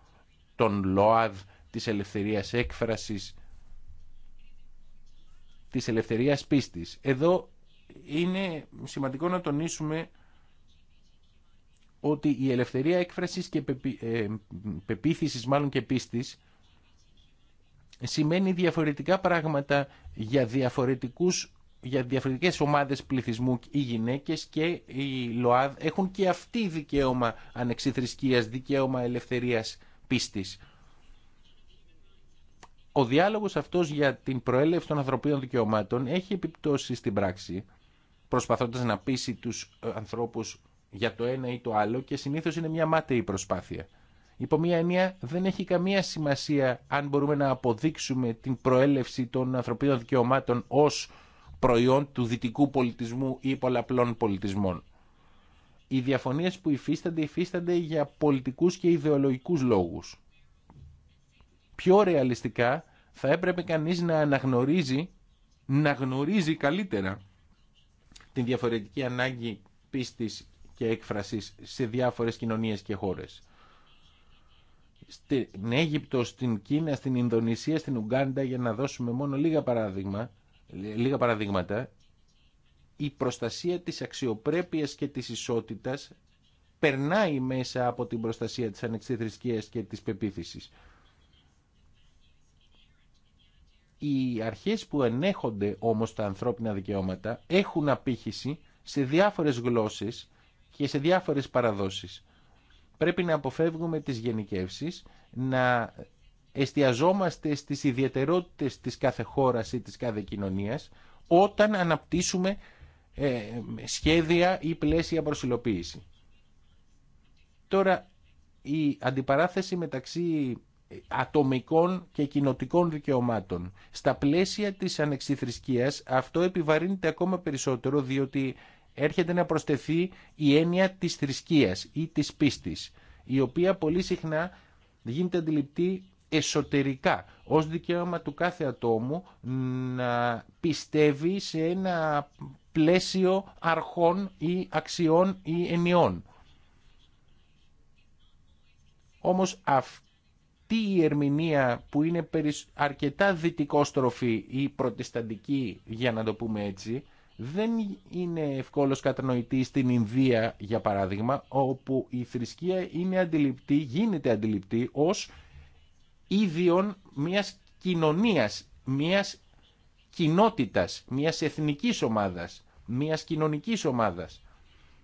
των ΛΟΑΔ, της ελευθερίας έκφρασης, της ελευθερίας πίστης. Εδώ είναι σημαντικό να τονίσουμε ότι η ελευθερία έκφρασης και ε, πεποίθησης μάλλον και πίστης σημαίνει διαφορετικά πράγματα για διαφορετικούς για διαφορετικές ομάδες πληθυσμού οι γυναίκες και οι ΛΟΑΔ έχουν και αυτή δικαίωμα ανεξιθρησκείας, δικαίωμα ελευθερίας πίστης. Ο διάλογος αυτός για την προέλευση των ανθρωπίνων δικαιωμάτων έχει επιπτώσει στην πράξη, προσπαθώντας να πείσει τους ε, ανθρώπους για το ένα ή το άλλο και συνήθως είναι μια μάταιη προσπάθεια. Υπό μία έννοια δεν έχει καμία σημασία αν μπορούμε να αποδείξουμε την προέλευση των ανθρωπίνων δικαιωμάτων ως προϊόν του δυτικού πολιτισμού ή πολλαπλών πολιτισμών. Οι διαφωνίες που υφίστανται υφίστανται για πολιτικούς και ιδεολογικούς λόγους. Πιο ρεαλιστικά θα έπρεπε κανείς να αναγνωρίζει, να γνωρίζει καλύτερα την διαφορετική ανάγκη πίστης και έκφρασης σε διάφορες κοινωνίες και χώρες. Στην Αίγυπτο, στην Κίνα, στην Ινδονησία, στην Ουγγάντα, για να δώσουμε μόνο λίγα παράδειγμα, λίγα παραδείγματα, η προστασία της αξιοπρέπειας και της ισότητας περνάει μέσα από την προστασία της ανεξιθρησκείας και της πεποίθησης. Οι αρχές που ενέχονται όμως τα ανθρώπινα δικαιώματα έχουν απήχηση σε διάφορες γλώσσες και σε διάφορες παραδόσεις. Πρέπει να αποφεύγουμε τις γενικεύσεις, να εστιαζόμαστε στις ιδιαιτερότητες της κάθε χώρας ή της κάθε κοινωνίας όταν αναπτύσσουμε ε, σχέδια ή πλαίσια προσιλοποίηση. Τώρα, η αντιπαράθεση μεταξύ ατομικών και κοινοτικών δικαιωμάτων. Στα πλαίσια της ανεξιθρησκείας αυτό επιβαρύνεται ακόμα περισσότερο διότι έρχεται να προσθεθεί η έννοια της θρησκείας ή της πίστης η οποία πολύ συχνά γίνεται αντιληπτή εσωτερικά ως δικαίωμα του κάθε ατόμου να πιστεύει σε ένα πλαίσιο αρχών ή αξιών ή ενιών. Όμως αυτή η ερμηνεία που είναι αρκετά δυτικόστροφη ή προτεσταντική, για να το πούμε έτσι, δεν είναι ευκόλως κατανοητή στην Ινδία, για παράδειγμα, όπου η θρησκεία είναι αντιληπτή, γίνεται αντιληπτή ως ίδιων μιας κοινωνίας, μιας κοινότητας, μιας εθνικής ομάδας, μιας κοινωνικής ομάδας.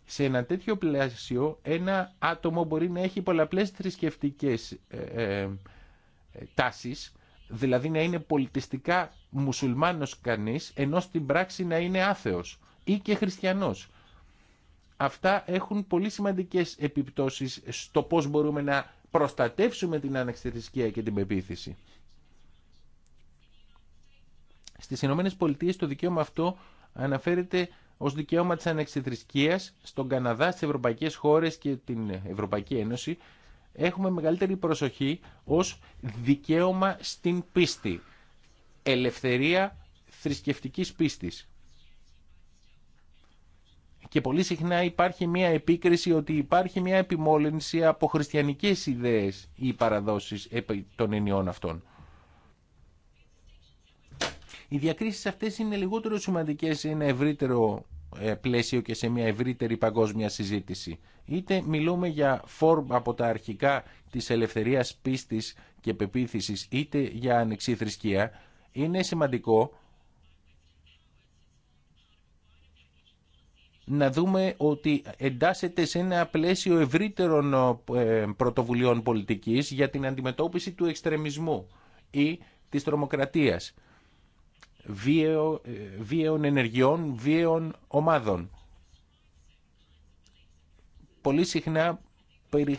Σε ένα τέτοιο πλαίσιο ένα άτομο μπορεί να έχει πολλαπλές θρησκευτικέ ε, ε, τάσεις, δηλαδή να είναι πολιτιστικά μουσουλμάνος κανείς, ενώ στην πράξη να είναι άθεος ή και χριστιανός. Αυτά έχουν πολύ σημαντικές επιπτώσεις στο πώς μπορούμε να προστατεύσουμε την ανεξιθρησκεία και την πεποίθηση. Στις Ηνωμένες Πολιτείες το δικαίωμα αυτό αναφέρεται ως δικαίωμα της ανεξιθρησκείας στον Καναδά, στις ευρωπαϊκές χώρες και την Ευρωπαϊκή Ένωση έχουμε μεγαλύτερη προσοχή ως δικαίωμα στην πίστη. Ελευθερία θρησκευτικής πίστης. Και πολύ συχνά υπάρχει μια επίκριση ότι υπάρχει μια επιμόλυνση από χριστιανικές ιδέες ή παραδόσεις των ενιών αυτών. Οι διακρίσεις αυτές είναι λιγότερο σημαντικές σε ένα ευρύτερο ε, πλαίσιο και σε μια ευρύτερη παγκόσμια συζήτηση. Είτε μιλούμε για φόρμα από τα αρχικά της ελευθερίας πίστης και πεποίθησης, είτε για ανοιξή θρησκεία, είναι σημαντικό να δούμε ότι εντάσσεται σε ένα πλαίσιο ευρύτερων ε, πρωτοβουλειών πολιτικής για την αντιμετώπιση του εξτρεμισμού ή της τρομοκρατίας, ε, βίαιων ενεργειών, βίαιων ομάδων. Πολύ συχνά περι,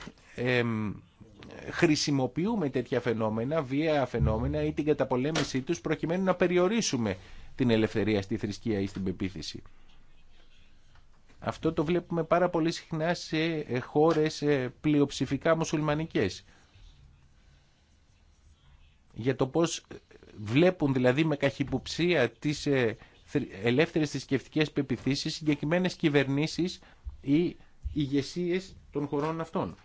χρησιμοποιούμε τέτοια φαινόμενα, βία φαινόμενα ή την καταπολέμησή τους προκειμένου να περιορίσουμε την ελευθερία στη θρησκεία ή στην πεποίθηση. Αυτό το βλέπουμε πάρα πολύ συχνά σε ε, χώρες ε, πλειοψηφικά μουσουλμανικές. Για το πώς ε, βλέπουν δηλαδή με καχυποψία τις ελεύθερες θρησκευτικέ πεπιθήσεις συγκεκριμένες κυβερνήσεις ή ηγεσίε των χωρών αυτών.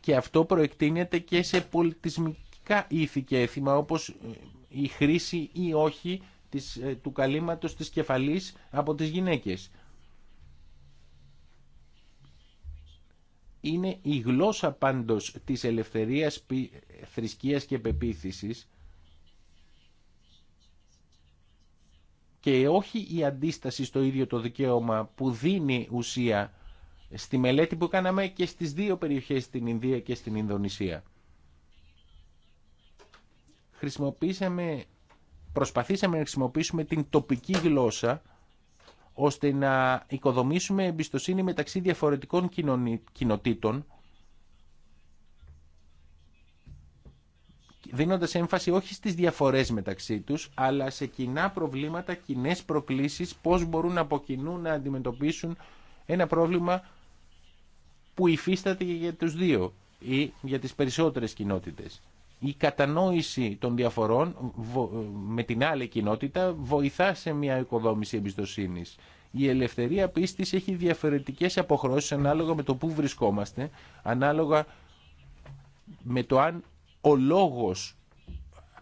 Και αυτό προεκτείνεται και σε πολιτισμικά ήθη και έθιμα όπως η χρήση ή όχι ε, του καλύματος της κεφαλής από τις γυναίκες. Είναι η γλώσσα πάντως της ελευθερίας θρησκείας και πεποίθησης και όχι η αντίσταση στο ίδιο το δικαίωμα που δίνει ουσία στη μελέτη που κάναμε και στις δύο περιοχές στην Ινδία και στην Ινδονησία. Χρησιμοποίησαμε προσπαθήσαμε να χρησιμοποιήσουμε την τοπική γλώσσα ώστε να οικοδομήσουμε εμπιστοσύνη μεταξύ διαφορετικών κοινοτήτων δίνοντας έμφαση όχι στις διαφορές μεταξύ τους, αλλά σε κοινά προβλήματα, κοινέ προκλήσεις, πώς μπορούν από κοινού να αντιμετωπίσουν ένα πρόβλημα που υφίσταται για τους δύο ή για τις περισσότερες κοινότητες η κατανόηση των διαφορών με την άλλη κοινότητα βοηθά σε μια οικοδόμηση εμπιστοσύνη. Η ελευθερία πίστης έχει διαφορετικές αποχρώσεις ανάλογα με το που βρισκόμαστε, ανάλογα με το αν ο λόγος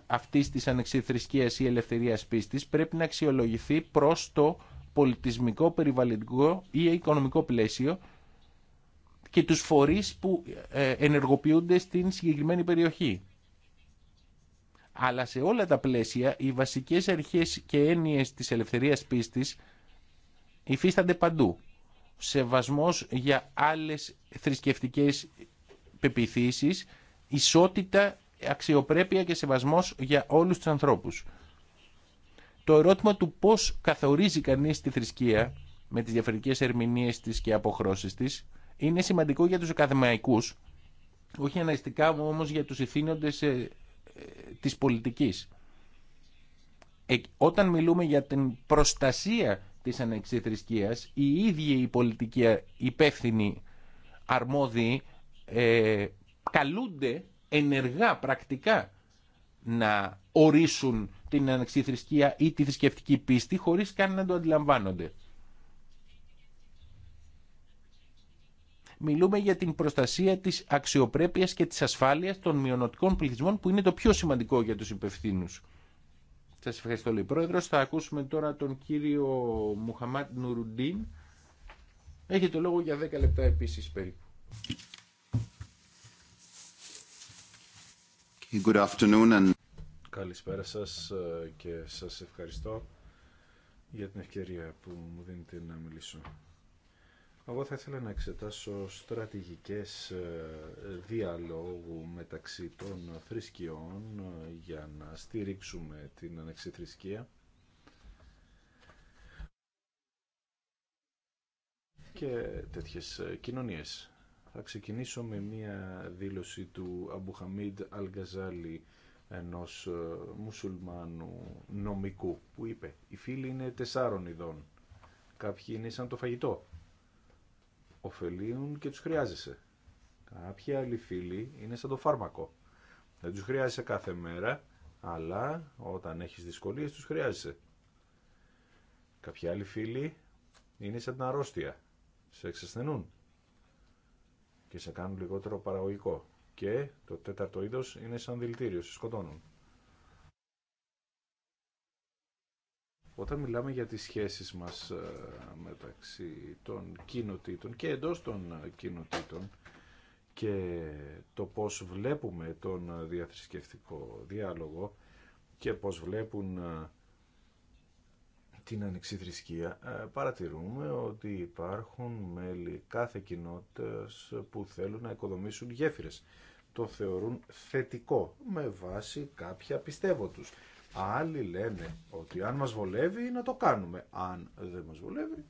αυτής της ανεξιθρησκεία ή ελευθερίας πίστης πρέπει να αξιολογηθεί προς το πολιτισμικό, περιβαλλοντικό ή οικονομικό πλαίσιο και τους φορείς που ε, ενεργοποιούνται στην συγκεκριμένη περιοχή. Αλλά σε όλα τα πλαίσια οι βασικές αρχές και έννοιες της ελευθερίας πίστης υφίστανται παντού. Σεβασμός για άλλες θρησκευτικές πεπιθήσεις, ισότητα, αξιοπρέπεια και σεβασμός για όλους τους ανθρώπους. Το ερώτημα του πώς καθορίζει κανείς τη θρησκεία με τις διαφορετικές ερμηνείες της και αποχρώσεις της είναι σημαντικό για τους ακαδημαϊκούς, όχι αναγκαστικά όμως για τους ηθήνοντες ε, της πολιτικής. Ε, όταν μιλούμε για την προστασία της ανεξιθρησκείας, οι ίδιοι οι πολιτικοί υπεύθυνοι αρμόδιοι ε, καλούνται ενεργά πρακτικά να ορίσουν την ανεξιθρησκεία ή τη θρησκευτική πίστη χωρίς καν να το αντιλαμβάνονται. μιλούμε για την προστασία της αξιοπρέπειας και της ασφάλειας των μειονοτικών πληθυσμών που είναι το πιο σημαντικό για τους υπευθύνου. Σα ευχαριστώ λέει πρόεδρο. Θα ακούσουμε τώρα τον κύριο Μουχαμάτ Νουρουντίν. Έχει το λόγο για 10 λεπτά επίση περίπου. Good afternoon and... Καλησπέρα σας ε, και σας ευχαριστώ για την ευκαιρία που μου δίνετε να μιλήσω εγώ θα ήθελα να εξετάσω στρατηγικές ε, διαλόγου μεταξύ των θρησκειών ε, για να στηρίξουμε την ανεξιθρησκεία. και τέτοιες ε, κοινωνίες. Θα ξεκινήσω με μία δήλωση του Αμπουχαμίντ Αλγκαζάλη, ενός μουσουλμάνου νομικού, που είπε «Οι φίλοι είναι τεσσάρων ειδών. Κάποιοι είναι σαν το φαγητό ωφελείουν και τους χρειάζεσαι. Κάποιοι άλλοι φίλοι είναι σαν το φάρμακο. Δεν τους χρειάζεσαι κάθε μέρα, αλλά όταν έχεις δυσκολίες τους χρειάζεσαι. Κάποιοι άλλοι φίλοι είναι σαν την αρρώστια. Σε εξασθενούν και σε κάνουν λιγότερο παραγωγικό. Και το τέταρτο είδος είναι σαν δηλητήριο, σε σκοτώνουν. Όταν μιλάμε για τις σχέσεις μας ε, μεταξύ των κοινοτήτων και εντός των ε, κοινοτήτων και το πώς βλέπουμε τον ε, διαθρησκευτικό διάλογο και πώς βλέπουν την ανοιξή θρησκεία, παρατηρούμε ότι υπάρχουν μέλη κάθε κοινότητας που θέλουν να οικοδομήσουν γέφυρες. Το θεωρούν θετικό με βάση κάποια πιστεύω τους. Άλλοι λένε ότι αν μας βολεύει να το κάνουμε. Αν δεν μας βολεύει,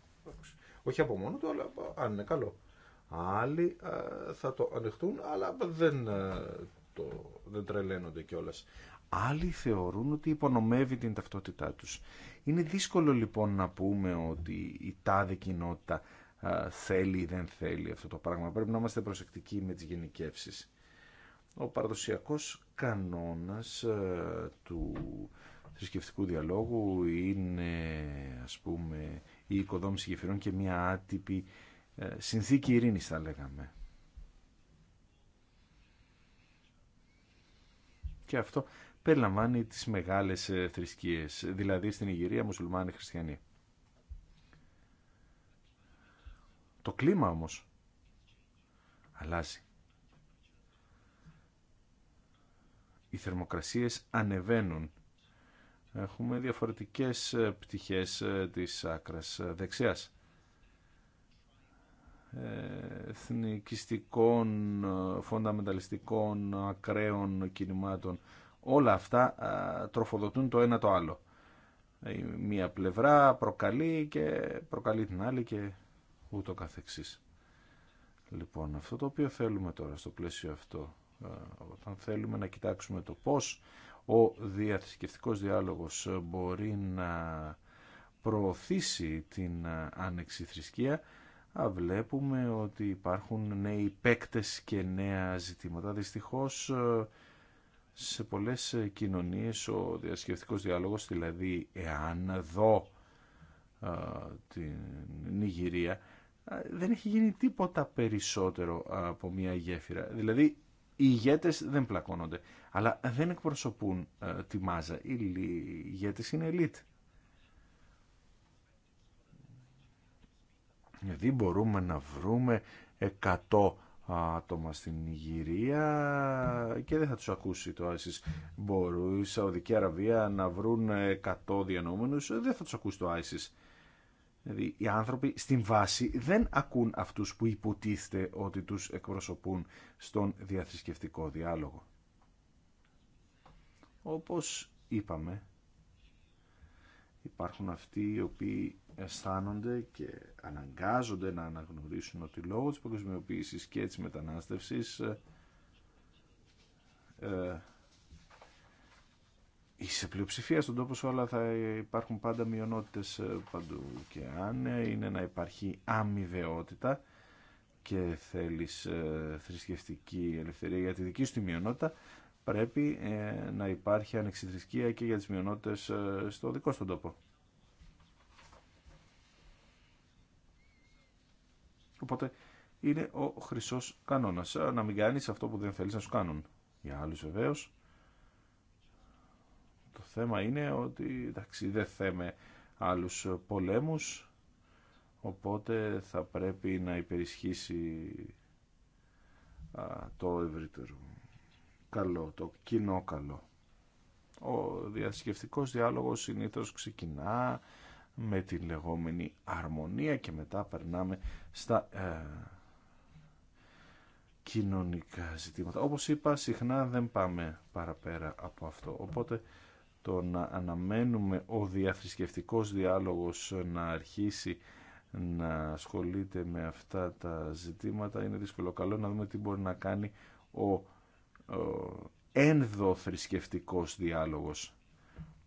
όχι από μόνο του, αλλά αν είναι καλό. Άλλοι ε, θα το ανεχτούν, αλλά δεν, ε, το, δεν τρελαίνονται κιόλα. Άλλοι θεωρούν ότι υπονομεύει την ταυτότητά τους. Είναι δύσκολο λοιπόν να πούμε ότι η τάδε κοινότητα ε, θέλει ή δεν θέλει αυτό το πράγμα. Πρέπει να είμαστε προσεκτικοί με τις γενικεύσεις. Ο παραδοσιακός κανόνας ε, του θρησκευτικού διαλόγου είναι ας πούμε η οικοδόμηση γεφυρών και μια άτυπη ε, συνθήκη ειρήνης θα λέγαμε. Και αυτό περιλαμβάνει τις μεγάλες ε, θρησκείες, δηλαδή στην Ιγυρία μουσουλμάνοι χριστιανοί. Το κλίμα όμως αλλάζει. οι θερμοκρασίες ανεβαίνουν. Έχουμε διαφορετικές ε, πτυχές ε, της άκρας ε, δεξιάς εθνικιστικών, φονταμενταλιστικών, ακραίων κινημάτων. Όλα αυτά τροφοδοτούν το ένα το άλλο. μία πλευρά προκαλεί και προκαλεί την άλλη και ούτω καθεξής. Λοιπόν, αυτό το οποίο θέλουμε τώρα στο πλαίσιο αυτό όταν ε, θέλουμε να κοιτάξουμε το πώς ο διαθρησκευτικός διάλογος μπορεί να προωθήσει την ε, άνεξη θρησκεία, βλέπουμε ότι υπάρχουν νέοι παίκτες και νέα ζητήματα. Δυστυχώς ε, σε πολλές κοινωνίες ο διασκευτικός διάλογος, δηλαδή εάν δω την Νιγηρία, δεν έχει γίνει τίποτα περισσότερο από μια γέφυρα. Δηλαδή οι ηγέτε δεν πλακώνονται. Αλλά δεν εκπροσωπούν ε, τη μάζα. Οι ηγέτε είναι elite. Δηλαδή μπορούμε να βρούμε 100 άτομα στην Ιγυρία και δεν θα τους ακούσει το Άισις. Μπορούν η Σαουδική Αραβία να βρουν 100 διανοούμενους, δεν θα τους ακούσει το Άισις. Δηλαδή οι άνθρωποι στην βάση δεν ακούν αυτούς που υποτίθεται ότι τους εκπροσωπούν στον διαθρησκευτικό διάλογο. Όπως είπαμε, υπάρχουν αυτοί οι οποίοι αισθάνονται και αναγκάζονται να αναγνωρίσουν ότι λόγω της παγκοσμιοποίησης και της μετανάστευσης ε, ε, είσαι πλειοψηφία στον τόπο σου, αλλά θα υπάρχουν πάντα μειονότητε ε, παντού. Και αν ε, είναι να υπάρχει αμοιβαιότητα και θέλεις ε, θρησκευτική ελευθερία για τη δική σου τη μειονότητα, πρέπει να υπάρχει ανεξιθρησκεία και για τις μειονότητες στο δικό στον τόπο. Οπότε είναι ο χρυσό κανόνας, να μην κάνει αυτό που δεν θέλεις να σου κάνουν. Για άλλου βεβαίω. Το θέμα είναι ότι εντάξει, δεν θέμε άλλους πολέμους, οπότε θα πρέπει να υπερισχύσει α, το ευρύτερο καλό, το κοινό καλό. Ο διασκευτικός διάλογος συνήθως ξεκινά με τη λεγόμενη αρμονία και μετά περνάμε στα ε, κοινωνικά ζητήματα. Όπως είπα, συχνά δεν πάμε παραπέρα από αυτό. Οπότε το να αναμένουμε ο διαθρησκευτικός διάλογος να αρχίσει να ασχολείται με αυτά τα ζητήματα είναι δύσκολο. Καλό να δούμε τι μπορεί να κάνει ο, ο ενδοθρησκευτικός διάλογος.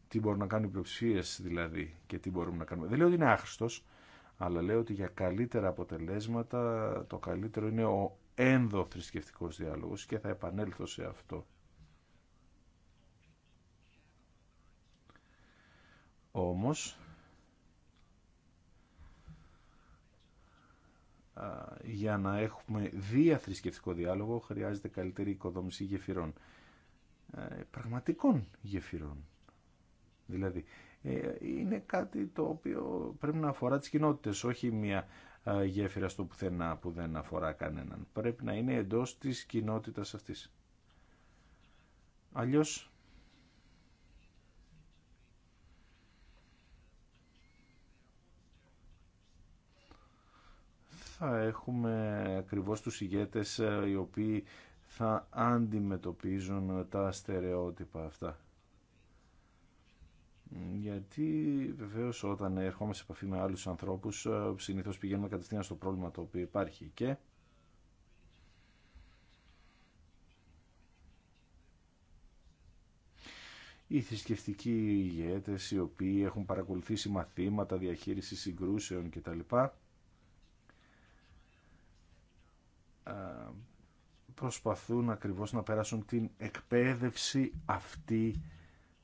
Τι μπορούν να κάνουν οι δηλαδή και τι μπορούμε να κάνουμε. Δεν λέω ότι είναι άχρηστος, αλλά λέω ότι για καλύτερα αποτελέσματα το καλύτερο είναι ο ενδοθρησκευτικός διάλογος και θα επανέλθω σε αυτό. Όμως, για να έχουμε διαθρησκευτικό διάλογο χρειάζεται καλύτερη οικοδόμηση γεφυρών. Ε, πραγματικών γεφυρών. Δηλαδή, ε, είναι κάτι το οποίο πρέπει να αφορά τις κοινότητες, όχι μια γέφυρα στο πουθενά που δεν αφορά κανέναν. Πρέπει να είναι εντός της κοινότητας αυτής. Αλλιώς θα έχουμε ακριβώς τους ηγέτες ε, οι οποίοι θα αντιμετωπίζουν τα στερεότυπα αυτά. Γιατί βεβαίω όταν έρχομαι σε επαφή με άλλους ανθρώπους ε, συνήθως πηγαίνουμε κατευθείαν στο πρόβλημα το οποίο υπάρχει και οι θρησκευτικοί ηγέτες οι οποίοι έχουν παρακολουθήσει μαθήματα διαχείρισης συγκρούσεων κτλ. Ε, προσπαθούν ακριβώς να περάσουν την εκπαίδευση αυτή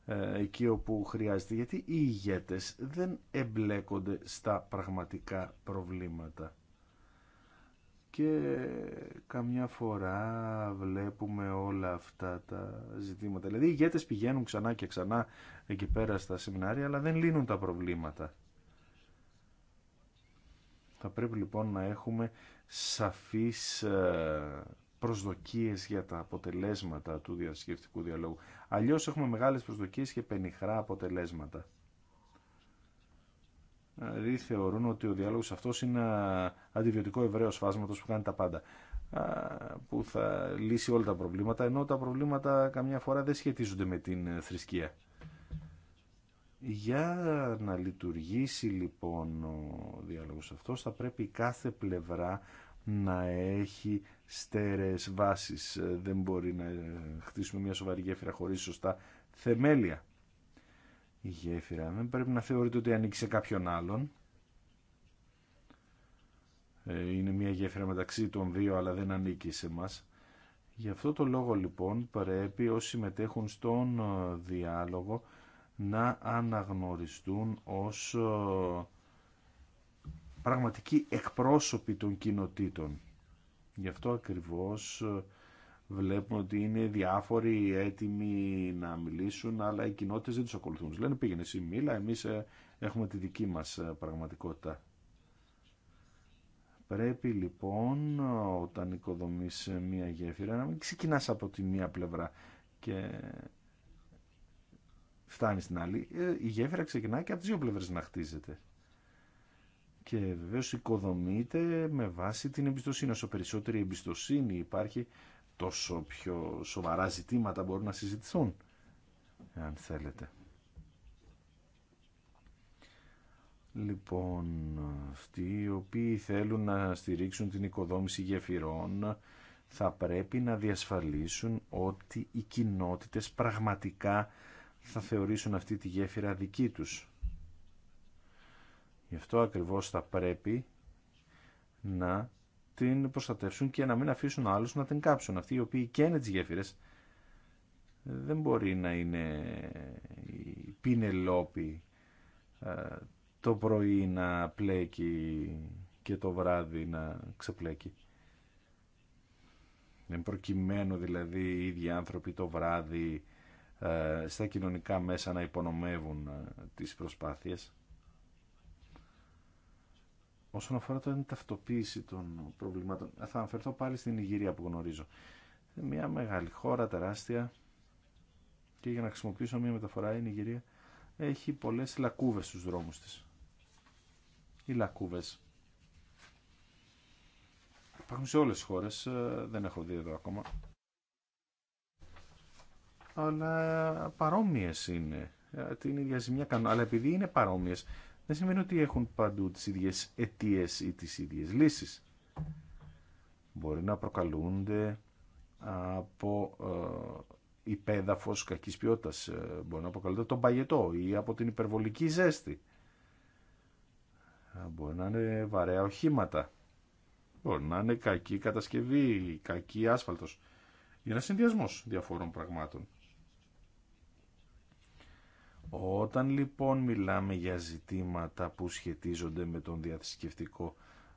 ε, εκεί όπου χρειάζεται γιατί οι ηγέτες δεν εμπλέκονται στα πραγματικά προβλήματα και καμιά φορά βλέπουμε όλα αυτά τα ζητήματα δηλαδή οι ηγέτες πηγαίνουν ξανά και ξανά εκεί πέρα στα σεμινάρια αλλά δεν λύνουν τα προβλήματα θα πρέπει λοιπόν να έχουμε σαφείς ε, προσδοκίες για τα αποτελέσματα του διασκευτικού διαλόγου. Αλλιώς έχουμε μεγάλες προσδοκίες και πενιχρά αποτελέσματα. Δηλαδή θεωρούν ότι ο διάλογος αυτός είναι αντιβιωτικό ευρέως φάσματος που κάνει τα πάντα που θα λύσει όλα τα προβλήματα, ενώ τα προβλήματα καμιά φορά δεν σχετίζονται με την θρησκεία. Για να λειτουργήσει λοιπόν ο διάλογος αυτός θα πρέπει κάθε πλευρά να έχει στέρεες βάσεις. Δεν μπορεί να χτίσουμε μια σοβαρή γέφυρα χωρίς σωστά θεμέλια. Η γέφυρα δεν πρέπει να θεωρείται ότι ανήκει σε κάποιον άλλον. Ε, είναι μια γέφυρα μεταξύ των δύο αλλά δεν ανήκει σε μας. Γι' αυτό το λόγο λοιπόν πρέπει όσοι συμμετέχουν στον ε, διάλογο να αναγνωριστούν ως ε, πραγματικοί εκπρόσωποι των κοινοτήτων. Γι' αυτό ακριβώς ε, βλέπουμε ότι είναι διάφοροι έτοιμοι να μιλήσουν, αλλά οι κοινότητες δεν τους ακολουθούν. λένε πήγαινε εσύ μίλα, εμείς ε, έχουμε τη δική μας πραγματικότητα. Πρέπει λοιπόν όταν οικοδομείς μία γέφυρα να μην ξεκινάς από τη μία πλευρά και φτάνει στην άλλη, ε, η γέφυρα ξεκινά και από τις δύο πλεύρε να χτίζεται. Και βεβαίω οικοδομείται με βάση την εμπιστοσύνη. Όσο περισσότερη εμπιστοσύνη υπάρχει, τόσο πιο σοβαρά ζητήματα μπορούν να συζητηθούν, αν θέλετε. Λοιπόν, αυτοί οι οποίοι θέλουν να στηρίξουν την οικοδόμηση γεφυρών θα πρέπει να διασφαλίσουν ότι οι κοινότητες πραγματικά θα θεωρήσουν αυτή τη γέφυρα δική τους. Γι' αυτό ακριβώς θα πρέπει να την προστατεύσουν και να μην αφήσουν άλλους να την κάψουν. Αυτοί οι οποίοι καίνε τις γέφυρες δεν μπορεί να είναι η πινελόπη ε, το πρωί να πλέκει και το βράδυ να ξεπλέκει. Δεν προκειμένου δηλαδή οι ίδιοι άνθρωποι το βράδυ ε, στα κοινωνικά μέσα να υπονομεύουν ε, τις προσπάθειες. Όσον αφορά την ταυτοποίηση των προβλημάτων, ε, θα αναφερθώ πάλι στην Ιγυρία που γνωρίζω. Μια μεγάλη χώρα, τεράστια, και για να χρησιμοποιήσω μια μεταφορά, η Ιγυρία έχει πολλές λακκούβες στους δρόμους της. Οι λακκούβες υπάρχουν σε όλες τις χώρες, δεν έχω δει εδώ ακόμα αλλά παρόμοιε είναι. Την ίδια ζημιά κάνουν. Αλλά επειδή είναι παρόμοιε. δεν σημαίνει ότι έχουν παντού τις ίδιες αιτίε ή τις ίδιες λύσεις. Μπορεί να προκαλούνται από ε, κακή ποιότητα. ποιότητας. Ε, μπορεί να προκαλούνται από τον παγετό ή από την υπερβολική ζέστη. Ε, μπορεί να είναι βαρέα οχήματα. Μπορεί να είναι κακή κατασκευή, κακή άσφαλτος. Είναι ένα συνδυασμό διαφόρων πραγμάτων. Όταν λοιπόν μιλάμε για ζητήματα που σχετίζονται με τον διαθυσκευτικό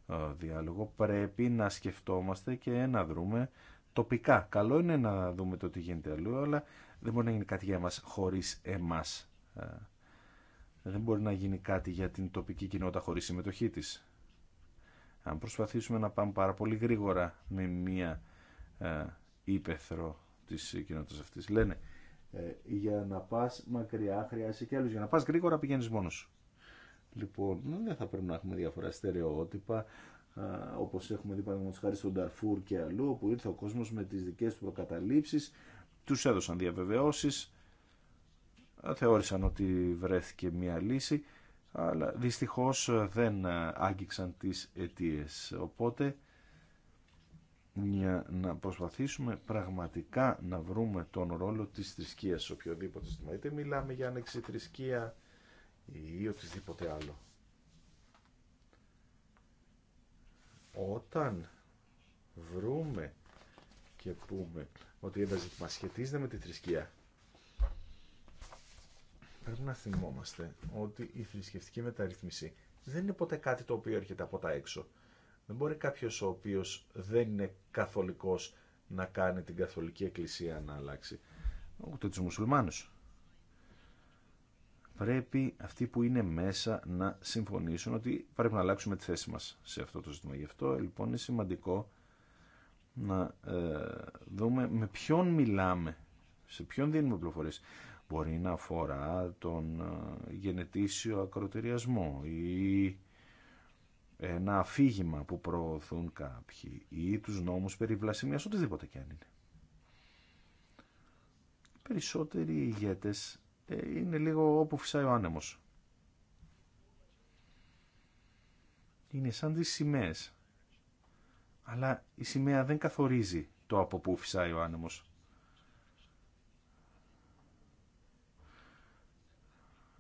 ε, διάλογο πρέπει να σκεφτόμαστε και να δρούμε τοπικά. Καλό είναι να δούμε το τι γίνεται αλλού, αλλά δεν μπορεί να γίνει κάτι για εμάς χωρίς εμάς. Ε, δεν μπορεί να γίνει κάτι για την τοπική κοινότητα χωρίς συμμετοχή της. Αν προσπαθήσουμε να πάμε πάρα πολύ γρήγορα με μία ε, ύπεθρο της κοινότητας αυτής. Λένε ε, για να πας μακριά χρειάζεσαι και άλλους. Για να πας γρήγορα μόνο. μόνος Λοιπόν, δεν θα πρέπει να έχουμε διάφορα στερεότυπα όπως έχουμε δει παραδείγματο χάρη στον Ταρφούρ και αλλού όπου ήρθε ο κόσμος με τις δικές του προκαταλήψει, τους έδωσαν διαβεβαιώσεις θεώρησαν ότι βρέθηκε μια λύση αλλά δυστυχώ δεν άγγιξαν τι αιτίε. οπότε για να προσπαθήσουμε πραγματικά να βρούμε τον ρόλο της θρησκείας σε οποιοδήποτε στιγμή. Είτε μιλάμε για ανεξιθρησκεία ή οτιδήποτε άλλο. Όταν βρούμε και πούμε ότι ένα ζήτημα σχετίζεται με τη θρησκεία, πρέπει να θυμόμαστε ότι η θρησκευτική μεταρρύθμιση δεν είναι ποτέ κάτι το οποίο έρχεται από τα έξω. Δεν μπορεί κάποιος ο οποίος δεν είναι καθολικός να κάνει την καθολική εκκλησία να αλλάξει. Ούτε τους μουσουλμάνους. Πρέπει αυτοί που είναι μέσα να συμφωνήσουν ότι πρέπει να αλλάξουμε τη θέση μας σε αυτό το ζήτημα. Γι' αυτό λοιπόν είναι σημαντικό να ε, δούμε με ποιον μιλάμε, σε ποιον δίνουμε πληροφορίες. Μπορεί να αφορά τον ε, γενετήσιο ακροτηριασμό ή ένα αφήγημα που προωθούν κάποιοι ή τους νόμους περί βλασιμίας, οτιδήποτε και αν είναι. Περισσότεροι ηγέτες ε, είναι λίγο όπου φυσάει ο άνεμος. Είναι σαν τις σημαίες. Αλλά η σημαία δεν καθορίζει το από που φυσάει ο άνεμος.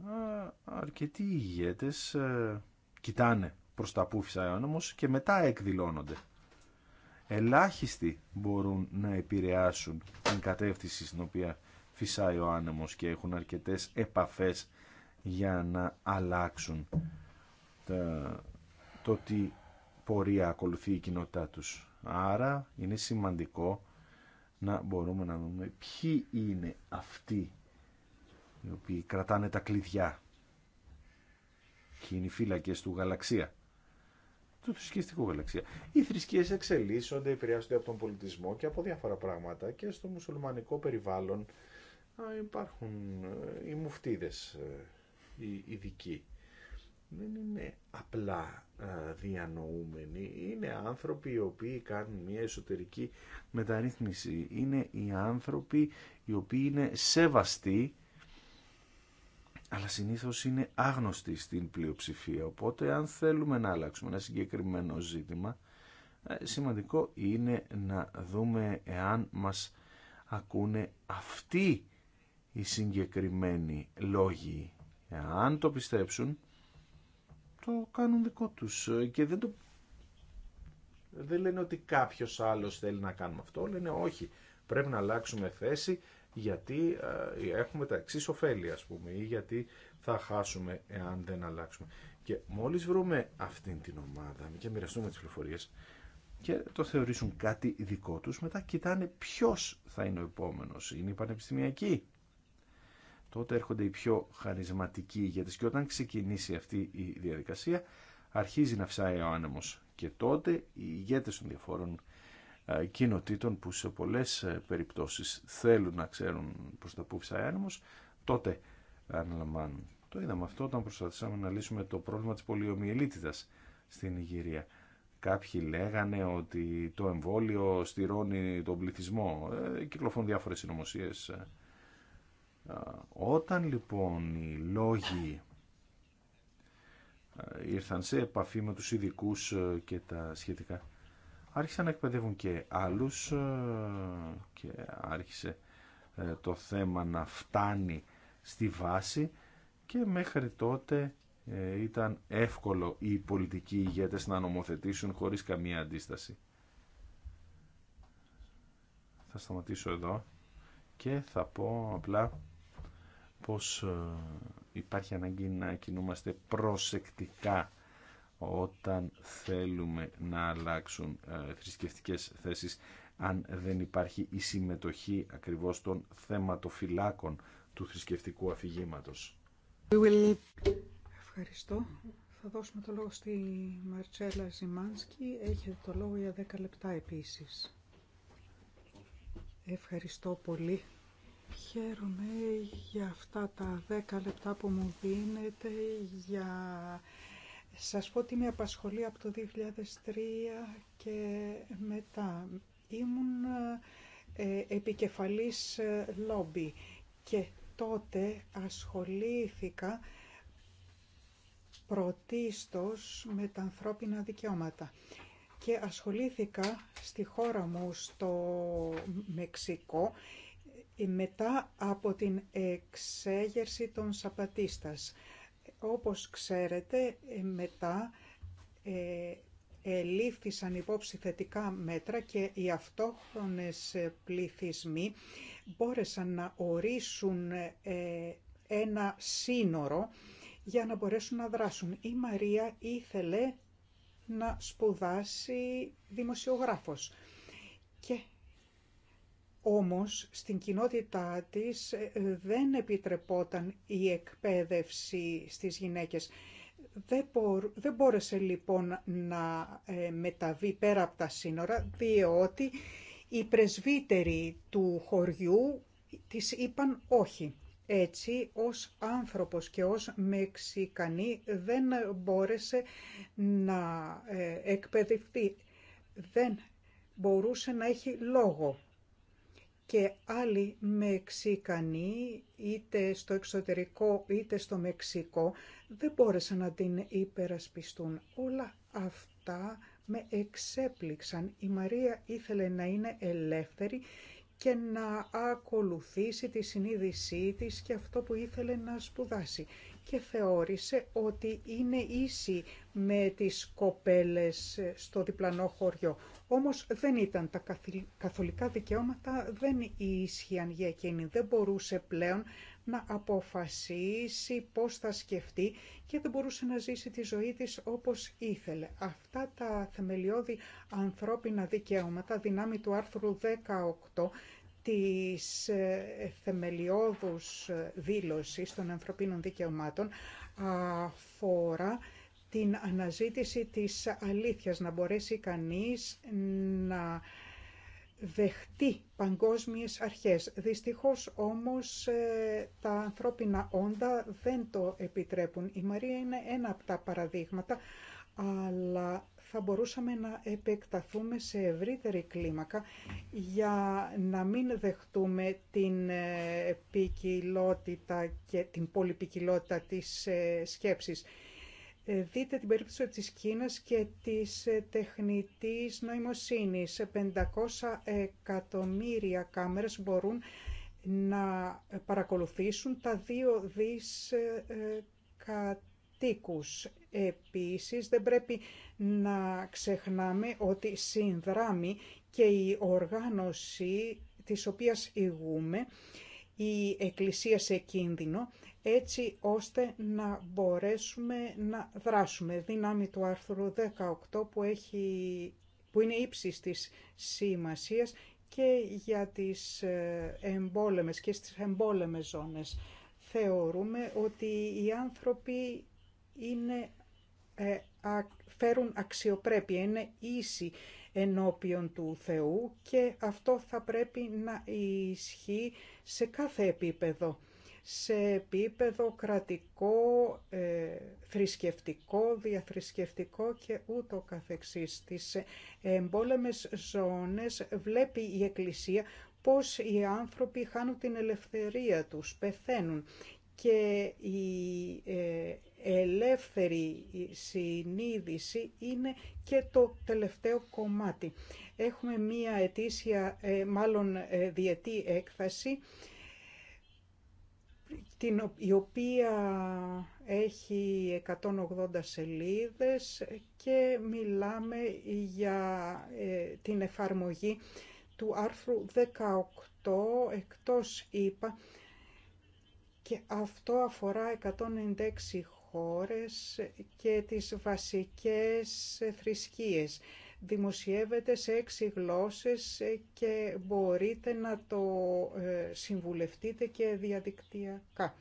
Α, αρκετοί ηγέτες ε, κοιτάνε προς τα που φυσάει ο άνεμος και μετά εκδηλώνονται. Ελάχιστοι μπορούν να επηρεάσουν την κατεύθυνση στην οποία φυσάει ο άνεμος και έχουν αρκετές επαφές για να αλλάξουν το τι πορεία ακολουθεί η κοινότητά τους. Άρα είναι σημαντικό να μπορούμε να δούμε ποιοι είναι αυτοί οι οποίοι κρατάνε τα κλειδιά και είναι οι φύλακες του γαλαξία του θρησκευτικού γαλαξία. Οι θρησκείε εξελίσσονται, επηρεάζονται από τον πολιτισμό και από διάφορα πράγματα και στο μουσουλμανικό περιβάλλον υπάρχουν ε, οι μουφτίδες, ε, οι ειδικοί. Δεν είναι απλά διανοούμενοι, είναι άνθρωποι οι οποίοι κάνουν μια εσωτερική μεταρρύθμιση. Είναι οι άνθρωποι οι οποίοι είναι σεβαστοί αλλά συνήθως είναι άγνωστη στην πλειοψηφία. Οπότε αν θέλουμε να αλλάξουμε ένα συγκεκριμένο ζήτημα, ε, σημαντικό είναι να δούμε εάν μας ακούνε αυτοί οι συγκεκριμένοι λόγοι. Εάν το πιστέψουν, το κάνουν δικό τους και δεν το... Δεν λένε ότι κάποιος άλλος θέλει να κάνουμε αυτό, λένε όχι, πρέπει να αλλάξουμε θέση, γιατί ε, έχουμε τα εξή ωφέλη ας πούμε ή γιατί θα χάσουμε εάν δεν αλλάξουμε. Και μόλις βρούμε αυτήν την ομάδα και μοιραστούμε τις πληροφορίες και το θεωρήσουν κάτι δικό τους, μετά κοιτάνε ποιος θα είναι ο επόμενος. Είναι η πανεπιστημιακοί. Τότε έρχονται οι πιο χαρισματικοί ηγέτες και όταν ξεκινήσει αυτή η διαδικασία αρχίζει να φυσάει ο άνεμος και τότε οι ηγέτες των διαφόρων ε, κοινοτήτων που σε πολλές ε, περιπτώσεις θέλουν να ξέρουν προς τα που ψάει τότε αναλαμβάνουν. Το είδαμε αυτό όταν προσπαθήσαμε να λύσουμε το πρόβλημα της πολιομιελίτιδας στην Ιγυρία. Κάποιοι λέγανε ότι το εμβόλιο στηρώνει τον πληθυσμό. Ε, κυκλοφών διάφορες συνωμοσίες. Ε, όταν λοιπόν οι λόγοι ήρθαν σε επαφή με τους ειδικού και τα σχετικά άρχισαν να εκπαιδεύουν και άλλους ε, και άρχισε ε, το θέμα να φτάνει στη βάση και μέχρι τότε ε, ήταν εύκολο οι πολιτικοί ηγέτες να νομοθετήσουν χωρίς καμία αντίσταση. Θα σταματήσω εδώ και θα πω απλά πως υπάρχει ανάγκη να κινούμαστε προσεκτικά όταν θέλουμε να αλλάξουν ε, θρησκευτικές θέσεις αν δεν υπάρχει η συμμετοχή ακριβώς των θεματοφυλάκων του θρησκευτικού αφηγήματο. Ευχαριστώ. Θα δώσουμε το λόγο στη Μαρτσέλα Ζημάνσκι. Έχετε το λόγο για 10 λεπτά επίσης. Ευχαριστώ πολύ. Χαίρομαι για αυτά τα 10 λεπτά που μου δίνετε για σας πω ότι με απασχολεί από το 2003 και μετά. Ήμουν ε, επικεφαλής ε, λόμπι και τότε ασχολήθηκα πρωτίστως με τα ανθρώπινα δικαιώματα και ασχολήθηκα στη χώρα μου στο Μεξικό μετά από την εξέγερση των Σαπατίστας. Όπως ξέρετε, ε, μετά ε, ελήφθησαν υπόψη θετικά μέτρα και οι αυτόχρονες ε, πληθυσμοί μπόρεσαν να ορίσουν ε, ένα σύνορο για να μπορέσουν να δράσουν. Η Μαρία ήθελε να σπουδάσει δημοσιογράφος και όμως στην κοινότητά της ε, δεν επιτρεπόταν η εκπαίδευση στις γυναίκες. Δεν, δεν μπόρεσε λοιπόν να ε, μεταβεί πέρα από τα σύνορα, διότι οι πρεσβύτεροι του χωριού της είπαν όχι. Έτσι, ως άνθρωπος και ως Μεξικανή δεν μπόρεσε να ε, εκπαιδευτεί, δεν μπορούσε να έχει λόγο και άλλοι Μεξικανοί είτε στο εξωτερικό είτε στο Μεξικό δεν μπόρεσαν να την υπερασπιστούν. Όλα αυτά με εξέπληξαν. Η Μαρία ήθελε να είναι ελεύθερη και να ακολουθήσει τη συνείδησή της και αυτό που ήθελε να σπουδάσει. Και θεώρησε ότι είναι ίση με τις κοπέλες στο διπλανό χωριό. Όμως δεν ήταν τα καθολικά δικαιώματα, δεν ίσχυαν για εκείνη. Δεν μπορούσε πλέον να αποφασίσει πώς θα σκεφτεί και δεν μπορούσε να ζήσει τη ζωή της όπως ήθελε. Αυτά τα θεμελιώδη ανθρώπινα δικαιώματα, δυνάμει του άρθρου 18 της ε, θεμελιώδους ε, δήλωσης των ανθρωπίνων δικαιωμάτων αφορά την αναζήτηση της αλήθειας, να μπορέσει κανείς να δεχτεί παγκόσμιες αρχές. Δυστυχώς όμως ε, τα ανθρώπινα όντα δεν το επιτρέπουν. Η Μαρία είναι ένα από τα παραδείγματα, αλλά θα μπορούσαμε να επεκταθούμε σε ευρύτερη κλίμακα για να μην δεχτούμε την ε, ποικιλότητα και την πολυπικιλότητα της ε, σκέψης ε, δείτε την περίπτωση της Κίνας και της ε, τεχνητής νοημοσύνης. 500 εκατομμύρια κάμερες μπορούν να παρακολουθήσουν τα δύο δις ε, κατοίκους. Επίσης, δεν πρέπει να ξεχνάμε ότι συνδράμει και η οργάνωση της οποίας ηγούμε η Εκκλησία σε κίνδυνο, έτσι ώστε να μπορέσουμε να δράσουμε. Δύναμη του άρθρου 18 που, έχει, που είναι ύψης της σημασίας και για τις ε, εμπόλεμες και στις εμπόλεμες ζώνες. Θεωρούμε ότι οι άνθρωποι είναι, ε, φέρουν αξιοπρέπεια, είναι ίσοι ενώπιον του Θεού και αυτό θα πρέπει να ισχύει σε κάθε επίπεδο. Σε επίπεδο κρατικό, ε, θρησκευτικό, διαθρησκευτικό και ούτω καθεξής. Στις εμπόλεμες ζώνες βλέπει η Εκκλησία πώς οι άνθρωποι χάνουν την ελευθερία τους, πεθαίνουν και η ε, ελεύθερη συνείδηση είναι και το τελευταίο κομμάτι. Έχουμε μία ετήσια, ε, μάλλον ε, διετή έκθαση, την, η οποία έχει 180 σελίδες και μιλάμε για ε, την εφαρμογή του άρθρου 18 εκτός είπα και αυτό αφορά 196 χώρες και τις βασικές θρησκείες. Δημοσιεύεται σε έξι γλώσσες και μπορείτε να το ε, συμβουλευτείτε και διαδικτυακά.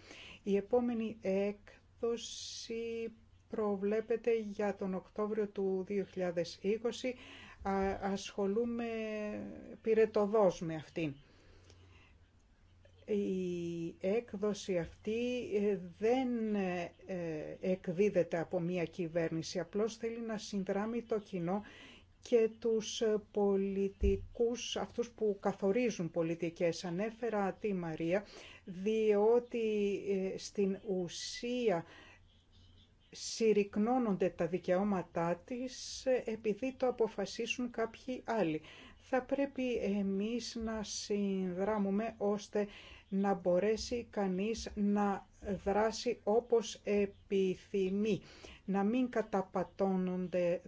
Η επόμενη έκδοση προβλέπεται για τον Οκτώβριο του 2020. Ασχολούμε πυρετοδός με αυτήν η έκδοση αυτή ε, δεν ε, εκδίδεται από μια κυβέρνηση, απλώς θέλει να συνδράμει το κοινό και τους ε, πολιτικούς, αυτούς που καθορίζουν πολιτικές. Ανέφερα τη Μαρία, διότι στην ουσία συρρυκνώνονται τα δικαιώματά της επειδή το αποφασίσουν κάποιοι άλλοι. Θα πρέπει εμείς να συνδράμουμε ώστε να μπορέσει κανείς να δράσει όπως επιθυμεί, να μην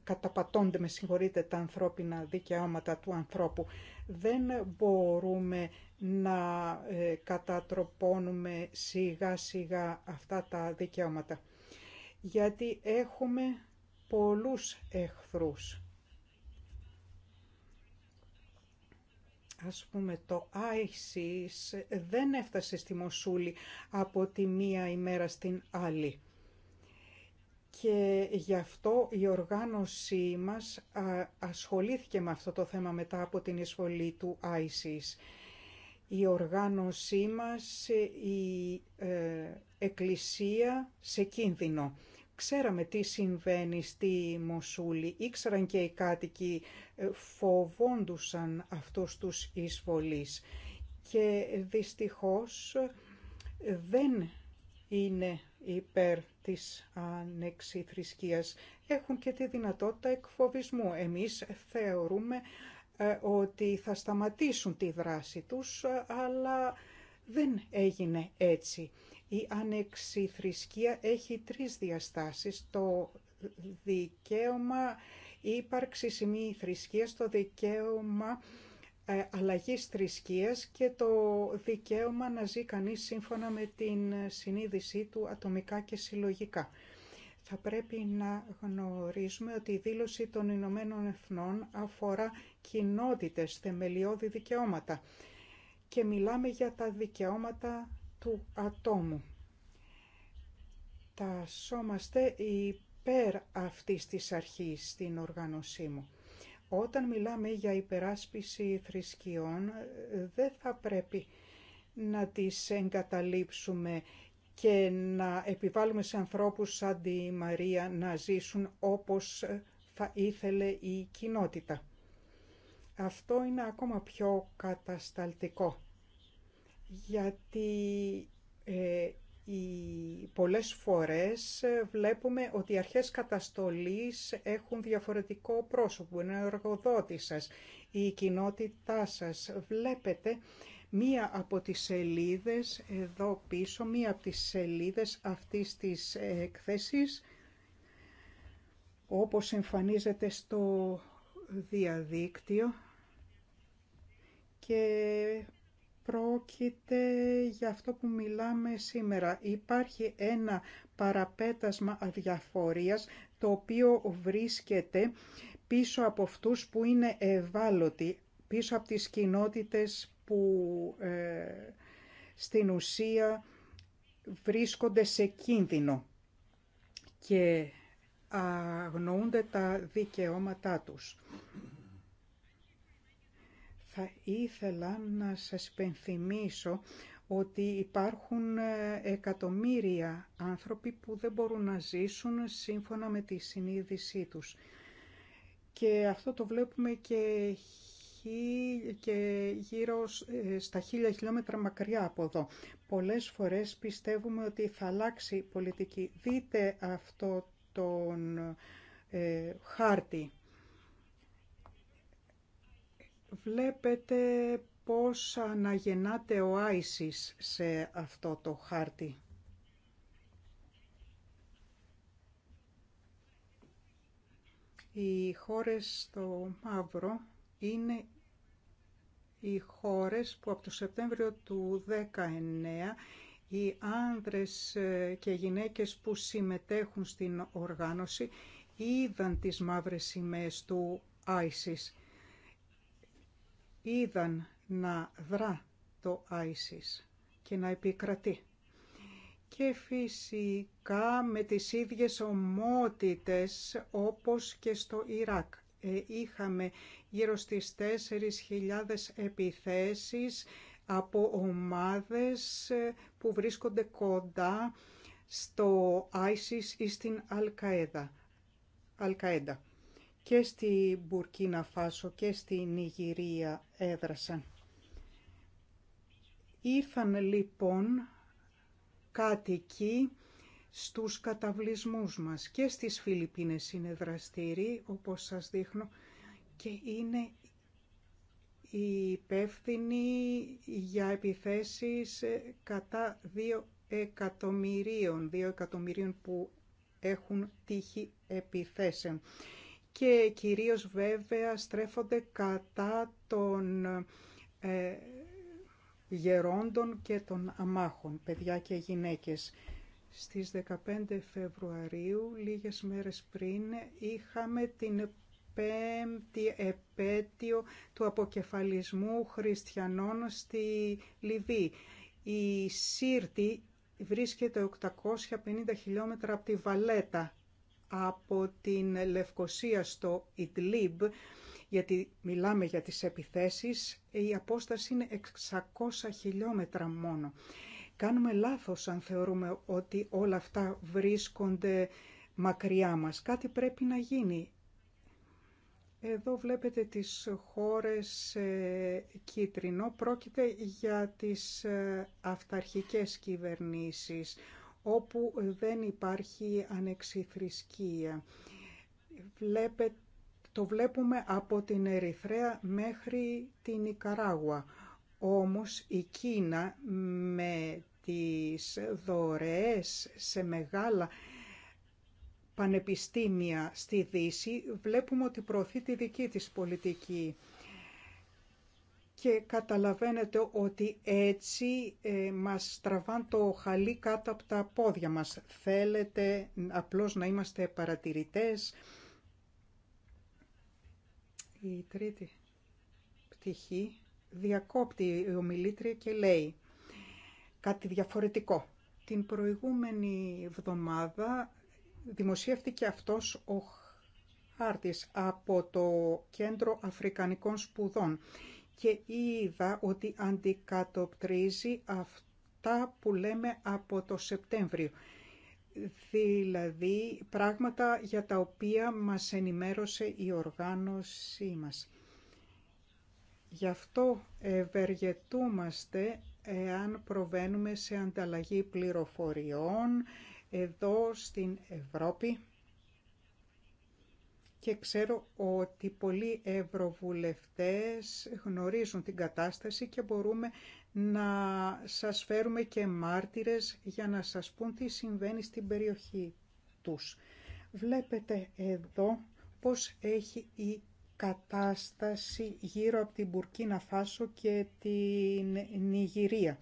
καταπατώνται, με συγχωρείτε, τα ανθρώπινα δικαιώματα του ανθρώπου. Δεν μπορούμε να ε, κατατροπώνουμε σιγά σιγά αυτά τα δικαιώματα, γιατί έχουμε πολλούς εχθρούς Ας πούμε το ISIS δεν έφτασε στη Μοσούλη από τη μία ημέρα στην άλλη. Και γι' αυτό η οργάνωσή μας ασχολήθηκε με αυτό το θέμα μετά από την εισβολή του ISIS. Η οργάνωσή μας, η ε, εκκλησία σε κίνδυνο. Ξέραμε τι συμβαίνει στη Μοσούλη, ήξεραν και οι κάτοικοι, ε, φοβόντουσαν αυτούς τους εισβολείς και δυστυχώς ε, δεν είναι υπέρ της ανεξιθρησκείας. Έχουν και τη δυνατότητα εκφοβισμού. Εμείς θεωρούμε ε, ότι θα σταματήσουν τη δράση τους, αλλά δεν έγινε έτσι. Η ανεξιθρησκεία έχει τρεις διαστάσεις. Το δικαίωμα ύπαρξης ημί θρησκείας, το δικαίωμα ε, αλλαγής θρησκείας και το δικαίωμα να ζει κανείς σύμφωνα με την συνείδησή του ατομικά και συλλογικά. Θα πρέπει να γνωρίζουμε ότι η δήλωση των Ηνωμένων Εθνών αφορά κοινότητες, θεμελιώδη δικαιώματα και μιλάμε για τα δικαιώματα του ατόμου. Τασόμαστε υπέρ αυτής της αρχής στην οργάνωσή μου. Όταν μιλάμε για υπεράσπιση θρησκειών, δεν θα πρέπει να τις εγκαταλείψουμε και να επιβάλλουμε σε ανθρώπους σαν τη Μαρία να ζήσουν όπως θα ήθελε η κοινότητα. Αυτό είναι ακόμα πιο κατασταλτικό γιατί ε, οι, πολλές φορές ε, βλέπουμε ότι οι αρχές καταστολής έχουν διαφορετικό πρόσωπο, είναι ο εργοδότης σας, η κοινότητά σας. Βλέπετε μία από τις σελίδες εδώ πίσω, μία από τις σελίδες αυτής της εκθέσης, όπως εμφανίζεται στο διαδίκτυο και πρόκειται για αυτό που μιλάμε σήμερα. Υπάρχει ένα παραπέτασμα αδιαφορίας το οποίο βρίσκεται πίσω από αυτούς που είναι ευάλωτοι, πίσω από τις κοινότητες που ε, στην ουσία βρίσκονται σε κίνδυνο και αγνοούνται τα δικαιώματά τους. Θα ήθελα να σας υπενθυμίσω ότι υπάρχουν ε, εκατομμύρια άνθρωποι που δεν μπορούν να ζήσουν σύμφωνα με τη συνείδησή τους. Και αυτό το βλέπουμε και, και γύρω ε, στα χίλια χιλιόμετρα μακριά από εδώ. Πολλές φορές πιστεύουμε ότι θα αλλάξει η πολιτική. Δείτε αυτό τον ε, χάρτη Βλέπετε πώς αναγεννάται ο Άισις σε αυτό το χάρτη. Οι χώρες στο Μαύρο είναι οι χώρες που από το Σεπτέμβριο του 19 οι άνδρες και γυναίκες που συμμετέχουν στην οργάνωση είδαν τις μαύρες σημαίες του ISIS είδαν να δρά το ISIS και να επικρατεί. Και φυσικά με τις ίδιες ομότητες όπως και στο Ιράκ. Ε, είχαμε γύρω στις 4.000 επιθέσεις από ομάδες ε, που βρίσκονται κοντά στο ISIS ή στην Αλκαέδα. Αλκαέντα και στη Μπουρκίνα Φάσο και στη Νιγηρία έδρασαν. Ήρθαν λοιπόν κάτοικοι στους καταβλισμούς μας και στις Φιλιππίνες είναι δραστήριοι όπως σας δείχνω και είναι η υπεύθυνοι για επιθέσεις κατά δύο εκατομμυρίων, 2 εκατομμυρίων που έχουν τύχει επιθέσεων και κυρίως βέβαια στρέφονται κατά των ε, γερόντων και των αμάχων, παιδιά και γυναίκες. Στις 15 Φεβρουαρίου, λίγες μέρες πριν, είχαμε την πέμπτη επέτειο του αποκεφαλισμού χριστιανών στη Λιβύη. Η Σύρτη βρίσκεται 850 χιλιόμετρα από τη Βαλέτα από την Λευκοσία στο Ιτλίμπ, γιατί μιλάμε για τις επιθέσεις, η απόσταση είναι 600 χιλιόμετρα μόνο. Κάνουμε λάθος αν θεωρούμε ότι όλα αυτά βρίσκονται μακριά μας. Κάτι πρέπει να γίνει. Εδώ βλέπετε τις χώρες ε, κίτρινο. Πρόκειται για τις ε, αυταρχικές κυβερνήσεις όπου δεν υπάρχει ανεξιθρησκεία. Βλέπε, το βλέπουμε από την Ερυθρέα μέχρι την Ικαράγουα. Όμως η Κίνα με τις δωρεές σε μεγάλα πανεπιστήμια στη Δύση βλέπουμε ότι προωθεί τη δική της πολιτική και καταλαβαίνετε ότι έτσι ε, μας τραβάν το χαλί κάτω από τα πόδια μας. Θέλετε απλώς να είμαστε παρατηρητές. Η τρίτη πτυχή διακόπτει η ομιλήτρια και λέει κάτι διαφορετικό. Την προηγούμενη εβδομάδα δημοσιεύτηκε αυτός ο χάρτης από το Κέντρο Αφρικανικών Σπουδών και είδα ότι αντικατοπτρίζει αυτά που λέμε από το Σεπτέμβριο. Δηλαδή πράγματα για τα οποία μας ενημέρωσε η οργάνωσή μας. Γι' αυτό ευεργετούμαστε εάν προβαίνουμε σε ανταλλαγή πληροφοριών εδώ στην Ευρώπη και ξέρω ότι πολλοί ευρωβουλευτές γνωρίζουν την κατάσταση και μπορούμε να σας φέρουμε και μάρτυρες για να σας πούν τι συμβαίνει στην περιοχή τους. Βλέπετε εδώ πώς έχει η κατάσταση γύρω από την Μπουρκίνα Φάσο και την Νιγηρία.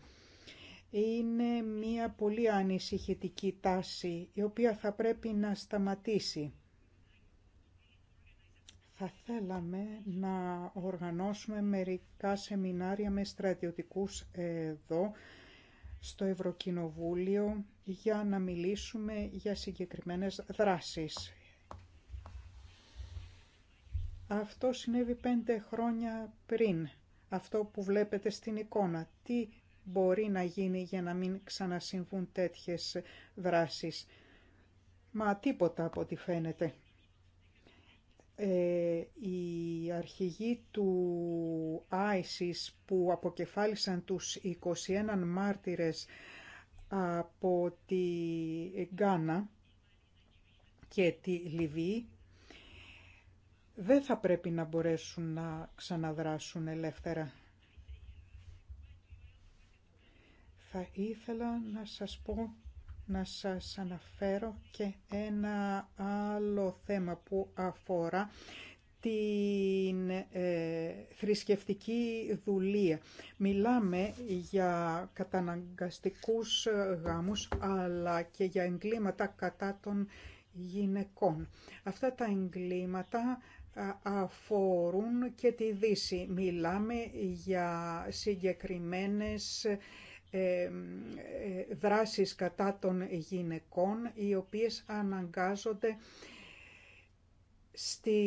Είναι μία πολύ ανησυχητική τάση η οποία θα πρέπει να σταματήσει. Θα θέλαμε να οργανώσουμε μερικά σεμινάρια με στρατιωτικούς εδώ στο Ευρωκοινοβούλιο για να μιλήσουμε για συγκεκριμένες δράσεις. Αυτό συνέβη πέντε χρόνια πριν. Αυτό που βλέπετε στην εικόνα. Τι μπορεί να γίνει για να μην ξανασυμβούν τέτοιες δράσεις. Μα τίποτα από ό,τι φαίνεται ε, οι αρχηγοί του ISIS που αποκεφάλισαν τους 21 μάρτυρες από τη Γκάνα και τη Λιβύη δεν θα πρέπει να μπορέσουν να ξαναδράσουν ελεύθερα. Θα ήθελα να σας πω να σας αναφέρω και ένα άλλο θέμα που αφορά την ε, θρησκευτική δουλεία. Μιλάμε για καταναγκαστικούς γάμους αλλά και για εγκλήματα κατά των γυναικών. Αυτά τα εγκλήματα ε, αφορούν και τη Δύση. Μιλάμε για συγκεκριμένες ε, δράσεις κατά των γυναικών οι οποίες αναγκάζονται στη,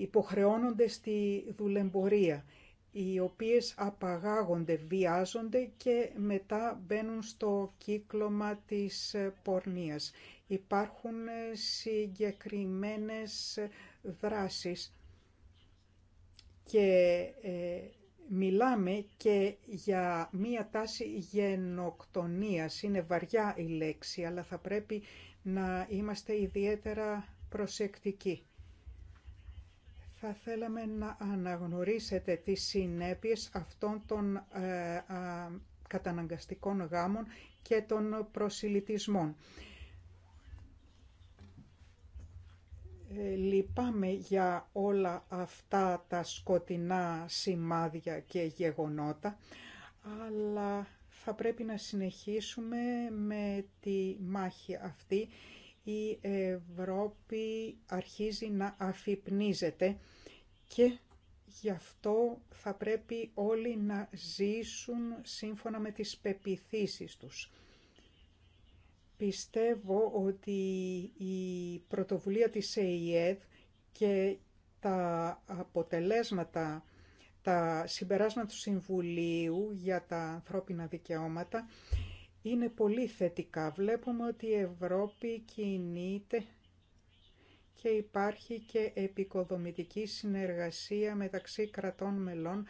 υποχρεώνονται στη δουλεμπορία οι οποίες απαγάγονται, βιάζονται και μετά μπαίνουν στο κύκλωμα της ε, πορνείας. Υπάρχουν ε, συγκεκριμένες δράσεις και Μιλάμε και για μία τάση γενοκτονίας. Είναι βαριά η λέξη, αλλά θα πρέπει να είμαστε ιδιαίτερα προσεκτικοί. Θα θέλαμε να αναγνωρίσετε τις συνέπειες αυτών των ε, καταναγκαστικών γάμων και των προσιλητισμών. Ε, λυπάμαι για όλα αυτά τα σκοτεινά σημάδια και γεγονότα, αλλά θα πρέπει να συνεχίσουμε με τη μάχη αυτή. Η Ευρώπη αρχίζει να αφυπνίζεται και γι' αυτό θα πρέπει όλοι να ζήσουν σύμφωνα με τις πεπιθήσεις τους. Πιστεύω ότι η πρωτοβουλία της ΕΙΕΔ και τα αποτελέσματα, τα συμπεράσματα του Συμβουλίου για τα ανθρώπινα δικαιώματα είναι πολύ θετικά. Βλέπουμε ότι η Ευρώπη κινείται και υπάρχει και επικοδομητική συνεργασία μεταξύ κρατών μελών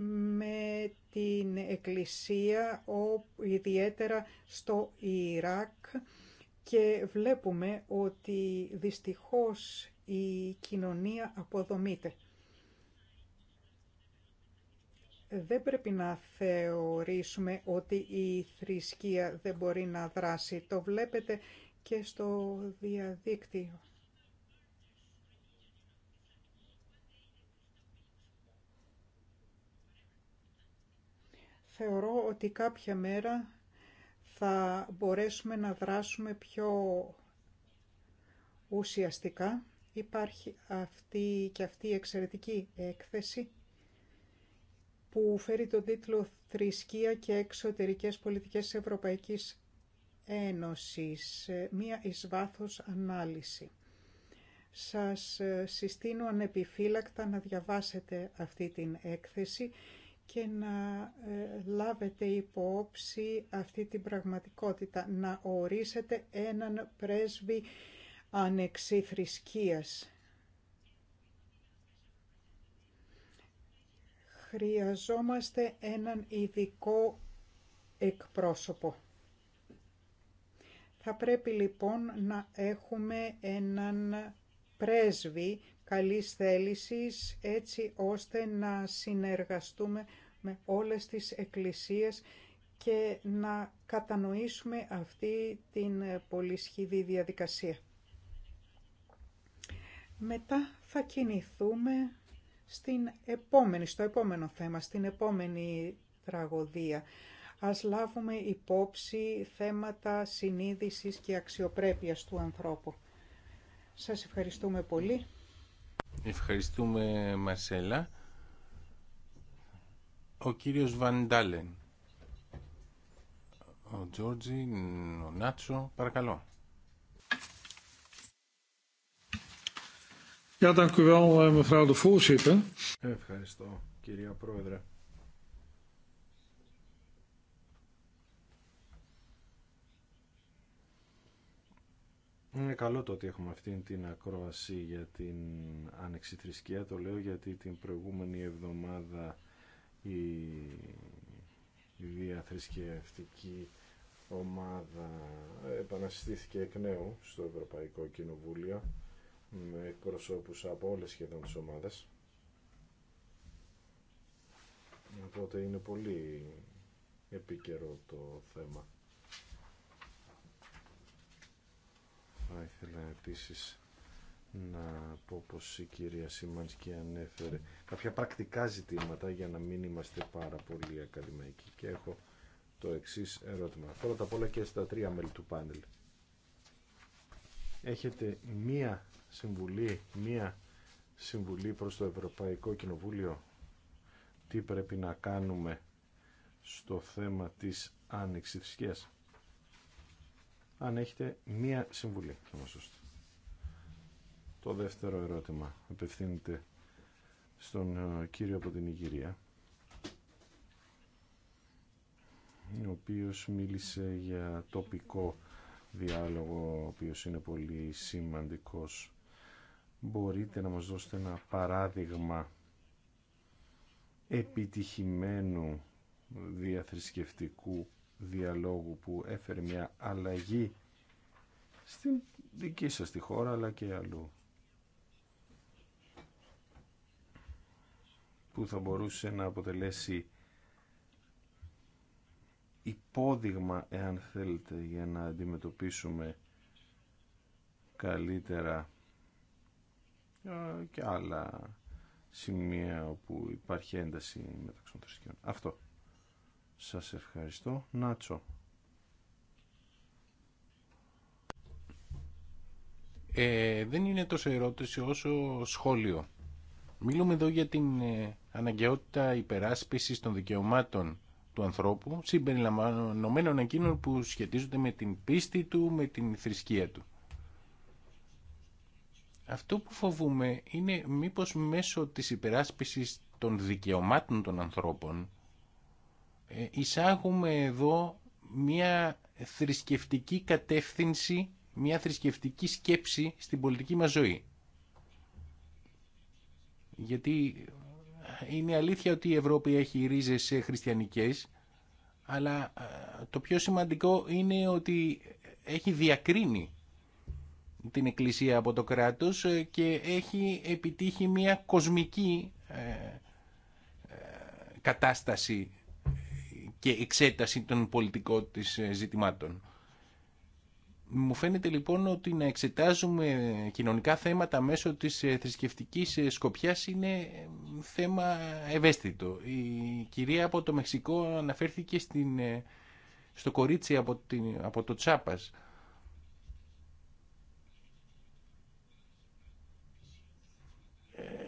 με την Εκκλησία, ιδιαίτερα στο Ιράκ και βλέπουμε ότι δυστυχώς η κοινωνία αποδομείται. Δεν πρέπει να θεωρήσουμε ότι η θρησκεία δεν μπορεί να δράσει. Το βλέπετε και στο διαδίκτυο. θεωρώ ότι κάποια μέρα θα μπορέσουμε να δράσουμε πιο ουσιαστικά. Υπάρχει αυτή και αυτή η εξαιρετική έκθεση που φέρει τον τίτλο «Θρησκεία και εξωτερικές πολιτικές Ευρωπαϊκής Ένωσης. Ε, μία εις βάθος ανάλυση». Σας συστήνω ανεπιφύλακτα να διαβάσετε αυτή την έκθεση και να ε, λάβετε υπόψη αυτή την πραγματικότητα, να ορίσετε έναν πρέσβη ανεξιθρησκείας. Χρειαζόμαστε έναν ειδικό εκπρόσωπο. Θα πρέπει λοιπόν να έχουμε έναν πρέσβη καλής θέλησης έτσι ώστε να συνεργαστούμε με όλες τις εκκλησίες και να κατανοήσουμε αυτή την πολυσχηδή διαδικασία. Μετά θα κινηθούμε στην επόμενη, στο επόμενο θέμα, στην επόμενη τραγωδία. Ας λάβουμε υπόψη θέματα συνείδησης και αξιοπρέπειας του ανθρώπου. Σας ευχαριστούμε πολύ. Ευχαριστούμε Μαρσέλα. Ο κύριος Βαντάλεν. Ο Τζόρτζι, ο Νάτσο, παρακαλώ. Eh, Ευχαριστώ κυρία Πρόεδρε. Είναι καλό το ότι έχουμε αυτήν την ακρόαση για την άνοιξη θρησκεία. Το λέω γιατί την προηγούμενη εβδομάδα η διαθρησκευτική ομάδα επανασυστήθηκε εκ νέου στο Ευρωπαϊκό Κοινοβούλιο με εκπροσώπους από όλες σχεδόν τις ομάδες. Οπότε είναι πολύ επίκαιρο το θέμα. Θα ήθελα επίσης να πω πως η κυρία Σιμανσκή ανέφερε κάποια πρακτικά ζητήματα για να μην είμαστε πάρα πολύ ακαδημαϊκοί και έχω το εξής ερώτημα. Πρώτα απ' όλα και στα τρία μέλη του πάνελ. Έχετε μία συμβουλή, μία συμβουλή προς το Ευρωπαϊκό Κοινοβούλιο τι πρέπει να κάνουμε στο θέμα της άνοιξης θρησκείας αν έχετε μία συμβουλή θα μας δώσετε. Το δεύτερο ερώτημα απευθύνεται στον ε, κύριο από την Ιγυρία ο οποίος μίλησε για τοπικό διάλογο ο οποίος είναι πολύ σημαντικός μπορείτε να μας δώσετε ένα παράδειγμα επιτυχημένου διαθρησκευτικού διαλόγου που έφερε μια αλλαγή στην δική σας τη χώρα αλλά και αλλού που θα μπορούσε να αποτελέσει υπόδειγμα εάν θέλετε για να αντιμετωπίσουμε καλύτερα και άλλα σημεία όπου υπάρχει ένταση μεταξύ των θρησκείων. Αυτό. Σας ευχαριστώ. Νάτσο. Ε, δεν είναι τόσο ερώτηση όσο σχόλιο. Μιλούμε εδώ για την ε, αναγκαιότητα υπεράσπισης των δικαιωμάτων του ανθρώπου, συμπεριλαμβανομένων εκείνων που σχετίζονται με την πίστη του, με την θρησκεία του. Αυτό που φοβούμε είναι μήπως μέσω της υπεράσπισης των δικαιωμάτων των ανθρώπων ε, εισάγουμε εδώ μια θρησκευτική κατεύθυνση, μια θρησκευτική σκέψη στην πολιτική μας ζωή. Γιατί είναι αλήθεια ότι η Ευρώπη έχει ρίζες χριστιανικές, αλλά ε, το πιο σημαντικό είναι ότι έχει διακρίνει την Εκκλησία από το κράτος ε, και έχει επιτύχει μια κοσμική κατάσταση και εξέταση των πολιτικών της ε, ζητημάτων. Μου φαίνεται λοιπόν ότι να εξετάζουμε κοινωνικά θέματα μέσω της ε, θρησκευτική ε, σκοπιάς είναι θέμα ευαίσθητο. Η κυρία από το Μεξικό αναφέρθηκε στην, στο κορίτσι από, την, από το Τσάπας.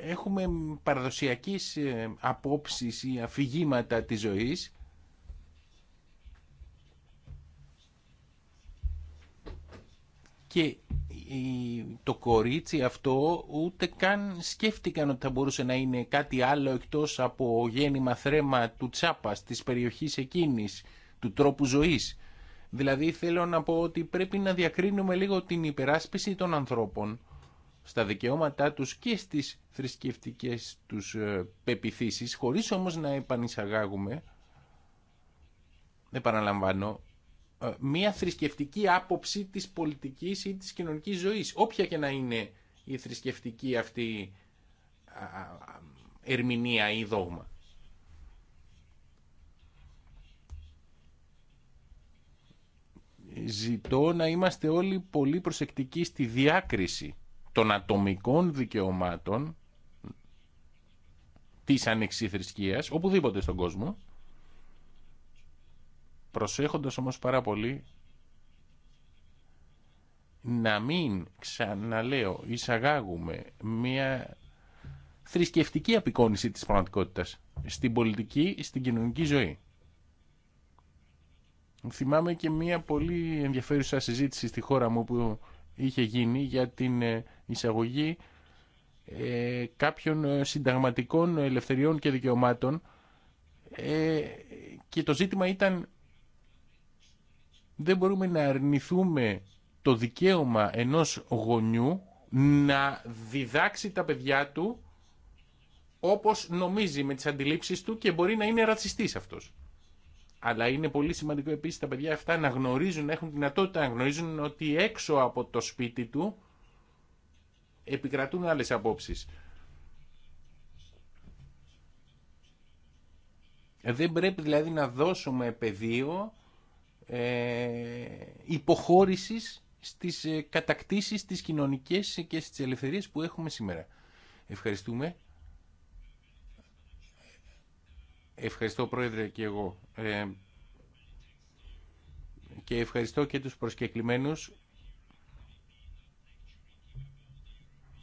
Έχουμε παραδοσιακής απόψεις ή αφηγήματα της ζωής και το κορίτσι αυτό ούτε καν σκέφτηκαν ότι θα μπορούσε να είναι κάτι άλλο εκτός από γέννημα θρέμα του τσάπας, της περιοχής εκείνης, του τρόπου ζωής. Δηλαδή θέλω να πω ότι πρέπει να διακρίνουμε λίγο την υπεράσπιση των ανθρώπων στα δικαιώματά τους και στις θρησκευτικές τους ε, πεπιθήσεις, χωρίς όμως να επανεισαγάγουμε, επαναλαμβάνω, ε, μία θρησκευτική άποψη της πολιτικής ή της κοινωνικής ζωής, όποια και να είναι η θρησκευτική αυτή ερμηνεία ή δόγμα. Ζητώ να είμαστε όλοι πολύ προσεκτικοί στη διάκριση των ατομικών δικαιωμάτων της ανεξιθρησκείας, οπουδήποτε στον κόσμο, προσέχοντας όμως πάρα πολύ να μην ξαναλέω εισαγάγουμε μια θρησκευτική απεικόνηση της πραγματικότητας στην πολιτική, στην κοινωνική ζωή. Θυμάμαι και μια πολύ ενδιαφέρουσα συζήτηση στη χώρα μου που είχε γίνει για την ε, εισαγωγή ε, κάποιων ε, συνταγματικών ελευθεριών και δικαιωμάτων και το ζήτημα ήταν δεν μπορούμε να αρνηθούμε το δικαίωμα ενός γονιού να διδάξει τα παιδιά του όπως νομίζει με τις αντιλήψεις του και μπορεί να είναι ρατσιστής αυτός. Αλλά είναι πολύ σημαντικό επίσης τα παιδιά αυτά να γνωρίζουν, να έχουν δυνατότητα να γνωρίζουν ότι έξω από το σπίτι του επικρατούν άλλες απόψεις. Δεν πρέπει δηλαδή να δώσουμε πεδίο ε, υποχώρησης στις ε, κατακτήσεις, στις κοινωνικές ε, και στις ελευθερίες που έχουμε σήμερα. Ευχαριστούμε. Ευχαριστώ Πρόεδρε και εγώ. και ευχαριστώ και τους προσκεκλημένους.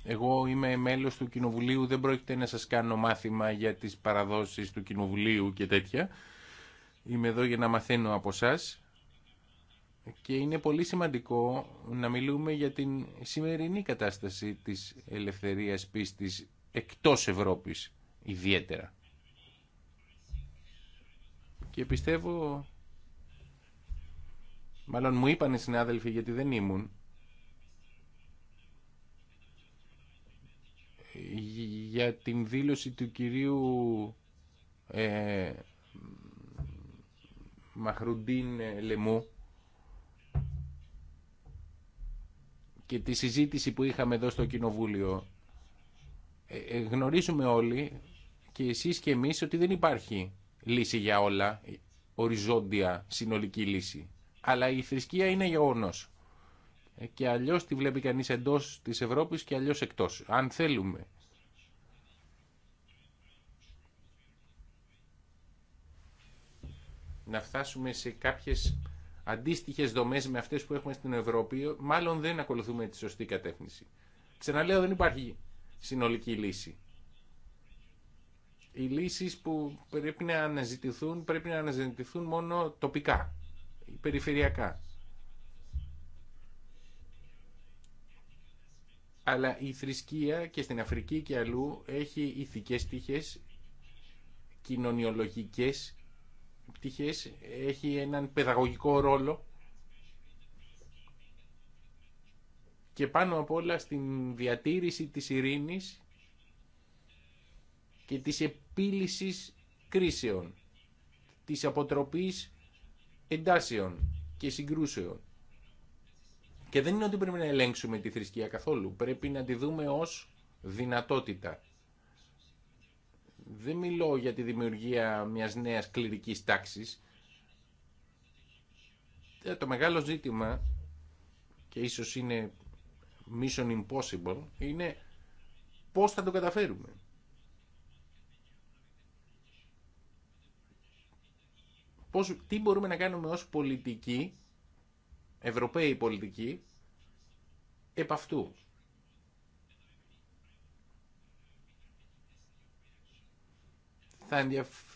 Εγώ είμαι μέλος του Κοινοβουλίου, δεν πρόκειται να σας κάνω μάθημα για τις παραδόσεις του Κοινοβουλίου και τέτοια. Είμαι εδώ για να μαθαίνω από σας και είναι πολύ σημαντικό να μιλούμε για την σημερινή κατάσταση της ελευθερίας πίστης εκτός Ευρώπης ιδιαίτερα. Και πιστεύω, μάλλον μου είπαν οι συνάδελφοι γιατί δεν ήμουν, για την δήλωση του κυρίου ε, Μαχρουντίν Λεμού και τη συζήτηση που είχαμε εδώ στο Κοινοβούλιο. Ε, ε, γνωρίζουμε όλοι και εσείς και εμείς ότι δεν υπάρχει λύση για όλα, οριζόντια συνολική λύση. Αλλά η θρησκεία είναι γεγονό. Ε, και αλλιώς τη βλέπει κανείς εντός της Ευρώπης και αλλιώς εκτός. Αν θέλουμε να φτάσουμε σε κάποιες Αντίστοιχε δομές με αυτές που έχουμε στην Ευρώπη, μάλλον δεν ακολουθούμε τη σωστή κατεύθυνση. Ξαναλέω, δεν υπάρχει συνολική λύση. Οι λύσεις που πρέπει να αναζητηθούν, πρέπει να αναζητηθούν μόνο τοπικά, περιφερειακά. αλλά η θρησκεία και στην Αφρική και αλλού έχει ηθικές τύχες, κοινωνιολογικές πτυχές, έχει έναν παιδαγωγικό ρόλο και πάνω απ' όλα στην διατήρηση της ειρήνης και της επίλυσης κρίσεων, της αποτροπής εντάσεων και συγκρούσεων. Και δεν είναι ότι πρέπει να ελέγξουμε τη θρησκεία καθόλου, πρέπει να τη δούμε ως δυνατότητα. Δεν μιλώ για τη δημιουργία μιας νέας κληρικής τάξης. Ε, το μεγάλο ζήτημα, και ίσως είναι mission impossible, είναι πώς θα το καταφέρουμε. Πώς, τι μπορούμε να κάνουμε ως πολιτικοί, ευρωπαίοι πολιτικοί, επ' αυτού.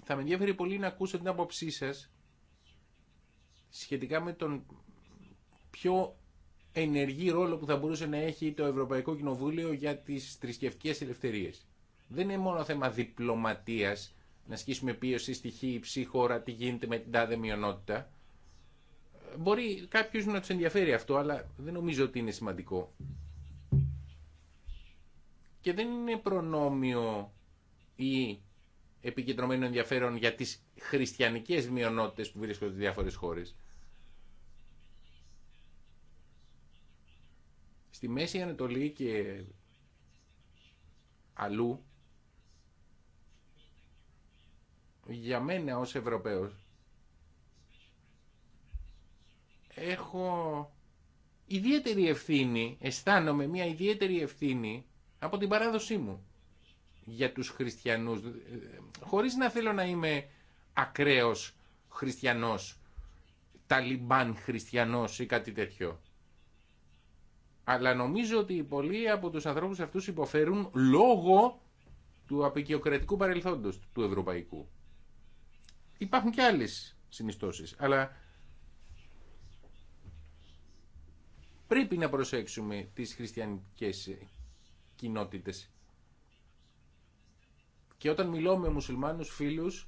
Θα, με ενδιαφέρει πολύ να ακούσω την άποψή σα σχετικά με τον πιο ενεργή ρόλο που θα μπορούσε να έχει το Ευρωπαϊκό Κοινοβούλιο για τις θρησκευτικέ ελευθερίες. Δεν είναι μόνο θέμα διπλωματίας, να ασκήσουμε πίεση στη ψή, χώρα, τι γίνεται με την τάδε μειονότητα. Μπορεί κάποιο να του ενδιαφέρει αυτό, αλλά δεν νομίζω ότι είναι σημαντικό. Και δεν είναι προνόμιο ή επικεντρωμένο ενδιαφέρον για τις χριστιανικές μειονότητες που βρίσκονται σε διάφορες χώρες. Στη Μέση Ανατολή και αλλού, για μένα ως Ευρωπαίος, έχω ιδιαίτερη ευθύνη, αισθάνομαι μια ιδιαίτερη ευθύνη από την παράδοσή μου για τους χριστιανούς. Ε, χωρίς να θέλω να είμαι ακραίος χριστιανός, ταλιμπάν χριστιανός ή κάτι τέτοιο. Αλλά νομίζω ότι πολλοί από τους ανθρώπους αυτούς υποφέρουν λόγω του απεικιοκρατικού παρελθόντος του ευρωπαϊκού. Υπάρχουν και άλλες συνιστώσεις, αλλά πρέπει να προσέξουμε τις χριστιανικές κοινότητες και όταν μιλώ με μουσουλμάνους φίλους,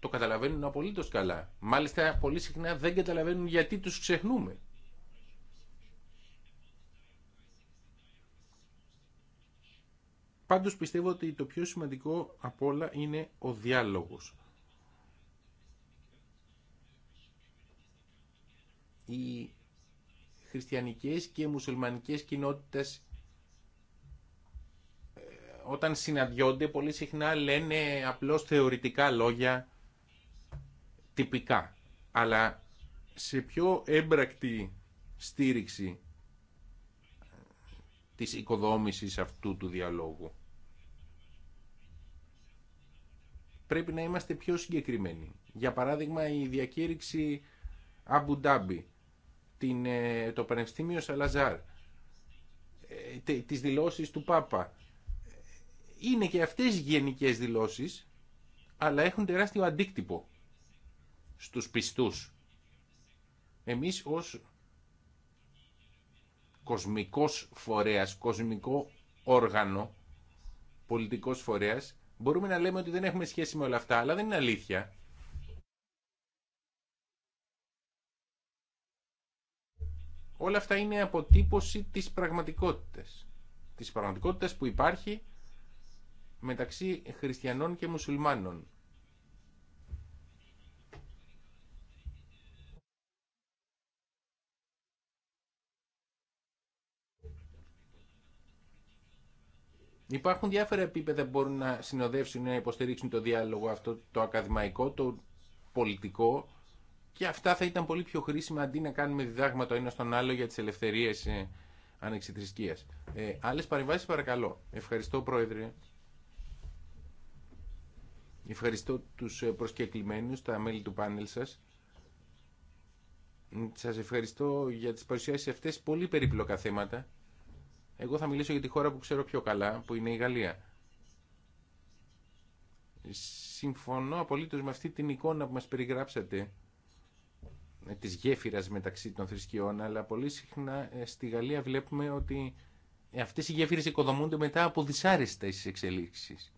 το καταλαβαίνουν απολύτω καλά. Μάλιστα, πολύ συχνά δεν καταλαβαίνουν γιατί τους ξεχνούμε. Πάντως πιστεύω ότι το πιο σημαντικό από όλα είναι ο διάλογος. Οι χριστιανικές και μουσουλμανικές κοινότητες όταν συναντιόνται πολύ συχνά λένε απλώς θεωρητικά λόγια τυπικά. Αλλά σε πιο έμπρακτη στήριξη ε, της οικοδόμησης αυτού του διαλόγου. Πρέπει να είμαστε πιο συγκεκριμένοι. Για παράδειγμα η διακήρυξη Αμπου Ντάμπι, ε, το Πανεπιστήμιο Σαλαζάρ, ε, τις δηλώσεις του Πάπα, είναι και αυτές γενικές δηλώσεις, αλλά έχουν τεράστιο αντίκτυπο στους πιστούς. Εμείς ως κοσμικός φορέας, κοσμικό όργανο, πολιτικός φορέας, μπορούμε να λέμε ότι δεν έχουμε σχέση με όλα αυτά, αλλά δεν είναι αλήθεια. Όλα αυτά είναι αποτύπωση της πραγματικότητας. Της πραγματικότητας που υπάρχει μεταξύ χριστιανών και μουσουλμάνων. Υπάρχουν διάφορα επίπεδα που μπορούν να συνοδεύσουν ή να υποστηρίξουν το διάλογο αυτό, το ακαδημαϊκό, το πολιτικό και αυτά θα ήταν πολύ πιο χρήσιμα αντί να κάνουμε διδάγματα το ένα στον άλλο για τις ελευθερίες ε, ανεξιθρησκείας. Ε, άλλες παρεμβάσεις παρακαλώ. Ευχαριστώ Πρόεδρε. Ευχαριστώ τους ε, προσκεκλημένους, τα μέλη του πάνελ σας. Σας ευχαριστώ για τις παρουσιάσεις αυτές, πολύ περίπλοκα θέματα. Εγώ θα μιλήσω για τη χώρα που ξέρω πιο καλά, που είναι η Γαλλία. Συμφωνώ απολύτως με αυτή την εικόνα που μας περιγράψατε ε, της γέφυρας μεταξύ των θρησκειών, αλλά πολύ συχνά ε, στη Γαλλία βλέπουμε ότι αυτές οι γέφυρες οικοδομούνται μετά από δυσάρεστες εξελίξεις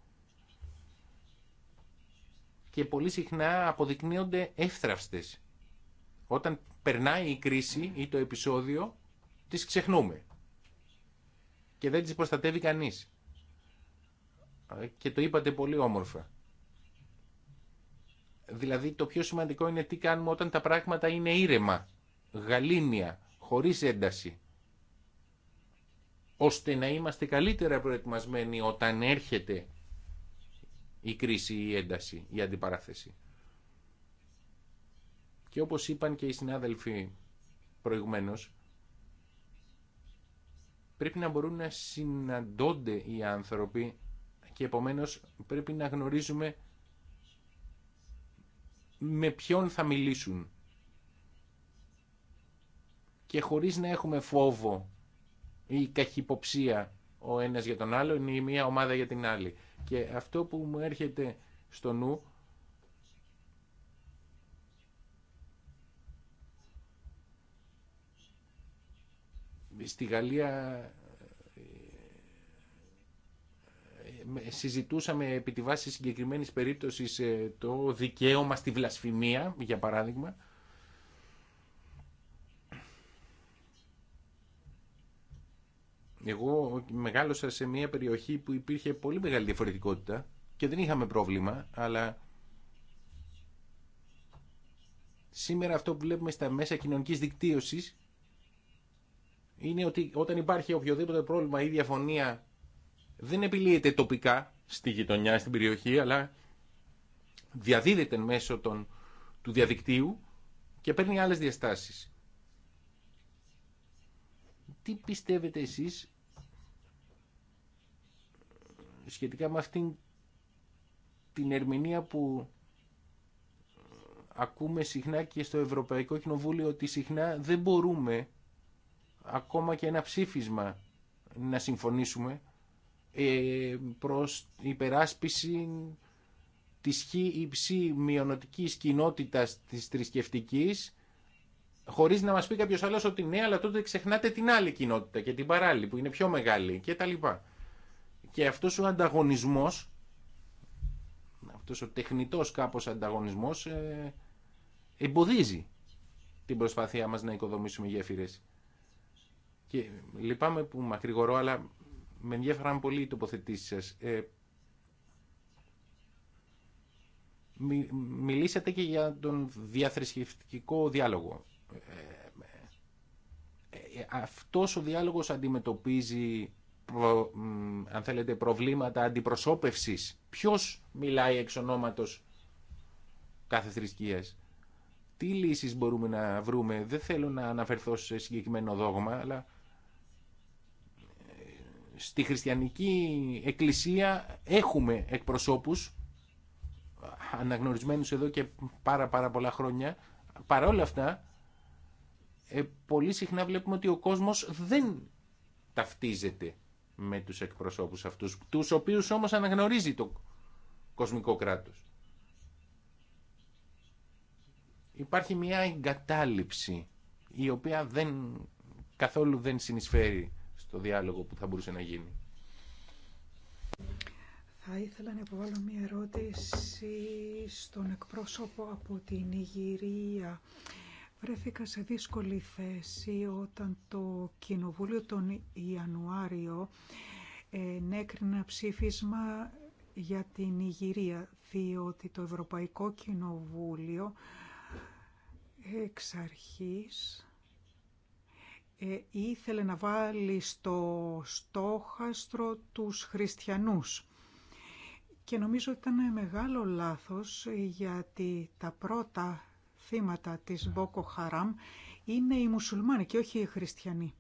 και πολύ συχνά αποδεικνύονται εύθραυστες. Όταν περνάει η κρίση ή το επεισόδιο, τις ξεχνούμε. Και δεν τις προστατεύει κανείς. Και το είπατε πολύ όμορφα. Δηλαδή το πιο σημαντικό είναι τι κάνουμε όταν τα πράγματα είναι ήρεμα, γαλήνια, χωρίς ένταση. Ώστε να είμαστε καλύτερα προετοιμασμένοι όταν έρχεται η κρίση, η ένταση, η αντιπαράθεση. Και όπως είπαν και οι συνάδελφοι προηγουμένως, πρέπει να μπορούν να συναντώνται οι άνθρωποι και επομένως πρέπει να γνωρίζουμε με ποιον θα μιλήσουν και χωρίς να έχουμε φόβο ή καχυποψία ο ένα για τον άλλον ή μια ομάδα για την άλλη. Και αυτό που μου έρχεται στο νου στη Γαλλία ε, ε, συζητούσαμε επί τη βάση συγκεκριμένης περίπτωσης ε, το δικαίωμα στη βλασφημία, για παράδειγμα, Εγώ μεγάλωσα σε μια περιοχή που υπήρχε πολύ μεγάλη διαφορετικότητα και δεν είχαμε πρόβλημα, αλλά σήμερα αυτό που βλέπουμε στα μέσα κοινωνικής δικτύωσης είναι ότι όταν υπάρχει οποιοδήποτε πρόβλημα ή διαφωνία δεν επιλύεται τοπικά στη γειτονιά, στην περιοχή, αλλά διαδίδεται μέσω των, του διαδικτύου και παίρνει άλλες διαστάσεις. Τι πιστεύετε εσείς σχετικά με αυτήν την ερμηνεία που ακούμε συχνά και στο Ευρωπαϊκό Κοινοβούλιο ότι συχνά δεν μπορούμε ακόμα και ένα ψήφισμα να συμφωνήσουμε ε, προς υπεράσπιση της χι υψή μειονοτικής κοινότητας της θρησκευτική, χωρίς να μας πει κάποιος άλλος ότι ναι, αλλά τότε ξεχνάτε την άλλη κοινότητα και την παράλληλη που είναι πιο μεγάλη και και αυτός ο ανταγωνισμός, αυτός ο τεχνητός κάπως ανταγωνισμός ε, εμποδίζει την προσπάθειά μας να οικοδομήσουμε γέφυρες. Και λυπάμαι που μακρηγορώ, αλλά με ενδιαφέραν πολύ οι τοποθετήσεις σας. Ε, μιλήσατε και για τον διαθρησκευτικό διάλογο. ε, ε αυτός ο διάλογος αντιμετωπίζει προ, αν θέλετε, προβλήματα αντιπροσώπευσης. Ποιος μιλάει εξ ονόματος κάθε θρησκείας. Τι λύσεις μπορούμε να βρούμε. Δεν θέλω να αναφερθώ σε συγκεκριμένο δόγμα, αλλά ε, στη χριστιανική εκκλησία έχουμε εκπροσώπους αναγνωρισμένους εδώ και πάρα πάρα πολλά χρόνια. παρόλα όλα αυτά, ε, πολύ συχνά βλέπουμε ότι ο κόσμος δεν ταυτίζεται με τους εκπροσώπους αυτούς, τους οποίους όμως αναγνωρίζει το κοσμικό κράτος. Υπάρχει μια εγκατάλειψη η οποία δεν, καθόλου δεν συνεισφέρει στο διάλογο που θα μπορούσε να γίνει. Θα ήθελα να υποβάλω μια ερώτηση στον εκπρόσωπο από την Ιγυρία. Βρέθηκα σε δύσκολη θέση όταν το Κοινοβούλιο τον Ιανουάριο ενέκρινε ψήφισμα για την Ιγυρία, διότι το Ευρωπαϊκό Κοινοβούλιο εξ αρχής ε, ήθελε να βάλει στο στόχαστρο τους χριστιανούς. Και νομίζω ότι ήταν μεγάλο λάθος γιατί τα πρώτα θύματα της Μπόκο είναι οι μουσουλμάνοι και όχι οι χριστιανοί.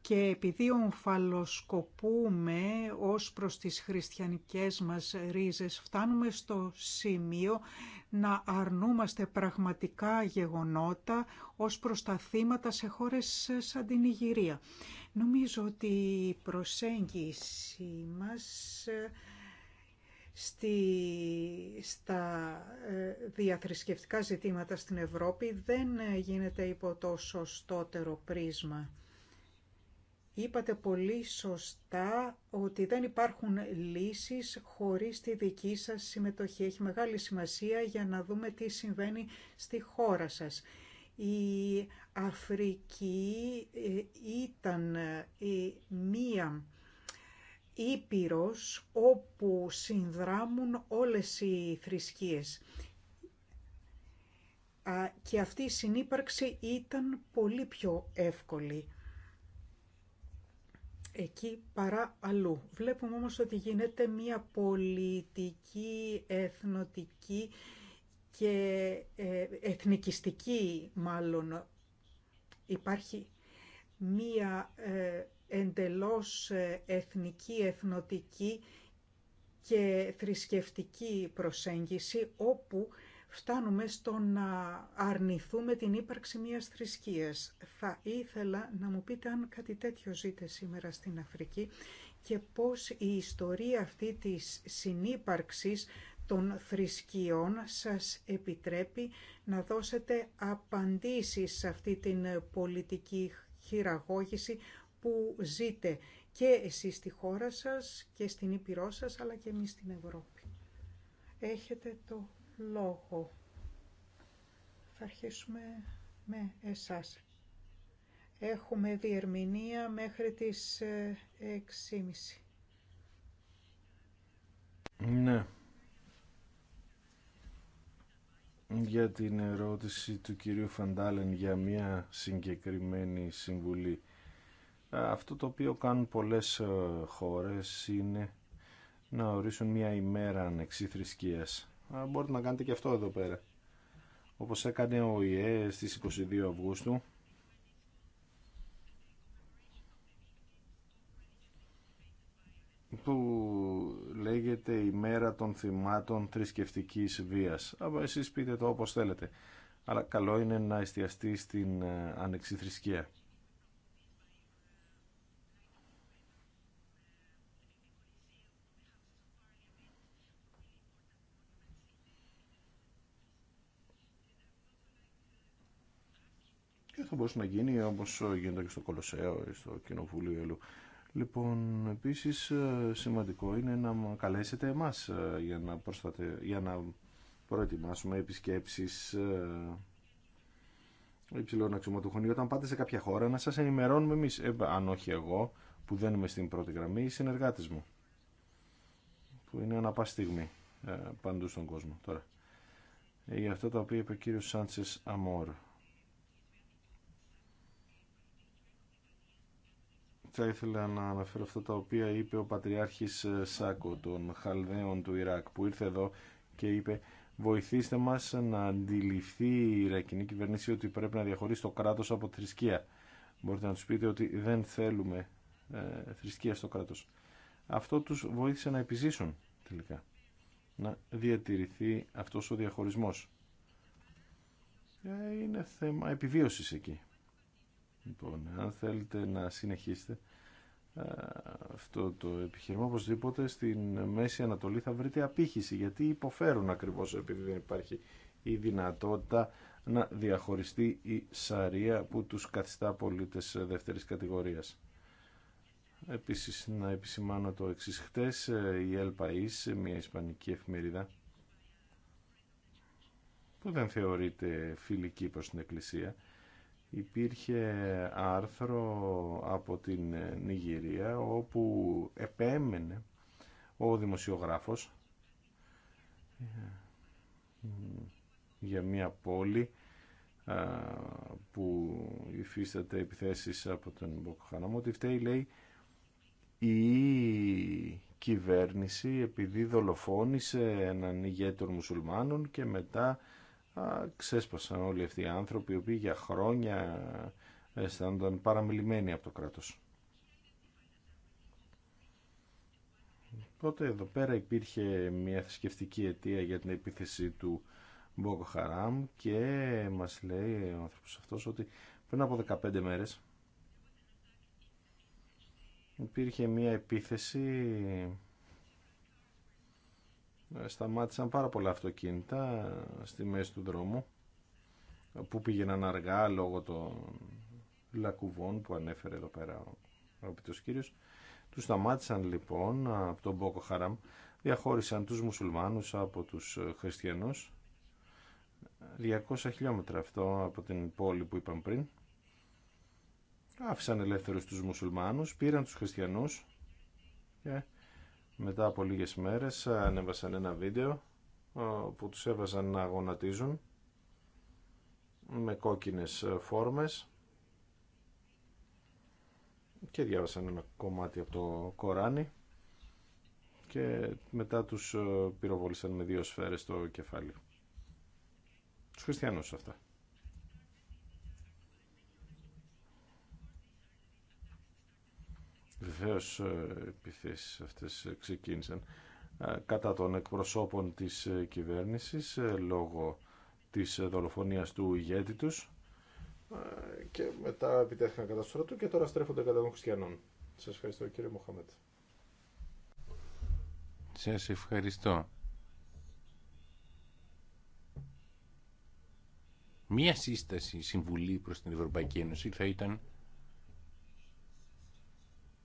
Και επειδή ομφαλοσκοπούμε ως προς τις χριστιανικές μας ρίζες, φτάνουμε στο σημείο να αρνούμαστε πραγματικά γεγονότα ως προς τα θύματα σε χώρες σαν την Ιγυρία. Νομίζω ότι η προσέγγιση μας στη, στα ε, διαθρησκευτικά ζητήματα στην Ευρώπη δεν ε, γίνεται υπό το σωστότερο πρίσμα. Είπατε πολύ σωστά ότι δεν υπάρχουν λύσεις χωρίς τη δική σας συμμετοχή. Έχει μεγάλη σημασία για να δούμε τι συμβαίνει στη χώρα σας. Η Αφρική ε, ήταν η μία Ήπειρος όπου συνδράμουν όλες οι θρησκείες. Και αυτή η συνύπαρξη ήταν πολύ πιο εύκολη εκεί παρά αλλού. Βλέπουμε όμως ότι γίνεται μια πολιτική, εθνοτική και ε, εθνικιστική μάλλον. Υπάρχει μια ε, εντελώς ε, εθνική, εθνοτική και θρησκευτική προσέγγιση όπου φτάνουμε στο να αρνηθούμε την ύπαρξη μιας θρησκείας. Θα ήθελα να μου πείτε αν κάτι τέτοιο ζείτε σήμερα στην Αφρική και πώς η ιστορία αυτή της συνύπαρξης των θρησκειών σας επιτρέπει να δώσετε απαντήσεις σε αυτή την πολιτική χειραγώγηση που ζείτε και εσείς στη χώρα σας και στην Ήπειρό σας αλλά και εμείς στην Ευρώπη. Έχετε το λόγο. Θα αρχίσουμε με εσάς. Έχουμε διερμηνία μέχρι τις 6.30. Ε, ναι. Για την ερώτηση του κυρίου Φαντάλεν για μια συγκεκριμένη συμβουλή αυτό το οποίο κάνουν πολλές ε, χώρες είναι να ορίσουν μια ημέρα ανεξή θρησκείας. Μπορείτε να κάνετε και αυτό εδώ πέρα. Όπως έκανε ο ΙΕ στις 22 Αυγούστου. που λέγεται ημέρα των θυμάτων θρησκευτικής βίας. Αλλά εσείς πείτε το όπως θέλετε. Αλλά καλό είναι να εστιαστεί στην ε, ανεξή θρησκεία. μπορούσε να γίνει όπω γίνεται και στο Κολοσσέο ή στο Κοινοβούλιο Λοιπόν, επίση ε, σημαντικό είναι να καλέσετε εμά ε, για να, προστατε... να προετοιμάσουμε επισκέψει ε, υψηλών αξιωματούχων. Όταν πάτε σε κάποια χώρα να σα ενημερώνουμε εμεί αν όχι εγώ που δεν είμαι στην πρώτη γραμμή, οι συνεργάτε μου που είναι ανά πάση παντού στον κόσμο τώρα. Για αυτό το οποία είπε ο κύριο Σάντσε Αμόρ. θα ήθελα να αναφέρω αυτά τα οποία είπε ο Πατριάρχης ε, Σάκο των Χαλδαίων του Ιράκ που ήρθε εδώ και είπε βοηθήστε μας να αντιληφθεί η Ιρακινή κυβέρνηση ότι πρέπει να διαχωρίσει το κράτος από τη θρησκεία. Μπορείτε να τους πείτε ότι δεν θέλουμε ε, θρησκεία στο κράτος. Αυτό τους βοήθησε να επιζήσουν τελικά. Να διατηρηθεί αυτός ο διαχωρισμός. Ε, είναι θέμα επιβίωσης εκεί. Λοιπόν, αν θέλετε να συνεχίσετε αυτό το επιχειρήμα, οπωσδήποτε στην Μέση Ανατολή θα βρείτε απήχηση, γιατί υποφέρουν ακριβώς επειδή δεν υπάρχει η δυνατότητα να διαχωριστεί η Σαρία που τους καθιστά πολίτες δεύτερης κατηγορίας. Επίσης, να επισημάνω το εξή χτες, ε, η El μια ισπανική εφημερίδα, που δεν θεωρείται φιλική προς την Εκκλησία, υπήρχε άρθρο από την Νιγηρία όπου επέμενε ο δημοσιογράφος για μια πόλη που υφίσταται επιθέσεις από τον μποκοχανόμο ότι φταίει λέει η κυβέρνηση επειδή δολοφόνησε έναν ηγέτη των μουσουλμάνων και μετά ξέσπασαν όλοι αυτοί οι άνθρωποι οι οποίοι για χρόνια αισθάνονταν παραμελημένοι από το κράτος. Τότε εδώ πέρα υπήρχε μια θρησκευτική αιτία για την επίθεση του Μπόκο Χαράμ και μας λέει ο άνθρωπος αυτός ότι πριν από 15 μέρες υπήρχε μια επίθεση ε, σταμάτησαν πάρα πολλά αυτοκίνητα στη μέση του δρόμου που πήγαιναν αργά λόγω των λακκουβών που ανέφερε εδώ πέρα ο αγαπητός κύριος. Τους σταμάτησαν λοιπόν από τον Μπόκο Χαράμ, διαχώρισαν τους μουσουλμάνους από τους ε, χριστιανούς 200 χιλιόμετρα αυτό από την πόλη που είπαμε πριν. Άφησαν ελεύθερους τους μουσουλμάνους, πήραν τους χριστιανούς και μετά από λίγες μέρες ε, ανέβασαν ένα βίντεο ε, που τους έβαζαν να γονατίζουν με κόκκινες ε, φόρμες και διάβασαν ένα κομμάτι από το Κοράνι και μετά τους πυροβόλησαν με δύο σφαίρες στο κεφάλι. Τους χριστιανούς αυτά. Βεβαίω ε, επιθέσει αυτές ξεκίνησαν ε, κατά των εκπροσώπων της ε, κυβέρνησης λόγω της δολοφονίας του ηγέτη τους και μετά επιτέθηκαν κατά στρατού και τώρα στρέφονται κατά των χριστιανών. Σας ευχαριστώ κύριε Μοχαμέτ. Σας ευχαριστώ. Μία σύσταση συμβουλή προς την Ευρωπαϊκή Ένωση θα ήταν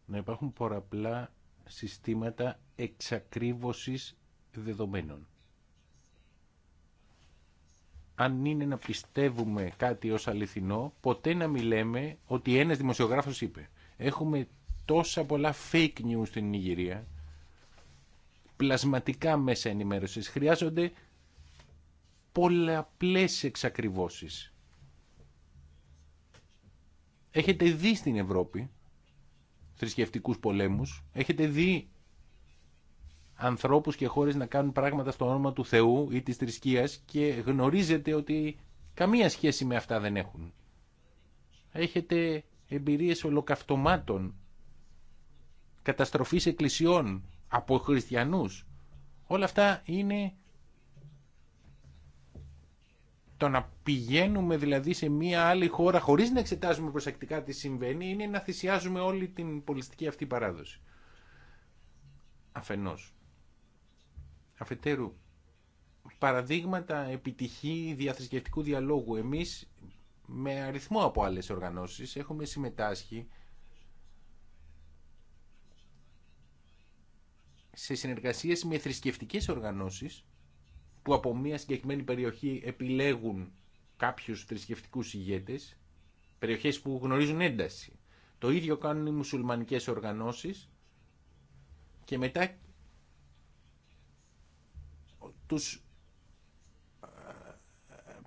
να υπάρχουν πολλαπλά συστήματα εξακρίβωσης δεδομένων. Αν είναι να πιστεύουμε κάτι ως αληθινό, ποτέ να μην ότι ένας δημοσιογράφος είπε «Έχουμε τόσα πολλά fake news στην Νιγηρία, πλασματικά μέσα ενημέρωσης, χρειάζονται πολλαπλές εξακριβώσεις». Έχετε δει στην Ευρώπη θρησκευτικούς πολέμους. Έχετε δει ανθρώπους και χώρες να κάνουν πράγματα στο όνομα του Θεού ή της θρησκείας και γνωρίζετε ότι καμία σχέση με αυτά δεν έχουν. Έχετε εμπειρίες ολοκαυτωμάτων, καταστροφής εκκλησιών από χριστιανούς. Όλα αυτά είναι το να πηγαίνουμε δηλαδή σε μια άλλη χώρα χωρίς να εξετάζουμε προσεκτικά τι συμβαίνει είναι να θυσιάζουμε όλη την πολιτική αυτή παράδοση. Αφενός. Αφετέρου, παραδείγματα επιτυχή διαθρησκευτικού διαλόγου. Εμείς με αριθμό από άλλες οργανώσεις έχουμε συμμετάσχει σε συνεργασίες με θρησκευτικές οργανώσεις που από μια συγκεκριμένη περιοχή επιλέγουν κάποιους θρησκευτικούς ηγέτες, περιοχές που γνωρίζουν ένταση. Το ίδιο κάνουν οι μουσουλμανικές οργανώσεις και μετά τους ε,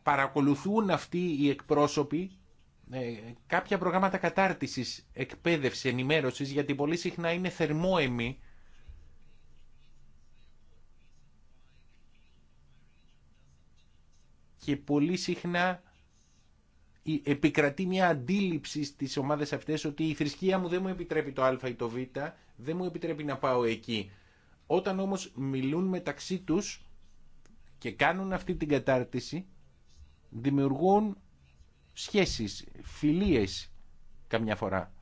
παρακολουθούν αυτοί οι εκπρόσωποι ε, κάποια προγράμματα κατάρτισης, εκπαίδευση, ενημέρωσης, γιατί πολύ συχνά είναι θερμόεμοι και πολύ συχνά επικρατεί μια αντίληψη στις ομάδες αυτές ότι η θρησκεία μου δεν μου επιτρέπει το α ή το β, δεν μου επιτρέπει να πάω εκεί. Όταν όμως μιλούν μεταξύ τους και κάνουν αυτή την κατάρτιση, δημιουργούν σχέσεις, φιλίες καμιά φορά.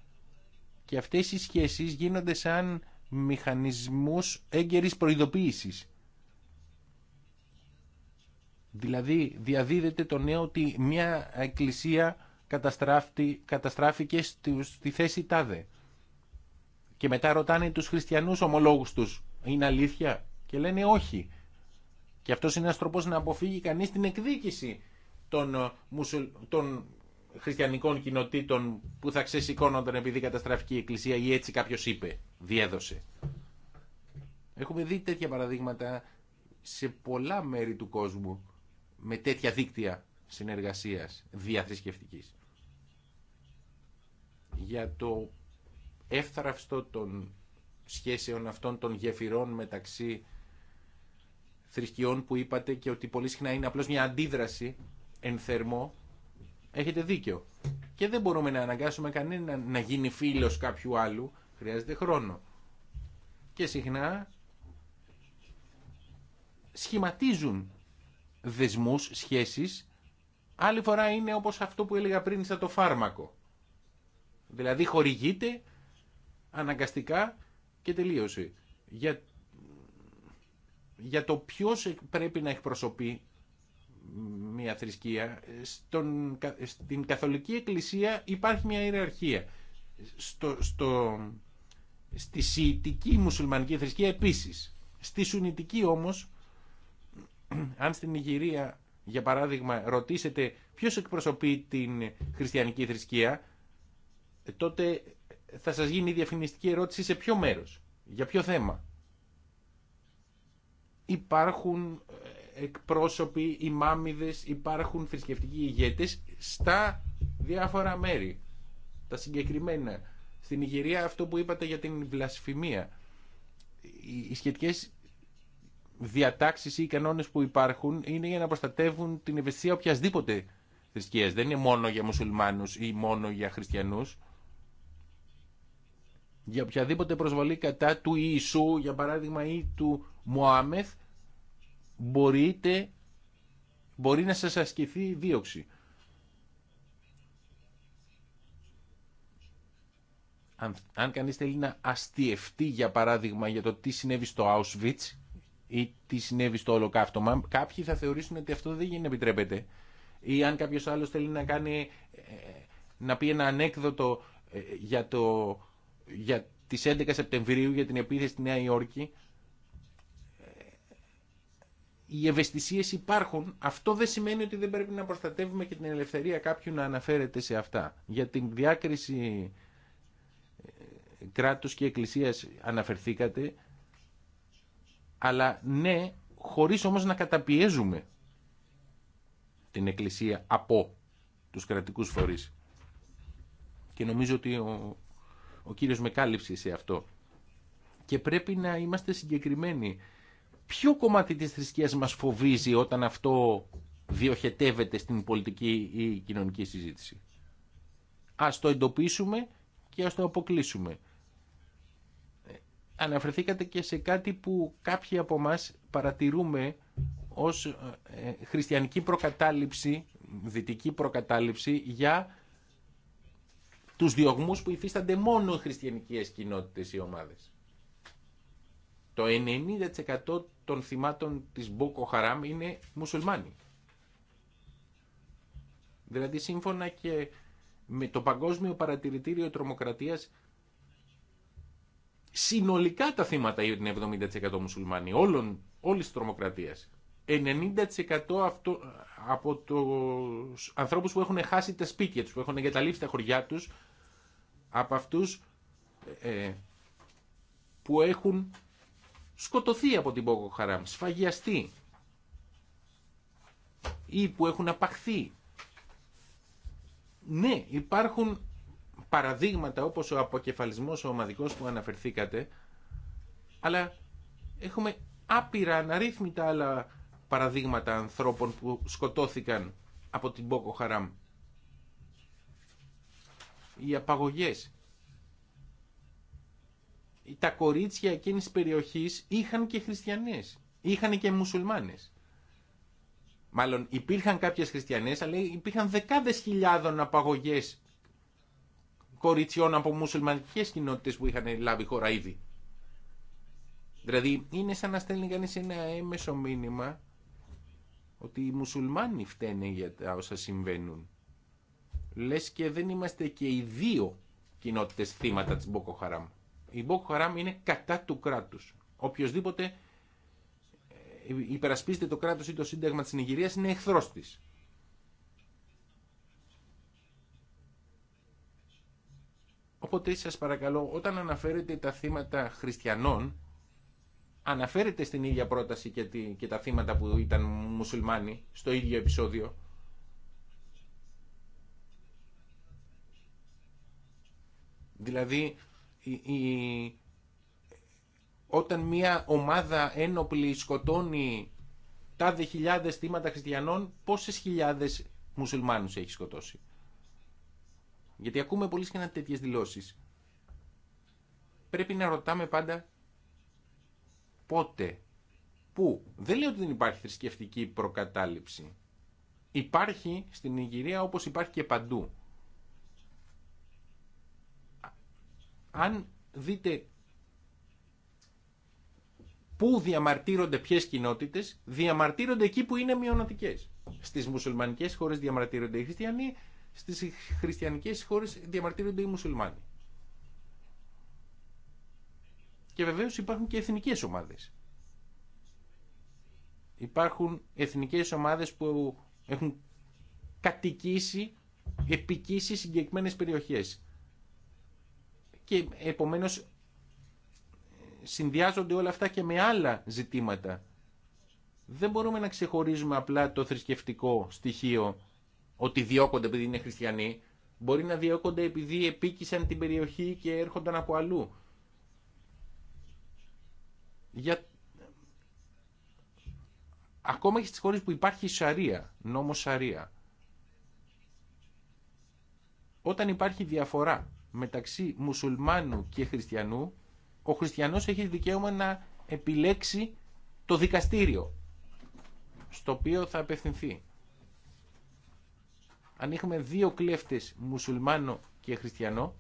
Και αυτές οι σχέσεις γίνονται σαν μηχανισμούς έγκαιρης προειδοποίησης. Δηλαδή διαδίδεται το νέο ότι μια εκκλησία καταστράφηκε στη θέση τάδε. Και μετά ρωτάνε τους χριστιανούς ομολόγους τους, είναι αλήθεια και λένε όχι. Και αυτός είναι ένας τρόπος να αποφύγει κανείς την εκδίκηση των, ε, μουσουλ... των χριστιανικών κοινοτήτων που θα ξεσηκώνονταν επειδή καταστράφηκε η εκκλησία ή έτσι κάποιος είπε, διέδωσε. Έχουμε δει τέτοια παραδείγματα σε πολλά μέρη του κόσμου με τέτοια δίκτυα συνεργασίας διαθρησκευτικής. Για το εύθραυστο των σχέσεων αυτών των γεφυρών μεταξύ θρησκειών που είπατε και ότι πολύ συχνά είναι απλώς μια αντίδραση εν θερμό, έχετε δίκιο. Και δεν μπορούμε να αναγκάσουμε κανέναν να γίνει φίλος κάποιου άλλου, χρειάζεται χρόνο. Και συχνά σχηματίζουν δεσμούς, σχέσεις. Άλλη φορά είναι όπως αυτό που έλεγα πριν στα το φάρμακο. Δηλαδή χορηγείται αναγκαστικά και τελείωσε. Για, για το ποιος πρέπει να εκπροσωπεί μια θρησκεία. Στον, στην καθολική εκκλησία υπάρχει μια ιεραρχία. Στο, στο, στη σιητική μουσουλμανική θρησκεία επίσης. Στη σουνητική όμως αν στην Ιγυρία, για παράδειγμα, ρωτήσετε ποιος εκπροσωπεί την χριστιανική θρησκεία, τότε θα σας γίνει η διαφημιστική ερώτηση σε ποιο μέρος, για ποιο θέμα. Υπάρχουν ε, εκπρόσωποι, ημάμιδες, υπάρχουν θρησκευτικοί ηγέτες στα διάφορα μέρη. Τα συγκεκριμένα. Στην Ιγυρία αυτό που είπατε για την βλασφημία. Οι σχετικές Διατάξει ή κανόνες που υπάρχουν είναι για να προστατεύουν την ευαισθησία οποιασδήποτε θρησκεία. Δεν είναι μόνο για μουσουλμάνους ή μόνο για χριστιανούς. Για οποιαδήποτε προσβολή κατά του Ιησού, για παράδειγμα, ή του Μωάμεθ, μπορείτε, μπορεί να σας ασκηθεί δίωξη. Αν, αν κανείς θέλει να αστιευτεί, για παράδειγμα, για το τι συνέβη στο Auschwitz, ή τι συνέβη στο ολοκαύτωμα. Κάποιοι θα θεωρήσουν ότι αυτό δεν γίνει επιτρέπεται. Ή αν κάποιο άλλο θέλει να κάνει, ε, να πει ένα ανέκδοτο ε, για, το, για τις 11 Σεπτεμβρίου για την επίθεση στη Νέα Υόρκη. Ε, οι ευαισθησίε υπάρχουν. Αυτό δεν σημαίνει ότι δεν πρέπει να προστατεύουμε και την ελευθερία κάποιου να αναφέρεται σε αυτά. Για την διάκριση κράτους και εκκλησίας αναφερθήκατε αλλά ναι, χωρίς όμως να καταπιέζουμε την Εκκλησία από τους κρατικούς φορείς. Και νομίζω ότι ο, κύριος με κάλυψε σε αυτό. Και πρέπει να είμαστε συγκεκριμένοι. Ποιο κομμάτι της θρησκείας μας φοβίζει όταν αυτό διοχετεύεται στην πολιτική ή κοινωνική συζήτηση. Ας το εντοπίσουμε και ας το αποκλείσουμε αναφερθήκατε και σε κάτι που κάποιοι από εμά παρατηρούμε ως ε, χριστιανική προκατάληψη, δυτική προκατάληψη για τους διωγμούς που υφίστανται μόνο οι χριστιανικές κοινότητες ή ομάδες. Το 90% των θυμάτων της Μπόκο είναι μουσουλμάνοι. Δηλαδή σύμφωνα και με το Παγκόσμιο Παρατηρητήριο Τρομοκρατίας συνολικά τα θύματα είναι 70% μουσουλμάνοι, όλων, όλης της τρομοκρατίας. 90% αυτό, από τους ανθρώπους που έχουν χάσει τα σπίτια τους, που έχουν εγκαταλείψει τα χωριά τους, από αυτούς ε, ε, που έχουν σκοτωθεί από την Πόκο Χαράμ, σφαγιαστεί ή που έχουν απαχθεί. Ναι, υπάρχουν παραδείγματα όπως ο αποκεφαλισμός ο ομαδικός που αναφερθήκατε, αλλά έχουμε άπειρα αναρρύθμιτα άλλα παραδείγματα ανθρώπων που σκοτώθηκαν από την Μπόκο Χαράμ. Οι απαγωγές. Τα κορίτσια εκείνης της περιοχής είχαν και χριστιανές. Είχαν και μουσουλμάνες. Μάλλον υπήρχαν κάποιες χριστιανές, αλλά υπήρχαν δεκάδες χιλιάδων απαγωγές κοριτσιών από μουσουλμανικές κοινότητες που είχαν λάβει χώρα ήδη. Δηλαδή είναι σαν να στέλνει κανείς ένα έμεσο μήνυμα ότι οι μουσουλμάνοι φταίνε για τα όσα συμβαίνουν. Λες και δεν είμαστε και οι δύο κοινότητες θύματα της Μποκοχαράμ. Η Μποκοχαράμ είναι κατά του κράτους. Οποιοδήποτε ε, υπερασπίζεται το κράτο ή το σύνταγμα τη Νιγηρία είναι εχθρό τη. Οπότε σας παρακαλώ, όταν αναφέρετε τα θύματα χριστιανών, αναφέρετε στην ίδια πρόταση και, τα θύματα που ήταν μουσουλμάνοι στο ίδιο επεισόδιο. Δηλαδή, όταν μια ομάδα ένοπλη σκοτώνει τάδε χιλιάδες θύματα χριστιανών, πόσες χιλιάδες μουσουλμάνους έχει σκοτώσει. Γιατί ακούμε πολύ συχνά τέτοιε δηλώσει. Πρέπει να ρωτάμε πάντα πότε, πού. Δεν λέω ότι δεν υπάρχει θρησκευτική προκατάληψη. Υπάρχει στην Ιγυρία όπως υπάρχει και παντού. Αν δείτε πού διαμαρτύρονται ποιε κοινότητε, διαμαρτύρονται εκεί που είναι μειονοτικέ. Στι μουσουλμανικές χώρε διαμαρτύρονται οι χριστιανοί, στις χριστιανικές χώρες διαμαρτύρονται οι μουσουλμάνοι. Και βεβαίως υπάρχουν και εθνικές ομάδες. Υπάρχουν εθνικές ομάδες που έχουν κατοικήσει, επικίσει συγκεκριμένες περιοχές. Και επομένως συνδυάζονται όλα αυτά και με άλλα ζητήματα. Δεν μπορούμε να ξεχωρίζουμε απλά το θρησκευτικό στοιχείο ότι διώκονται επειδή είναι χριστιανοί. Μπορεί να διώκονται επειδή επίκησαν την περιοχή και έρχονταν από αλλού. Για... Ακόμα και στις χώρες που υπάρχει σαρία, νόμος σαρία. Όταν υπάρχει διαφορά μεταξύ μουσουλμάνου και χριστιανού, ο χριστιανός έχει δικαίωμα να επιλέξει το δικαστήριο στο οποίο θα απευθυνθεί αν έχουμε δύο κλέφτες μουσουλμάνο και χριστιανό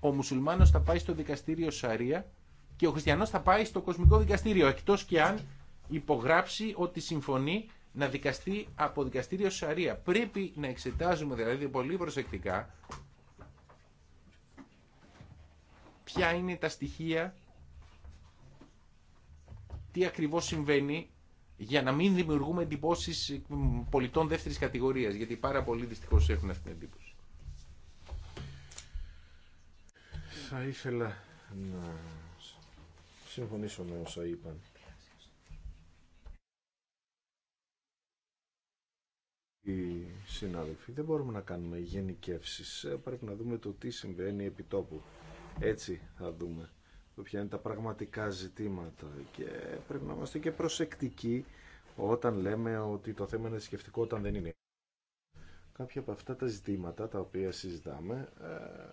ο μουσουλμάνος θα πάει στο δικαστήριο Σαρία και ο χριστιανός θα πάει στο κοσμικό δικαστήριο εκτός και αν υπογράψει ότι συμφωνεί να δικαστεί από δικαστήριο Σαρία. Πρέπει να εξετάζουμε δηλαδή πολύ προσεκτικά ποια είναι τα στοιχεία, τι ακριβώς συμβαίνει για να μην δημιουργούμε εντυπώσει πολιτών δεύτερη κατηγορία, γιατί πάρα πολλοί δυστυχώ έχουν αυτή την εντύπωση. Θα ήθελα να συμφωνήσω με όσα είπαν. Οι συνάδελφοι δεν μπορούμε να κάνουμε γενικεύσεις. Ε, πρέπει να δούμε το τι συμβαίνει επί τόπου. Έτσι θα δούμε το ποια είναι τα πραγματικά ζητήματα και πρέπει να είμαστε και προσεκτικοί όταν λέμε ότι το θέμα είναι σκεφτικό όταν δεν είναι. Κάποια από αυτά τα ζητήματα τα οποία συζητάμε, ε,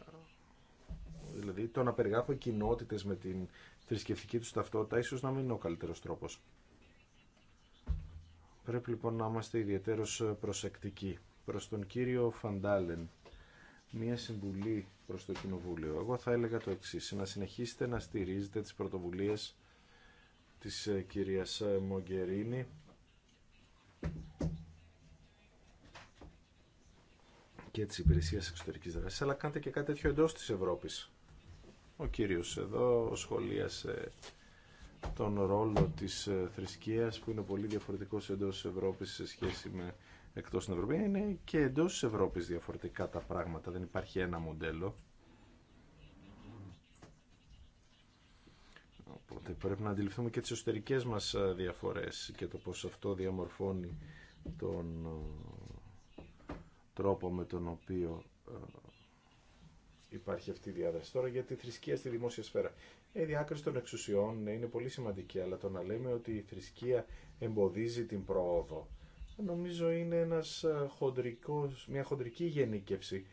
δηλαδή το να περιγράφω κοινότητες με την θρησκευτική του ταυτότητα, ίσως να μην είναι ο καλύτερος τρόπος. Πρέπει λοιπόν να είμαστε ιδιαίτερως προσεκτικοί. Προς τον κύριο Φαντάλεν μια συμβουλή προς το Κοινοβούλιο. Εγώ θα έλεγα το εξής, να συνεχίσετε να στηρίζετε τις πρωτοβουλίες της ε, κυρίας ε, Μογκερίνη και της υπηρεσίας εξωτερικής δράσης, αλλά κάντε και κάτι τέτοιο εντός της Ευρώπης. Ο κύριος εδώ σχολίασε τον ρόλο της ε, θρησκείας που είναι πολύ διαφορετικός εντός της Ευρώπης σε σχέση με εκτός στην Ευρωπαϊκή είναι και εντός της Ευρώπης διαφορετικά τα πράγματα. Δεν υπάρχει ένα μοντέλο. Οπότε πρέπει να αντιληφθούμε και τις εσωτερικές μας ε, διαφορές και το πώς αυτό διαμορφώνει τον ε, τρόπο με τον οποίο ε, υπάρχει αυτή η διάδραση. Τώρα για τη θρησκεία στη δημόσια σφαίρα. Η διάκριση των εξουσιών ναι, είναι πολύ σημαντική, αλλά το να λέμε ότι η θρησκεία εμποδίζει την πρόοδο νομίζω είναι ένας ε, χοντρικός, μια χοντρική γενίκευση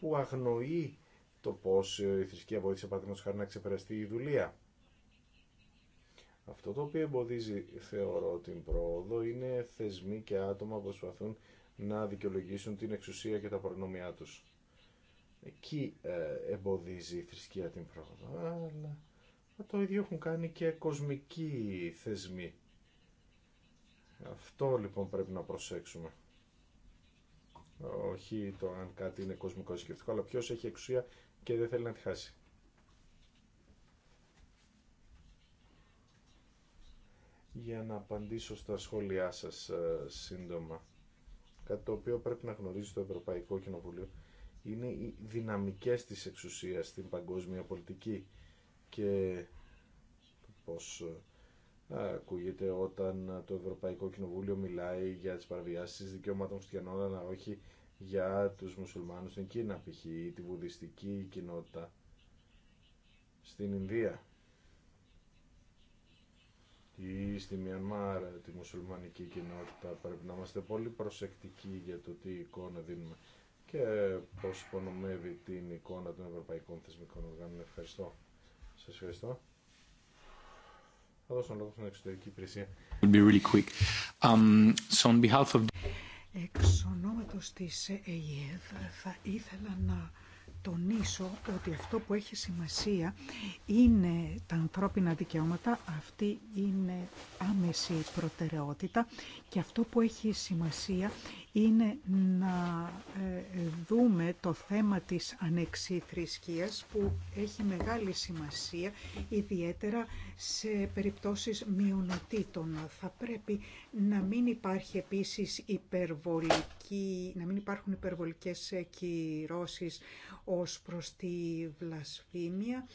που αγνοεί το πώς ε, η θρησκεία βοήθησε παραδείγματος χάρη να ξεπεραστεί η δουλεία. Αυτό το οποίο εμποδίζει, θεωρώ, την πρόοδο είναι θεσμοί και άτομα που προσπαθούν να δικαιολογήσουν την εξουσία και τα προνομιά τους. Εκεί ε, εμποδίζει η θρησκεία την πρόοδο. Αλλά το ίδιο έχουν κάνει και κοσμικοί θεσμοί. Αυτό λοιπόν πρέπει να προσέξουμε. Όχι το αν κάτι είναι κοσμικό σκεπτικό, αλλά ποιος έχει εξουσία και δεν θέλει να τη χάσει. Για να απαντήσω στα σχόλιά σας ε, σύντομα. Κάτι το οποίο πρέπει να γνωρίζει το Ευρωπαϊκό Κοινοβουλίο είναι οι δυναμικές της εξουσίας στην παγκόσμια πολιτική και πώς ε, ακούγεται όταν το Ευρωπαϊκό Κοινοβούλιο μιλάει για τις παραβιάσεις δικαιωμάτων χριστιανών αλλά όχι για τους μουσουλμάνους στην Κίνα π.χ. ή τη βουδιστική κοινότητα στην Ινδία ή στη Μιανμάρ τη μουσουλμανική κοινότητα πρέπει να είμαστε πολύ προσεκτικοί για το τι εικόνα δίνουμε και πώς υπονομεύει την εικόνα των ευρωπαϊκών θεσμικών οργάνων. Ευχαριστώ. Σας ευχαριστώ. Θα δώσω λόγο στην εξωτερική υπηρεσία. Um, Εξ ονόματος της ΕΙΕΔ θα ήθελα να τονίσω ότι αυτό που έχει σημασία είναι τα ανθρώπινα δικαιώματα, αυτή είναι άμεση προτεραιότητα και αυτό που έχει σημασία είναι να ε, δούμε το θέμα της ανεξιθρησκείας που έχει μεγάλη σημασία, ιδιαίτερα σε περιπτώσεις μειονοτήτων. Θα πρέπει να μην υπάρχει επίσης υπερβολική, να μην υπάρχουν υπερβολικές κυρώσεις ως προς τη βλασφήμια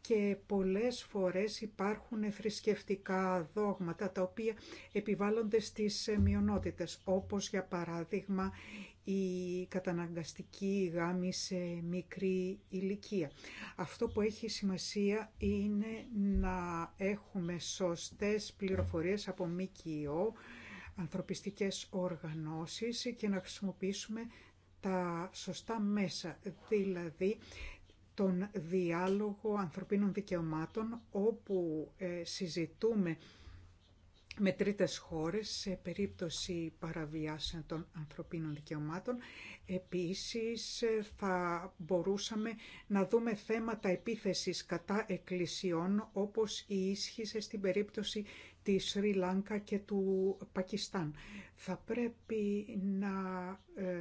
και πολλές φορές υπάρχουν θρησκευτικά δόγματα τα οποία επιβάλλονται στις ε, μειονότητες, όπως για παράδειγμα η καταναγκαστική γάμη σε μικρή ηλικία. Αυτό που έχει σημασία είναι να έχουμε σωστές πληροφορίες από ΜΚΟ, ανθρωπιστικές οργανώσεις και να χρησιμοποιήσουμε τα σωστά μέσα, δηλαδή τον διάλογο ανθρωπίνων δικαιωμάτων όπου ε, συζητούμε με τρίτες χώρες σε περίπτωση παραβιάσεων των ανθρωπίνων δικαιωμάτων. Επίσης ε, θα μπορούσαμε να δούμε θέματα επίθεσης κατά εκκλησιών όπως η ίσχυσε στην περίπτωση της Σρι Λάνκα και του Πακιστάν. Θα πρέπει να ε,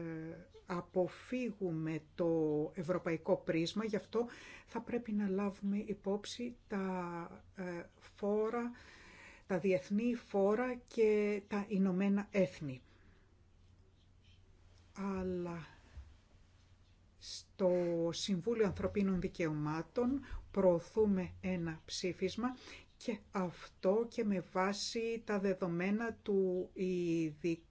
αποφύγουμε το ευρωπαϊκό πρίσμα, γι' αυτό θα πρέπει να λάβουμε υπόψη τα ε, φόρα, τα διεθνή φόρα και τα Ηνωμένα Έθνη. Αλλά στο Συμβούλιο Ανθρωπίνων Δικαιωμάτων προωθούμε ένα ψήφισμα και αυτό και με βάση τα δεδομένα του ειδικού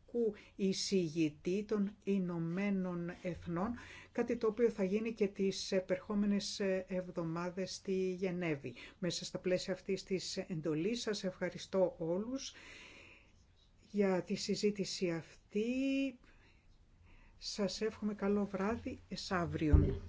η εισηγητή των Ηνωμένων Εθνών, κάτι το οποίο θα γίνει και τις επερχόμενες εβδομάδες στη Γενέβη. Μέσα στα πλαίσια αυτής της εντολής σας ευχαριστώ όλους για τη συζήτηση αυτή. Σας εύχομαι καλό βράδυ εσάβριον.